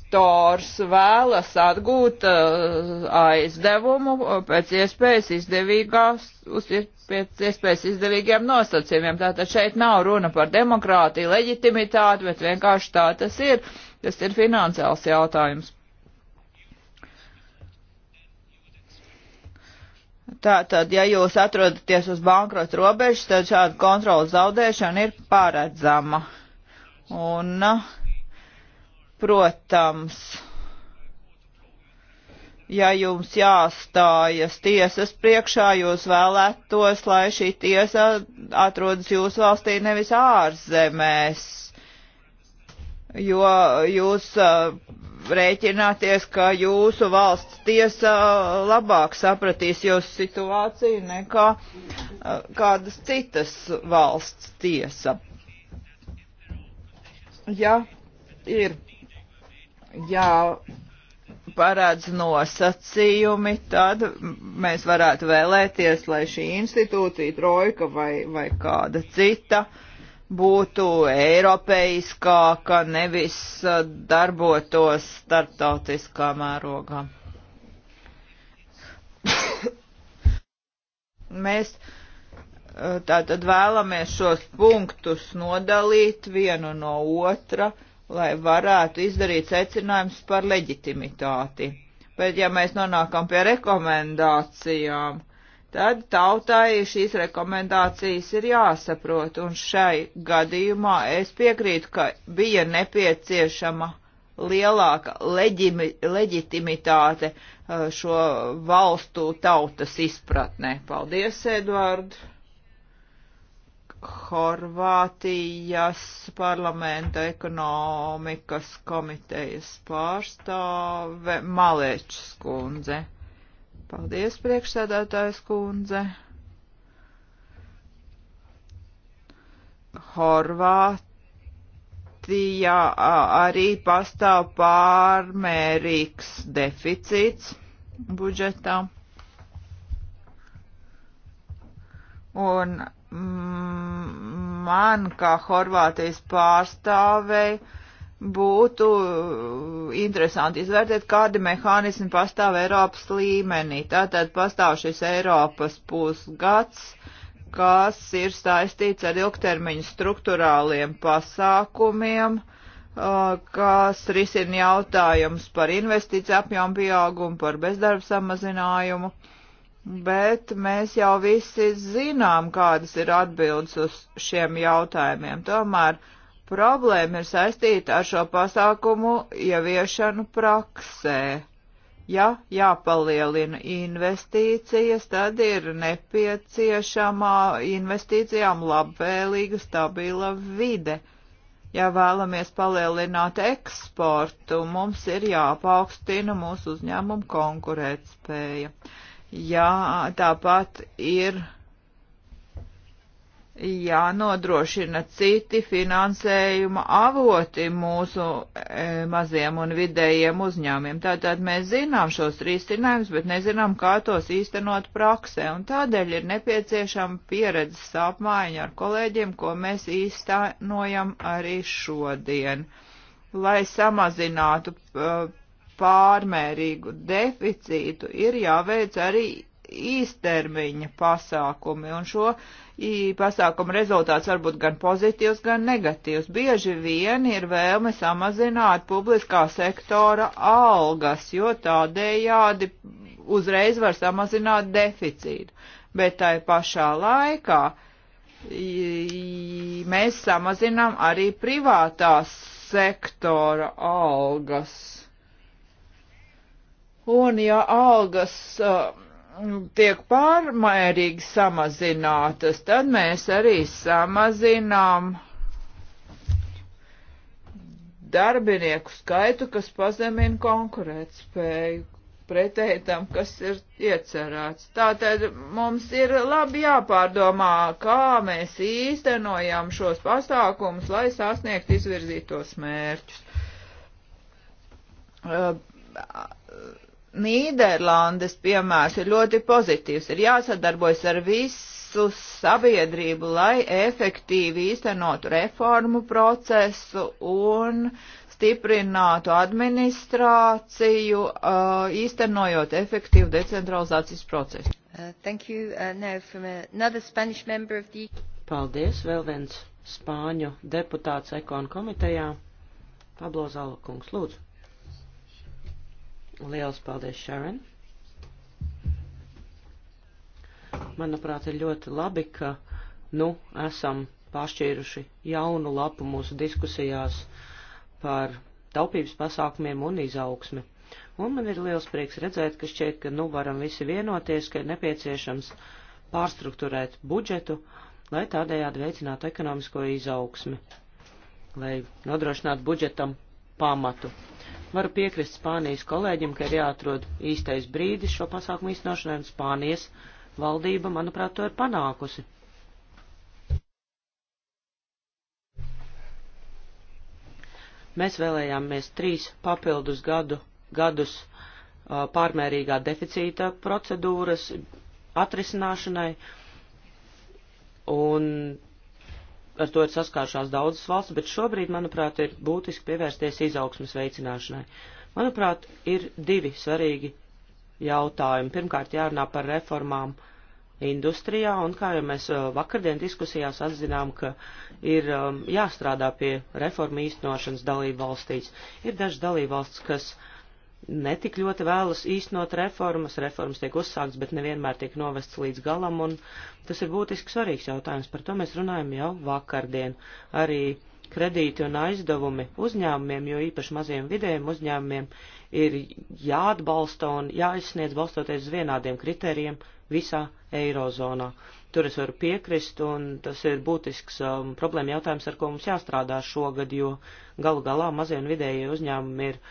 investors vēlas atgūt uh, aizdevumu pēc iespējas izdevīgās, uz pēc iespējas izdevīgiem nosacījumiem. Tātad šeit nav runa par demokrātiju, leģitimitāti, bet vienkārši tā tas ir. Tas ir finansiāls jautājums. Tātad, ja jūs atrodaties uz bankrota robežas, tad šāda kontrola zaudēšana ir paredzama. Un uh, Protams, ja jums jāstājas tiesas priekšā, jūs vēlētos, lai šī tiesa atrodas jūsu valstī, nevis ārzemēs, jo jūs uh, rēķināties, ka jūsu valsts tiesa uh, labāk sapratīs jūsu situāciju nekā uh, kādas citas valsts tiesa. Ja ir jā, parāds nosacījumi, tad mēs varētu vēlēties, lai šī institūcija, trojka vai, vai kāda cita, būtu eiropeiskāka, nevis uh, darbotos starptautiskā mērogā. mēs uh, tātad vēlamies šos punktus nodalīt vienu no otra lai varētu izdarīt secinājumus par leģitimitāti. Bet ja mēs nonākam pie rekomendācijām, tad tautai šīs rekomendācijas ir jāsaprot, un šai gadījumā es piekrītu, ka bija nepieciešama lielāka leģimi, leģitimitāte uh, šo valstu tautas izpratnē. Paldies, Eduard! Horvātijas parlamenta ekonomikas komitejas pārstāve Malečs kundze. Paldies, priekšsēdētājs kundze. Horvātijā arī pastāv pārmērīgs deficīts budžetā. Un mm, man, kā Horvātijas pārstāvei, būtu uh, interesanti izvērtēt, kādi mehānismi pastāv Eiropas līmenī. Tātad pastāv šis Eiropas pusgads, kas ir saistīts ar ilgtermiņu struktūrāliem pasākumiem, uh, kas risina jautājumus par investīciju apjomu pieaugumu, par bezdarbu samazinājumu. Uh, Bet mēs jau visi zinām, kādas ir atbildes uz šiem jautājumiem. Tomēr problēma ir saistīta ar šo pasākumu ieviešanu praksē. Ja jāpalielina investīcijas, tad ir nepieciešama investīcijām labvēlīga, stabila vide. Ja vēlamies palielināt eksportu, mums ir jāpaukstina mūsu uzņēmumu konkurētspēja. spēja. Jā, tāpat ir jānodrošina citi finansējuma avoti mūsu e, maziem un vidējiem uzņēmiem. Tātad mēs zinām šos risinājumus, bet nezinām, kā tos īstenot praksē, un tādēļ ir nepieciešama pieredzes apmaiņa ar kolēģiem, ko mēs īstenojam arī šodien, lai samazinātu. Uh, pārmērīgu deficītu, ir jāveic arī īstermiņa pasākumi, un šo pasākumu rezultāts var būt gan pozitīvs, gan negatīvs. Bieži vien ir vēlme samazināt publiskā sektora algas, jo tādējādi uzreiz var samazināt deficītu. Bet tai pašā laikā mēs samazinām arī privātās sektora algas Un ja algas uh, tiek pārmērīgi samazinātas, tad mēs arī samazinām darbinieku skaitu, kas pazemina konkurētspēju pretēji tam, kas ir iecerēts. Tātad mums ir labi jāpārdomā, kā mēs īstenojam šos pasākumus, lai sasniegtu izvirzītos mērķus. Uh, Nīderlandes piemērs ir ļoti pozitīvs. Ir jāsadarbojas ar visu sabiedrību, lai efektīvi īstenotu reformu procesu un stiprinātu administrāciju, uh, īstenojot efektīvu decentralizācijas procesu. Uh, thank you. Uh, now from another Spanish member of the... Paldies. Vēl viens Spāņu deputāts ekonu komitejā. Pablo Zalakungs, lūdzu. Liels paldies, Sharon! Manuprāt, ir ļoti labi, ka nu esam pāršķīruši jaunu lapu mūsu diskusijās par taupības pasākumiem un izaugsmi. Un man ir liels prieks redzēt, ka šķiet, ka nu varam visi vienoties, ka ir nepieciešams pārstruktūrēt budžetu, lai tādējādi veicinātu ekonomisko izaugsmi, lai nodrošinātu budžetam pamatu. Varu piekrist Spānijas kolēģim, ka ir jāatrod īstais brīdis šo pasākumu īstenošanai, un Spānijas valdība, manuprāt, to ir panākusi. Mēs vēlējāmies trīs papildus gadu, gadus uh, pārmērīgā deficīta procedūras atrisināšanai, un ar to ir saskāršās daudzas valsts, bet šobrīd, manuprāt, ir būtiski pievērsties izaugsmas veicināšanai. Manuprāt, ir divi svarīgi jautājumi. Pirmkārt, jārunā par reformām industrijā, un kā jau mēs uh, vakardien diskusijās atzinām, ka ir um, jāstrādā pie reformu īstenošanas dalību valstīs. Ir daži dalību valsts, kas uh, netik ļoti vēlas īstenot reformas, reformas tiek uzsākts, bet nevienmēr tiek novests līdz galam, un tas ir būtiski svarīgs jautājums, par to mēs runājam jau vakardien. Arī kredīti un aizdevumi uzņēmumiem, jo īpaši maziem vidējiem uzņēmumiem, ir jāatbalsta un jāizsniedz balstoties uz vienādiem kritērijiem visā eirozonā. Tur es varu piekrist, un tas ir būtisks um, problēma jautājums, ar ko mums jāstrādā šogad, jo galu galā mazie un vidējie uzņēmumi ir uh,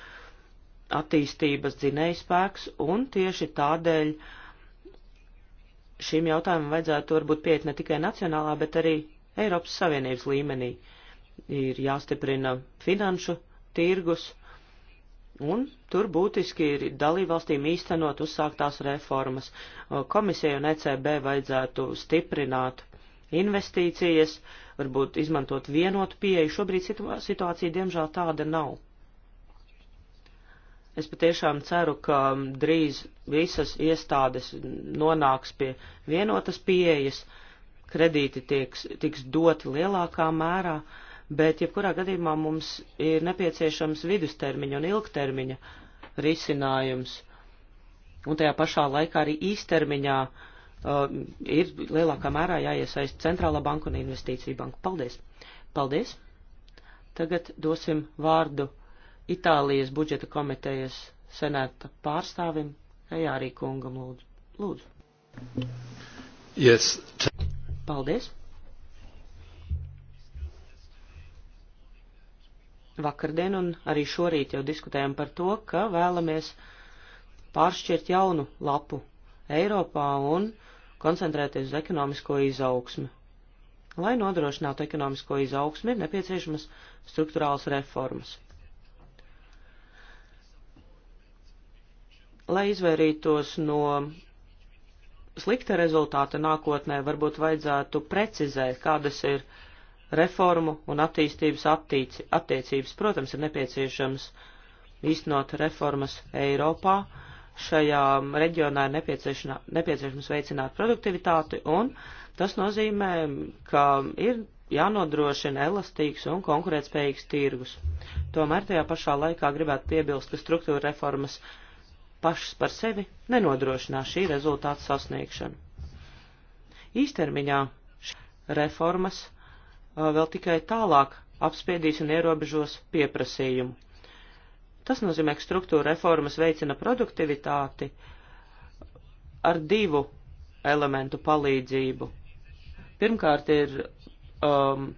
attīstības dzinējspēks, un tieši tādēļ šim jautājumam vajadzētu varbūt pieiet ne tikai nacionālā, bet arī Eiropas Savienības līmenī. Ir jāstiprina finanšu tirgus, un tur būtiski ir dalībvalstīm īstenot uzsāktās reformas. Komisija un ECB vajadzētu stiprināt investīcijas, varbūt izmantot vienotu pieeju. Šobrīd situācija, diemžēl, tāda nav. Es patiešām ceru, ka drīz visas iestādes nonāks pie vienotas pieejas, kredīti tieks, tiks doti lielākā mērā, bet jebkurā gadījumā mums ir nepieciešams vidustermiņa un ilgtermiņa risinājums. Un tajā pašā laikā arī īstermiņā uh, ir lielākā mērā jāiesaist Centrālā banka un Investīcija banka. Paldies! Paldies! Tagad dosim vārdu Itālijas budžeta komitejas senēta pārstāvim, Kajārī kungam lūdzu. lūdzu. Yes. Paldies. Vakardien un arī šorīt jau diskutējam par to, ka vēlamies pāršķirt jaunu lapu Eiropā un koncentrēties uz ekonomisko izaugsmi. Lai nodrošinātu ekonomisko izaugsmi, ir nepieciešamas struktūrāls reformas. lai izvairītos no slikta rezultāta nākotnē, varbūt vajadzētu precizēt, kādas ir reformu un attīstības attīci, attiecības. Protams, ir nepieciešams īstenot reformas Eiropā. Šajā reģionā ir nepieciešams veicināt produktivitāti, un tas nozīmē, ka ir jānodrošina elastīgs un konkurētspējīgs tirgus. Tomēr tajā pašā laikā gribētu piebilst, ka struktūra reformas uh, pašas par sevi nenodrošinās šī rezultāta sasniegšanu. Īstermiņā reformas vēl tikai tālāk apspiedīs un ierobežos pieprasījumu. Tas nozīmē, ka struktūra reformas veicina produktivitāti ar divu elementu palīdzību. Pirmkārt ir um,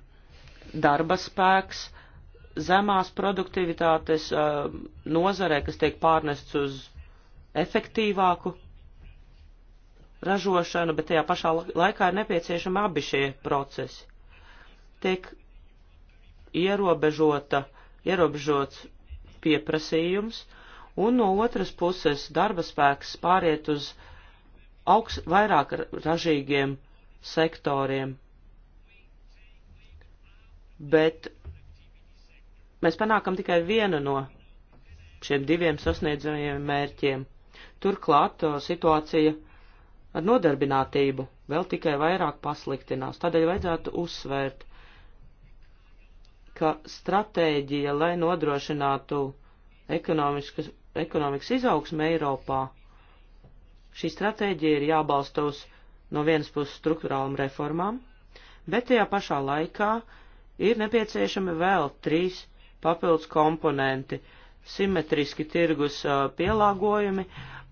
darba spēks zemās produktivitātes um, nozarē, kas tiek pārnests uz efektīvāku ražošanu, bet tajā pašā laikā ir nepieciešami abi šie procesi. Tiek ierobežota, ierobežots pieprasījums, un no otras puses darba spēks pāriet uz augs vairāk ražīgiem sektoriem. Bet mēs panākam tikai vienu no šiem diviem sasniedzamajiem mērķiem. Turklāt uh, situācija ar nodarbinātību vēl tikai vairāk pasliktinās. Tādēļ vajadzētu uzsvērt, ka stratēģija, lai nodrošinātu ekonomiskas, ekonomikas izaugsmu Eiropā, šī stratēģija ir jābalsta uz no vienas puses struktūrālām reformām, bet tajā pašā laikā ir nepieciešami vēl trīs papildus komponenti simetriski tirgus pielāgojumi,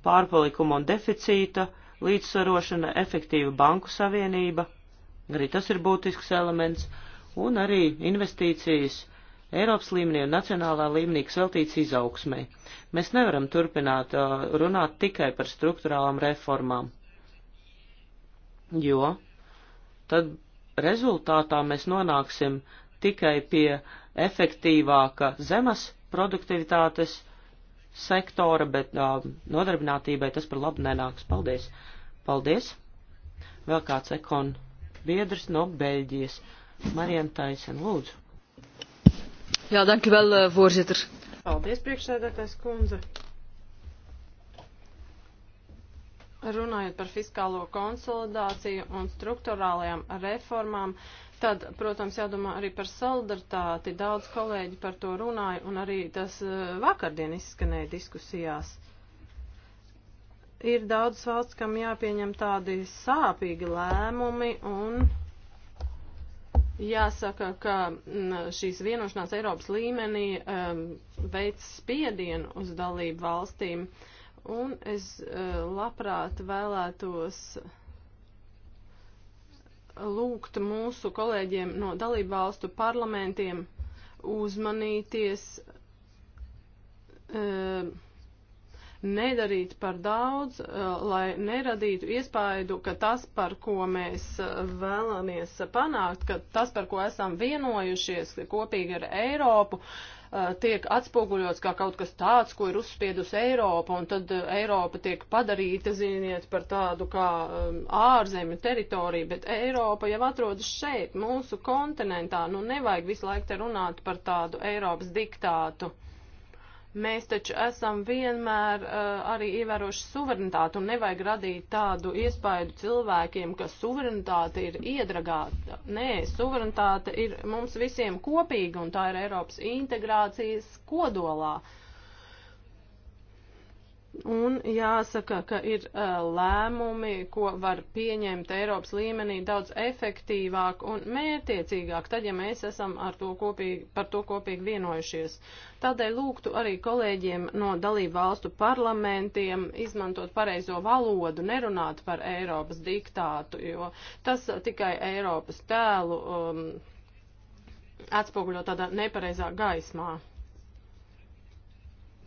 pārpalikuma un deficīta līdzsvarošana, efektīva banku savienība, arī tas ir būtisks elements, un arī investīcijas Eiropas līmenī un nacionālā līmenī, kas veltīts izaugsmai. Mēs nevaram turpināt runāt tikai par struktūrālām reformām, jo tad rezultātā mēs nonāksim tikai pie uh, efektīvāka zemes produktivitātes sektora, bet uh, nodarbinātībai tas par labu nenāks. Paldies! Paldies! Vēl kāds ekon biedrs no Beļģijas. Marijan Taisen, lūdzu. Jā, danki vēl, voorzitter. Paldies, priekšsēdētājs kundze. Runājot par fiskālo konsolidāciju un struktūrālajām reformām, Tad, protams, jādomā arī par solidaritāti. Daudz kolēģi par to runāja, un arī tas eh, vakardien izskanēja diskusijās. Ir daudz valsts, kam jāpieņem tādi sāpīgi lēmumi, un jāsaka, ka mm, šīs vienošanās Eiropas līmenī um, veic spiedienu uz dalību valstīm, un es uh, labprāt vēlētos. Uh, lūgt mūsu kolēģiem no dalībvalstu parlamentiem uzmanīties, e, nedarīt par daudz, e, lai neradītu iespaidu, ka tas, par ko mēs e, vēlamies panākt, ka tas, par ko esam vienojušies kopīgi ar Eiropu, Eh, tiek atspoguļots kā kaut kas tāds, ko ir uzspiedusi Eiropa, un tad eh, Eiropa tiek padarīta, ziniet, par tādu kā um, ārzemju teritoriju, bet Eiropa jau atrodas šeit, mūsu kontinentā, nu nevajag visu laiku te runāt par tādu Eiropas diktātu. Mēs taču esam vienmēr uh, arī ievēroši suverenitāti un nevajag radīt tādu iespēju cilvēkiem, ka suverenitāte ir iedragāta. Nē, suverenitāte ir mums visiem kopīga un tā ir Eiropas integrācijas kodolā. Uh, Un jāsaka, ka ir uh, lēmumi, ko var pieņemt Eiropas līmenī daudz efektīvāk un mērtiecīgāk, tad, ja mēs esam to kopīgi, par to kopīgi vienojušies. Tādēļ lūgtu arī kolēģiem no dalību valstu parlamentiem izmantot pareizo valodu, nerunāt par Eiropas diktātu, jo tas tikai Eiropas tēlu um, atspoguļo tādā nepareizā gaismā.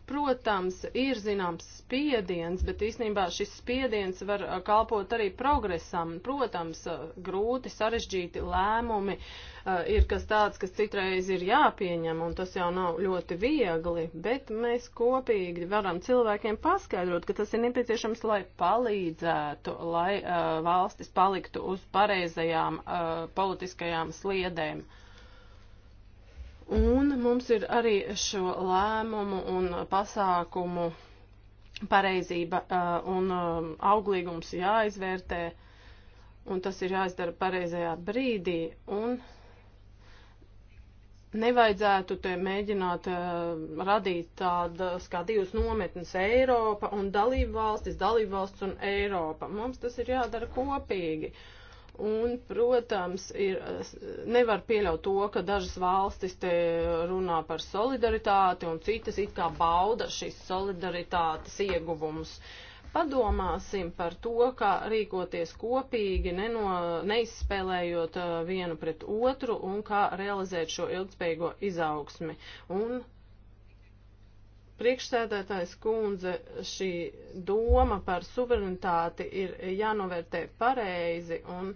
Protams, ir zināms spiediens, bet īstenībā šis spiediens var uh, kalpot arī progresam. Protams, uh, grūti, sarežģīti lēmumi uh, ir kas tāds, kas citreiz ir jāpieņem, un tas jau nav ļoti viegli, bet mēs kopīgi varam cilvēkiem paskaidrot, ka tas ir nepieciešams, lai palīdzētu, lai valstis paliktu uz pareizajām politiskajām sliedēm. Un mums ir arī šo lēmumu un pasākumu pareizība uh, un um, auglīgums jāizvērtē, un tas ir jāizdara pareizajā brīdī. Un nevajadzētu te mēģināt uh, radīt tādas kā divas nometnes Eiropa un dalību valstis, dalību valsts un Eiropa. Mums tas ir jādara kopīgi. Uh, Un, protams, ir, nevar pieļaut to, ka dažas valstis te runā par solidaritāti un citas it kā bauda šīs solidaritātes ieguvumus. Padomāsim par to, kā rīkoties kopīgi, neno, neizspēlējot uh, vienu pret otru un kā realizēt šo ilgspējīgo izaugsmi. Un priekšsēdētājs kundze šī doma par suverenitāti ir jānovērtē pareizi un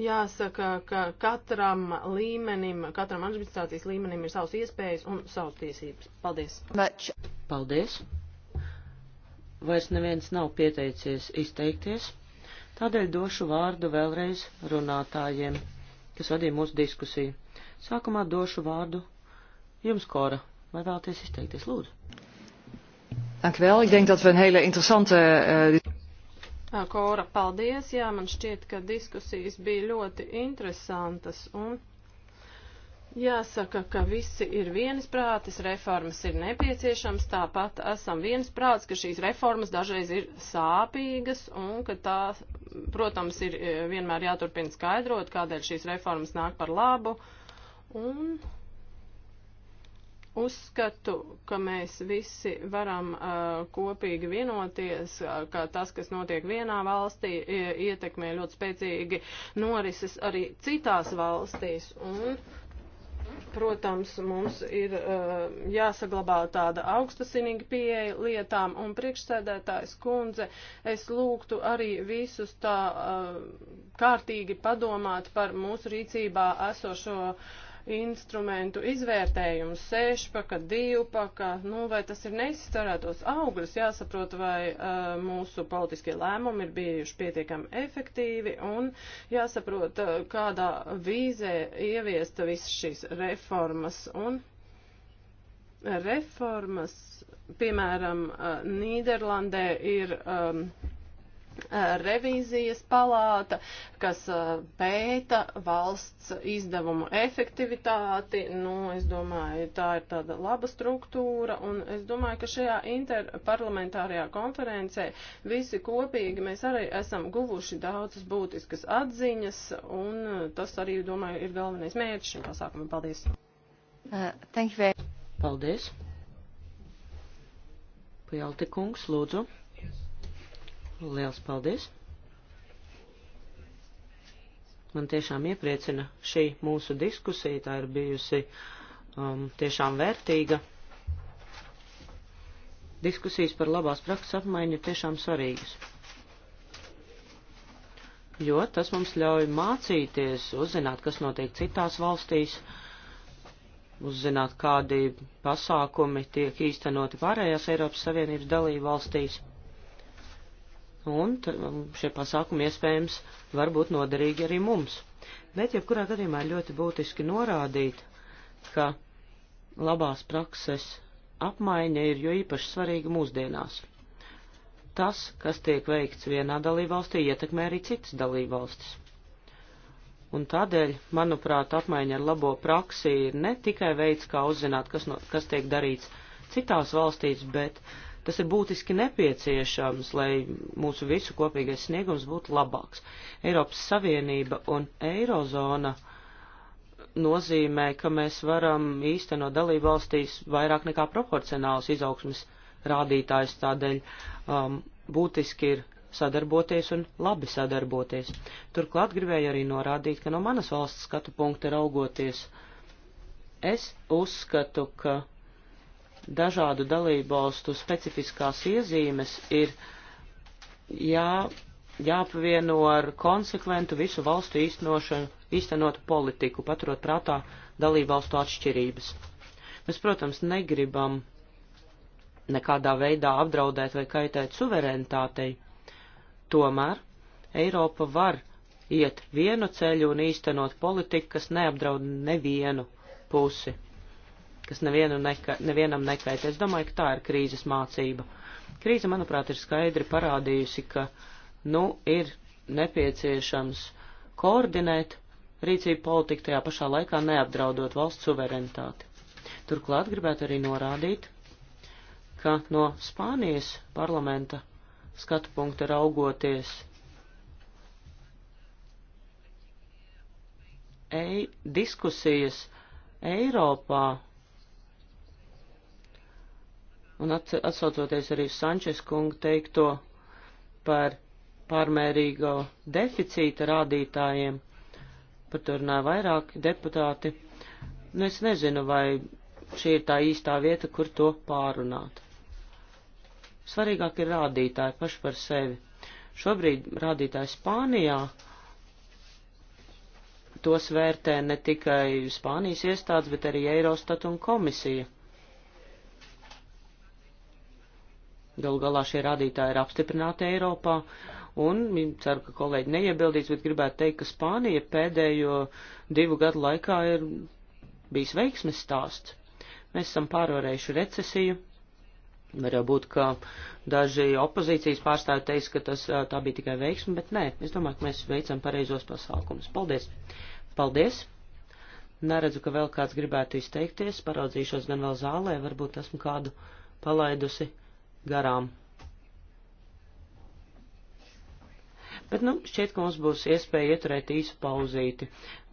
Jāsaka, ka katram līmenim, katram administrācijas līmenim ir savas iespējas un savas tiesības. Paldies. Mač. Paldies. Vairs neviens nav pieteicies izteikties. Tādēļ došu vārdu vēlreiz runātājiem, kas vadīja mūsu diskusiju. Sākumā došu vārdu jums, Kora. Vai vēlaties izteikties, lūdzu? Dank u wel. Ik denk dat we een hele interessante. Uh... Kora, paldies. Jā, man šķiet, ka diskusijas bija ļoti interesantas un jāsaka, ka visi ir viensprātis, reformas ir nepieciešams, tāpat esam viensprāts, ka šīs reformas dažreiz ir sāpīgas un ka tās, protams, ir e, vienmēr jāturpina skaidrot, kādēļ šīs reformas nāk par labu. Un Uzskatu, ka mēs visi varam uh, kopīgi vienoties, uh, ka tas, kas notiek vienā valstī, ietekmē ļoti spēcīgi norises arī citās valstīs. Un, protams, mums ir uh, jāsaglabā tāda augstasinīga pieeja lietām, un priekšsēdētājs kundze, es lūgtu arī visus tā uh, kārtīgi padomāt par mūsu rīcībā esošo. Uh, instrumentu izvērtējumus, sešpaka, divpaka, nu vai tas ir neizstarētos augļus, jāsaprot, vai uh, mūsu politiskie lēmumi ir bijuši pietiekami efektīvi un jāsaprot, uh, kādā vīzē ieviesta visas šīs reformas un reformas, piemēram, uh, Nīderlandē ir. Um, Uh, revīzijas palāta, kas uh, pēta valsts izdevumu efektivitāti. Nu, es domāju, tā ir tāda laba struktūra, un es domāju, ka šajā interparlamentārajā konferencē visi kopīgi mēs arī esam guvuši daudzas būtiskas atziņas, un uh, tas arī, domāju, ir galvenais mērķis šim pasākumam. Paldies! Uh, thank you very much. Paldies! Pujalti kungs, lūdzu. Liels paldies! Man tiešām iepriecina šī mūsu diskusija, tā ir bijusi um, tiešām vērtīga. Diskusijas par labās prakses apmaiņu ir tiešām svarīgas, jo tas mums ļauj mācīties, uzzināt, kas notiek citās valstīs, uzzināt, kādi pasākumi tiek īstenoti pārējās Eiropas Savienības dalību valstīs un um, šie pasākumi iespējams var būt noderīgi arī mums. Bet jebkurā gadījumā ir ļoti būtiski norādīt, ka labās prakses apmaiņa ir jo īpaši svarīga mūsdienās. Tas, kas tiek veikts vienā dalībvalstī, ietekmē arī citas dalībvalstis. Un tādēļ, manuprāt, apmaiņa ar labo praksi ir ne tikai veids, kā uzzināt, kas, no, kas tiek darīts citās valstīs, bet uh, Tas ir būtiski nepieciešams, lai mūsu visu kopīgais sniegums būtu labāks. Eiropas Savienība un Eirozona nozīmē, ka mēs varam īstenot dalību valstīs vairāk nekā proporcionāls izaugsmes rādītājs, tādēļ um, būtiski ir sadarboties un labi sadarboties. Turklāt gribēju arī norādīt, ka no manas valsts skatu punkta raugoties, es uzskatu, ka dažādu dalībvalstu specifiskās iezīmes ir jā, jāpavieno ar konsekventu visu valstu īstenošanu, īstenot politiku, paturot prātā dalībvalstu atšķirības. Mēs, protams, negribam nekādā veidā apdraudēt vai kaitēt suverenitātei, tomēr Eiropa var iet vienu ceļu un īstenot politiku, kas neapdraud nevienu pusi kas nevienu neka, nevienam nekaitē. Es domāju, ka tā ir krīzes mācība. Krīze, manuprāt, ir skaidri parādījusi, ka, nu, ir nepieciešams koordinēt rīcību politiku tajā pašā laikā neapdraudot valsts suverenitāti. Turklāt gribētu arī norādīt, ka no Spānijas parlamenta skatu punkta raugoties ei, diskusijas Eiropā Un atsaucoties arī uz Sančes kungu teikto par pārmērīgo deficīta rādītājiem, par to runāja vairāki deputāti. Nu, es nezinu, vai šī ir tā īstā vieta, kur to pārunāt. Svarīgāk ir rādītāji paši par sevi. Šobrīd rādītāji Spānijā tos vērtē ne tikai Spānijas iestādes, bet arī Eirostat un komisija. Galu galā šie rādītāji ir apstiprināti Eiropā, un ceru, ka kolēģi neiebildīs, bet gribētu teikt, ka Spānija pēdējo divu gadu laikā ir bijis veiksmes stāsts. Mēs esam pārvarējuši recesiju. Var jau būt, ka daži opozīcijas pārstāvi teiks, ka tas tā bija tikai veiksme, bet nē, es domāju, ka mēs veicam pareizos pasākumus. Paldies! Paldies! Neredzu, ka vēl kāds gribētu izteikties, paraudzīšos gan vēl zālē, varbūt esmu kādu palaidusi garām. Bet, nu, šķiet, ka mums būs iespēja ieturēt īsu pauzīti.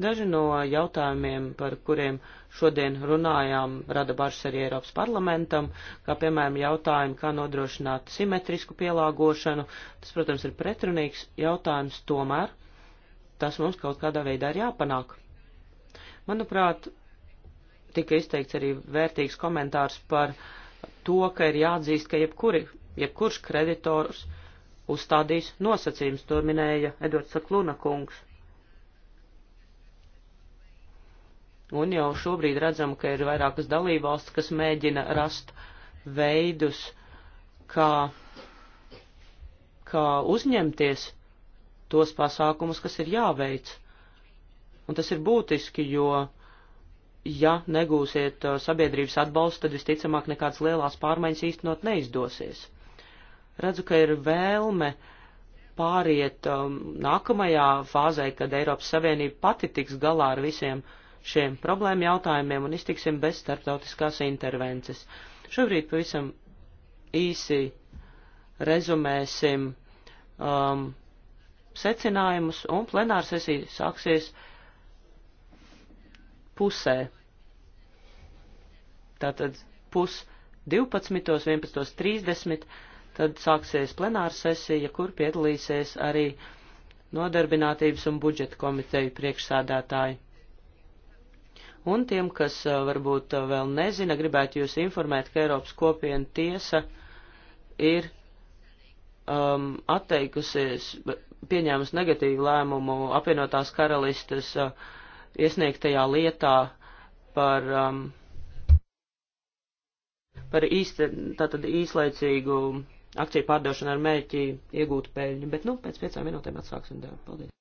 Daži no jautājumiem, par kuriem šodien runājām, rada bažas arī Eiropas parlamentam, kā piemēram jautājumi, kā nodrošināt simetrisku pielāgošanu. Tas, protams, ir pretrunīgs jautājums, tomēr tas mums kaut kādā veidā ir jāpanāk. Manuprāt, tika izteikts arī vērtīgs komentārs par uh, to, ka ir jāatzīst, ka jebkuri, jebkurš kreditors uzstādīs nosacījums, to minēja Edvards Sakluna kungs. Un jau šobrīd redzam, ka ir vairākas dalībvalstis, kas mēģina rast veidus, kā, kā uzņemties tos pasākumus, kas ir jāveic. Un tas ir būtiski, jo ja negūsiet uh, sabiedrības atbalstu, tad visticamāk nekādas lielās pārmaiņas īstenot neizdosies. Redzu, ka ir vēlme pāriet um, nākamajā fāzē, kad Eiropas Savienība pati tiks galā ar visiem šiem problēmu jautājumiem un iztiksim bez starptautiskās intervences. Šobrīd pavisam īsi rezumēsim um, secinājumus un plenārsesija sāksies pusē Tātad pus 12, 11.30, tad sāksies plenāra sesija, kur piedalīsies arī nodarbinātības un budžeta komiteju priekšsādātāji. Un tiem, kas eh, varbūt eh, vēl nezina, gribētu jūs informēt, ka Eiropas kopiena tiesa ir um, atteikusies, pieņēmusi negatīvu lēmumu apvienotās karalistes uh, iesniegtajā lietā par um, par īste, tātad īslaicīgu akciju pārdošanu ar mērķi iegūt peļņu, bet, nu, pēc piecām minūtēm atsāksim darbu. Paldies!